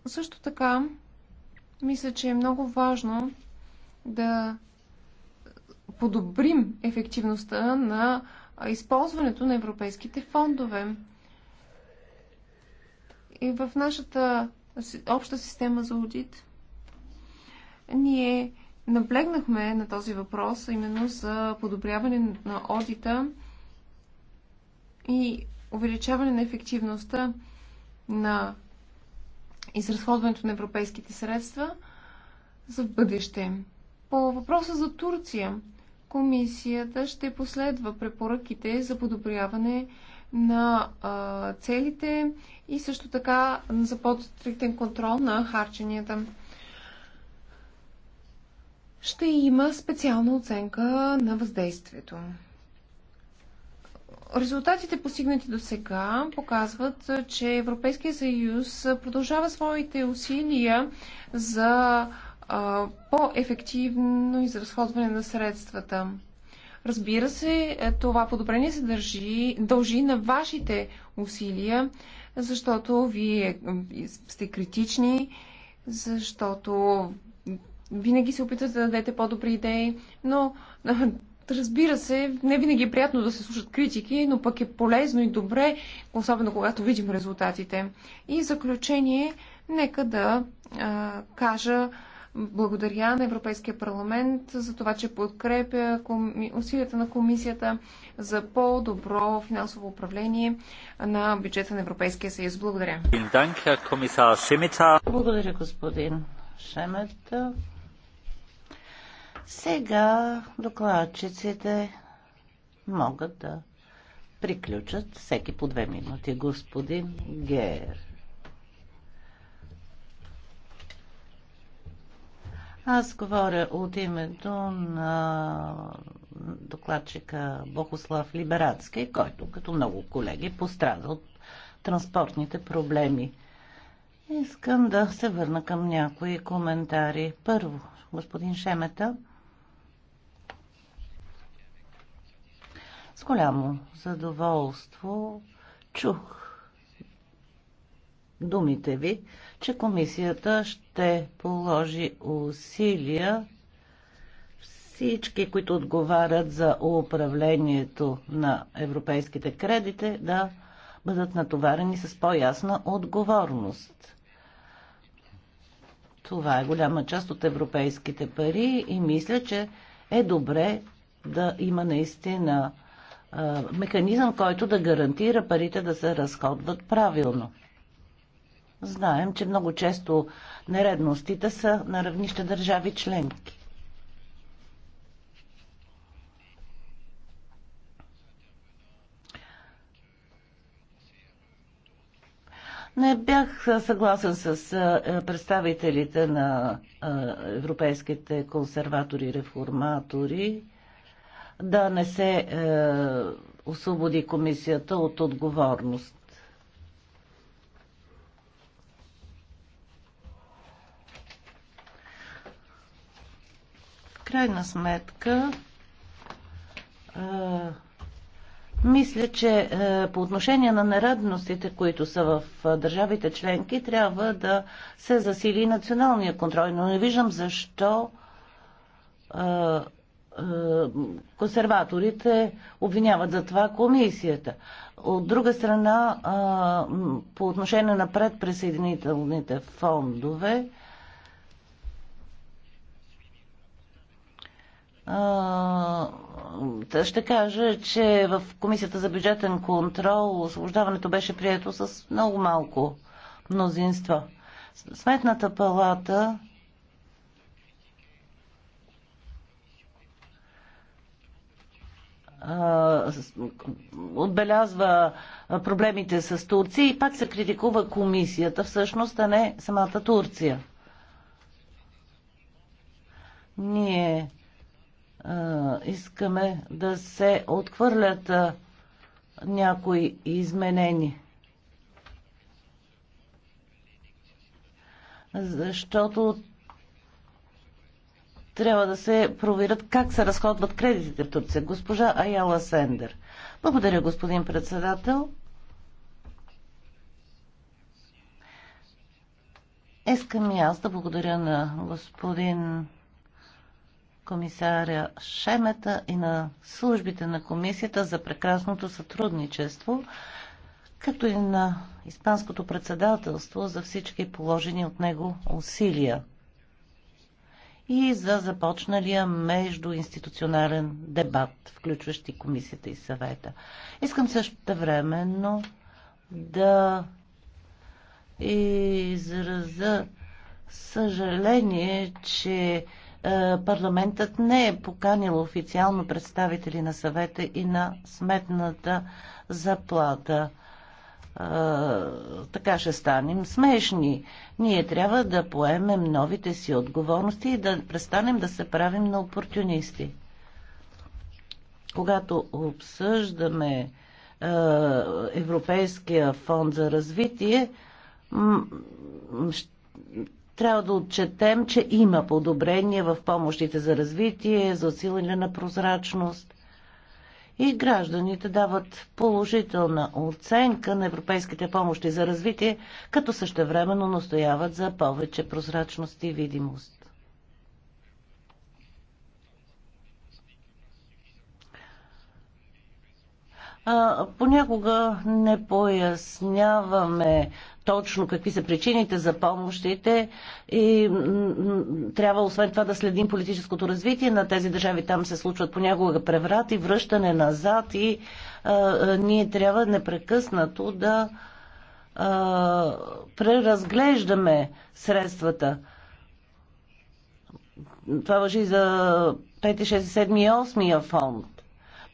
Също така, мисля, че е много важно да подобрим ефективността на използването на европейските фондове. И в нашата обща система за аудит ние наблегнахме на този въпрос, именно за подобряване на одита и увеличаване на ефективността на изразходването на европейските средства за бъдеще. По въпроса за Турция, комисията ще последва препоръките за подобряване на а, целите и също така за по-стриктен контрол на харченията ще има специална оценка на въздействието. Резултатите, постигнати до сега, показват, че Европейския съюз продължава своите усилия за по-ефективно изразходване на средствата. Разбира се, това подобрение се държи, дължи на вашите усилия, защото вие сте критични, защото винаги се опитвате да дадете по-добри идеи, но разбира се, не винаги е приятно да се слушат критики, но пък е полезно и добре, особено когато видим резултатите. И в заключение, нека да а, кажа благодаря на Европейския парламент за това, че подкрепя усилията на комисията за по-добро финансово управление на бюджета на Европейския съюз. Благодаря. Благодаря, господин Шемет. Сега докладчиците могат да приключат всеки по две минути. Господин Гер. Аз говоря от името на докладчика Бохослав Либерацки, който като много колеги пострада от транспортните проблеми. Искам да се върна към някои коментари. Първо, господин Шемета С голямо задоволство чух думите ви, че комисията ще положи усилия всички, които отговарят за управлението на европейските кредите, да бъдат натоварени с по-ясна отговорност. Това е голяма част от европейските пари и мисля, че е добре да има наистина механизъм, който да гарантира парите да се разходват правилно. Знаем, че много често нередностите са на равнище държави членки. Не бях съгласен с представителите на европейските консерватори и реформатори да не се е, освободи комисията от отговорност. В крайна сметка, е, мисля, че е, по отношение на нередностите, които са в е, държавите членки, трябва да се засили националния контрол. Но не виждам защо е, е, консерваторите обвиняват за това комисията. От друга страна, е, по отношение на предпресъединителните фондове, е, ще кажа, че в Комисията за бюджетен контрол освобождаването беше прието с много малко мнозинство. Сметната палата отбелязва проблемите с Турция и пак се критикува комисията, всъщност, а не самата Турция. Ние а, искаме да се отхвърлят а, някои изменения. Защото трябва да се проверят как се разходват кредитите в Турция. Госпожа Аяла Сендер. Благодаря, господин председател. Искам и аз да благодаря на господин комисаря Шемета и на службите на комисията за прекрасното сътрудничество, както и на Испанското председателство за всички положени от него усилия и за започналия междуинституционален дебат, включващи комисията и съвета. Искам също времено да израза съжаление, че е, парламентът не е поканил официално представители на съвета и на сметната заплата а, така ще станем смешни. Ние трябва да поемем новите си отговорности и да престанем да се правим на опортунисти. Когато обсъждаме а, Европейския фонд за развитие, трябва да отчетем, че има подобрение в помощите за развитие, за усилене на прозрачност и гражданите дават положителна оценка на европейските помощи за развитие, като същевременно настояват за повече прозрачност и видимост. а, понякога не поясняваме точно какви са причините за помощите и трябва освен това да следим политическото развитие на тези държави. Там се случват понякога преврат и връщане назад и а, а, ние трябва непрекъснато да а, преразглеждаме средствата. Това въжи за 5, 6, 7 и 8 фонд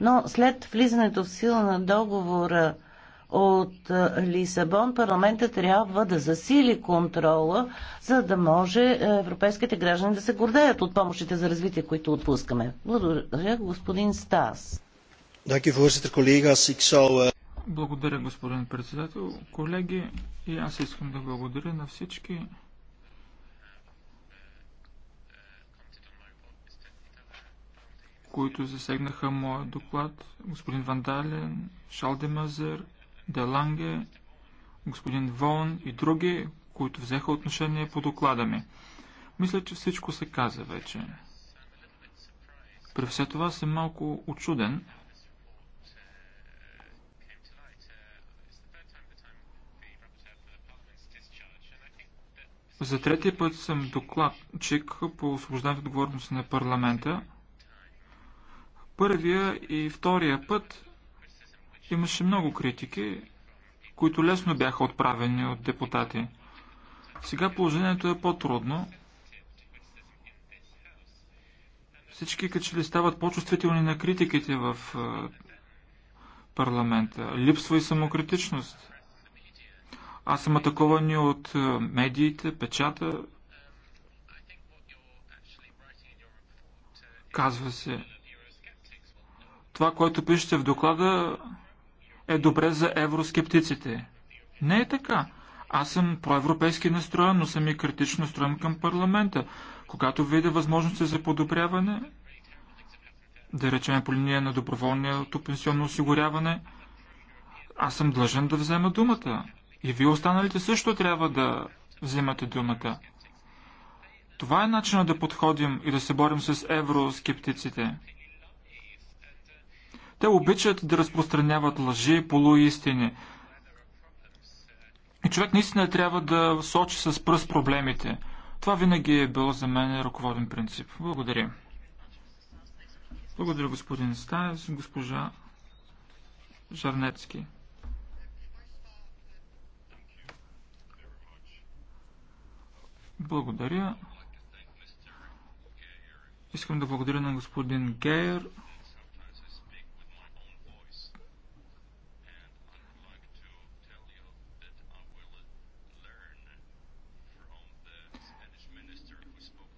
но след влизането в сила на договора от Лисабон, парламента трябва да засили контрола, за да може европейските граждани да се гордеят от помощите за развитие, които отпускаме. Благодаря, господин Стас. Eh, благодаря, господин председател. Колеги, и аз искам да благодаря на всички които засегнаха моя доклад. Господин Вандален, Шалдемазер, Деланге, господин Вон и други, които взеха отношение по доклада ми. Мисля, че всичко се каза вече. При все това съм малко очуден. За третия път съм докладчик по освобождане отговорност на парламента. Първия и втория път имаше много критики, които лесно бяха отправени от депутати. Сега положението е по-трудно. Всички като ли стават по-чувствителни на критиките в е, парламента. Липсва и самокритичност. Аз съм и от е, медиите, печата. Казва се, това, което пишете в доклада, е добре за евроскептиците. Не е така. Аз съм проевропейски настроен, но съм и критично настроен към парламента. Когато видя възможности за подобряване, да речем по линия на доброволното пенсионно осигуряване, аз съм длъжен да взема думата. И вие останалите също трябва да вземате думата. Това е начинът да подходим и да се борим с евроскептиците. Те обичат да разпространяват лъжи и полуистини. И човек наистина трябва да сочи с пръст проблемите. Това винаги е било за мен ръководен принцип. Благодаря. Благодаря, господин Стайс, госпожа Жарнецки. Благодаря. Искам да благодаря на господин Гейер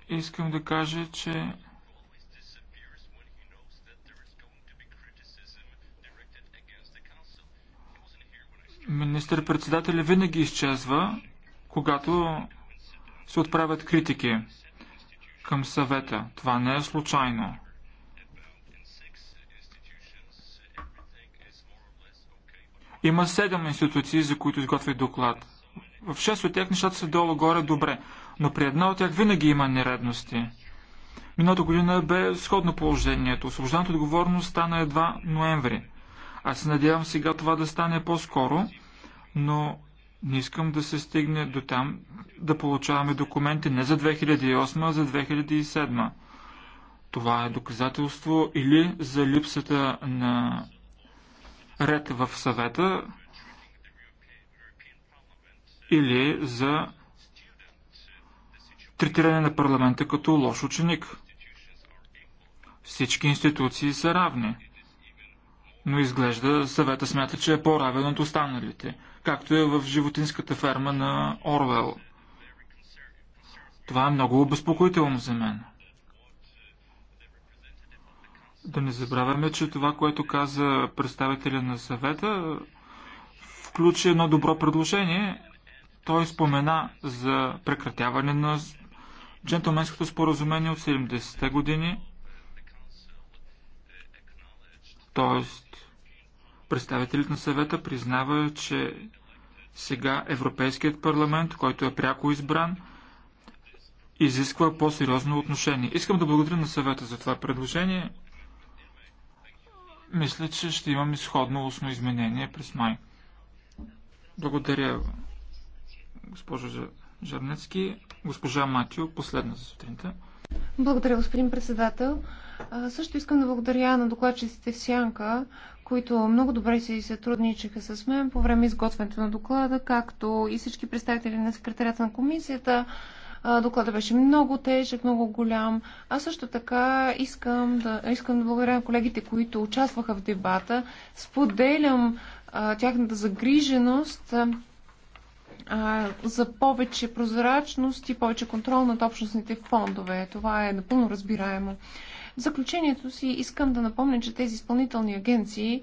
Искам да кажа, че министър-председателя винаги изчезва, когато се отправят критики към съвета. Това не е случайно. Има седем институции, за които изготвя доклад. В шест от тях нещата са долу-горе добре но при една от тях винаги има нередности. Миналата година бе сходно положението. Освобождането отговорност стана едва ноември. Аз се надявам сега това да стане по-скоро, но не искам да се стигне до там да получаваме документи не за 2008, а за 2007. Това е доказателство или за липсата на ред в съвета, или за третиране на парламента като лош ученик. Всички институции са равни, но изглежда съвета смята, че е по-равен от останалите, както е в животинската ферма на Орвел. Това е много обезпокоително за мен. Да не забравяме, че това, което каза представителя на съвета, включи едно добро предложение. Той спомена за прекратяване на джентлменското споразумение от 70-те години, т.е. представителите на съвета признава, че сега Европейският парламент, който е пряко избран, изисква по-сериозно отношение. Искам да благодаря на съвета за това предложение. Мисля, че ще имам изходно устно изменение през май. Благодаря, госпожо Жарнецки. Госпожа Матио, последна за сутринта. Благодаря, господин председател. А, също искам да благодаря на докладчиците в Сянка, които много добре се сътрудничаха с мен по време изготвянето на доклада, както и всички представители на секретарята на комисията. А, докладът беше много тежък, много голям. А също така искам да, искам да благодаря на колегите, които участваха в дебата. Споделям а, тяхната загриженост а, за повече прозрачност и повече контрол над общностните фондове. Това е напълно разбираемо. В заключението си искам да напомня, че тези изпълнителни агенции е,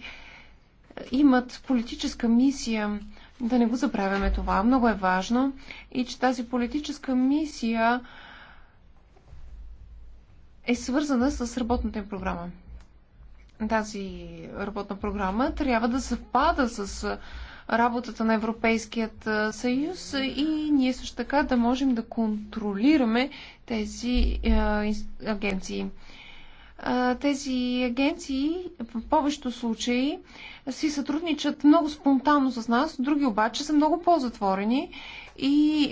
имат политическа мисия. Да не го забравяме това. Много е важно. И че тази политическа мисия е свързана с работната им програма. Тази работна програма трябва да съвпада с е, работата на Европейският съюз и ние също така да можем да контролираме тези агенции. Тези агенции в повечето случаи си сътрудничат много спонтанно с нас, други обаче са много по-затворени и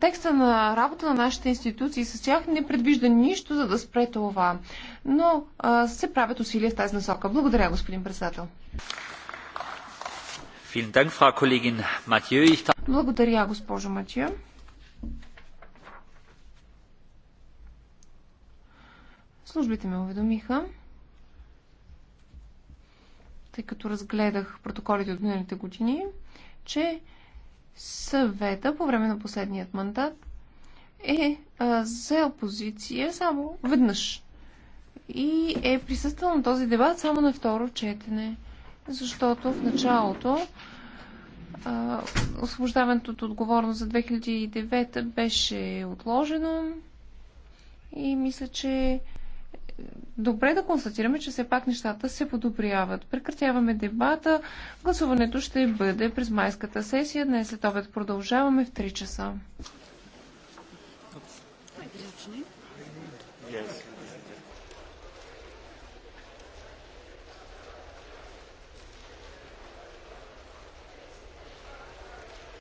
текста на работа на нашите институции с тях не предвижда нищо, за да спре това. Но се правят усилия в тази насока. Благодаря, господин председател. Благодаря, госпожо Матио. Службите ме уведомиха, тъй като разгледах протоколите от миналите години, че съвета по време на последният мандат е взел позиция само веднъж и е присъствал на този дебат само на второ четене защото в началото освобождаването от отговорност за 2009 беше отложено и мисля, че добре да констатираме, че все пак нещата се подобряват. Прекратяваме дебата. Гласуването ще бъде през майската сесия. Днес след обед продължаваме в 3 часа.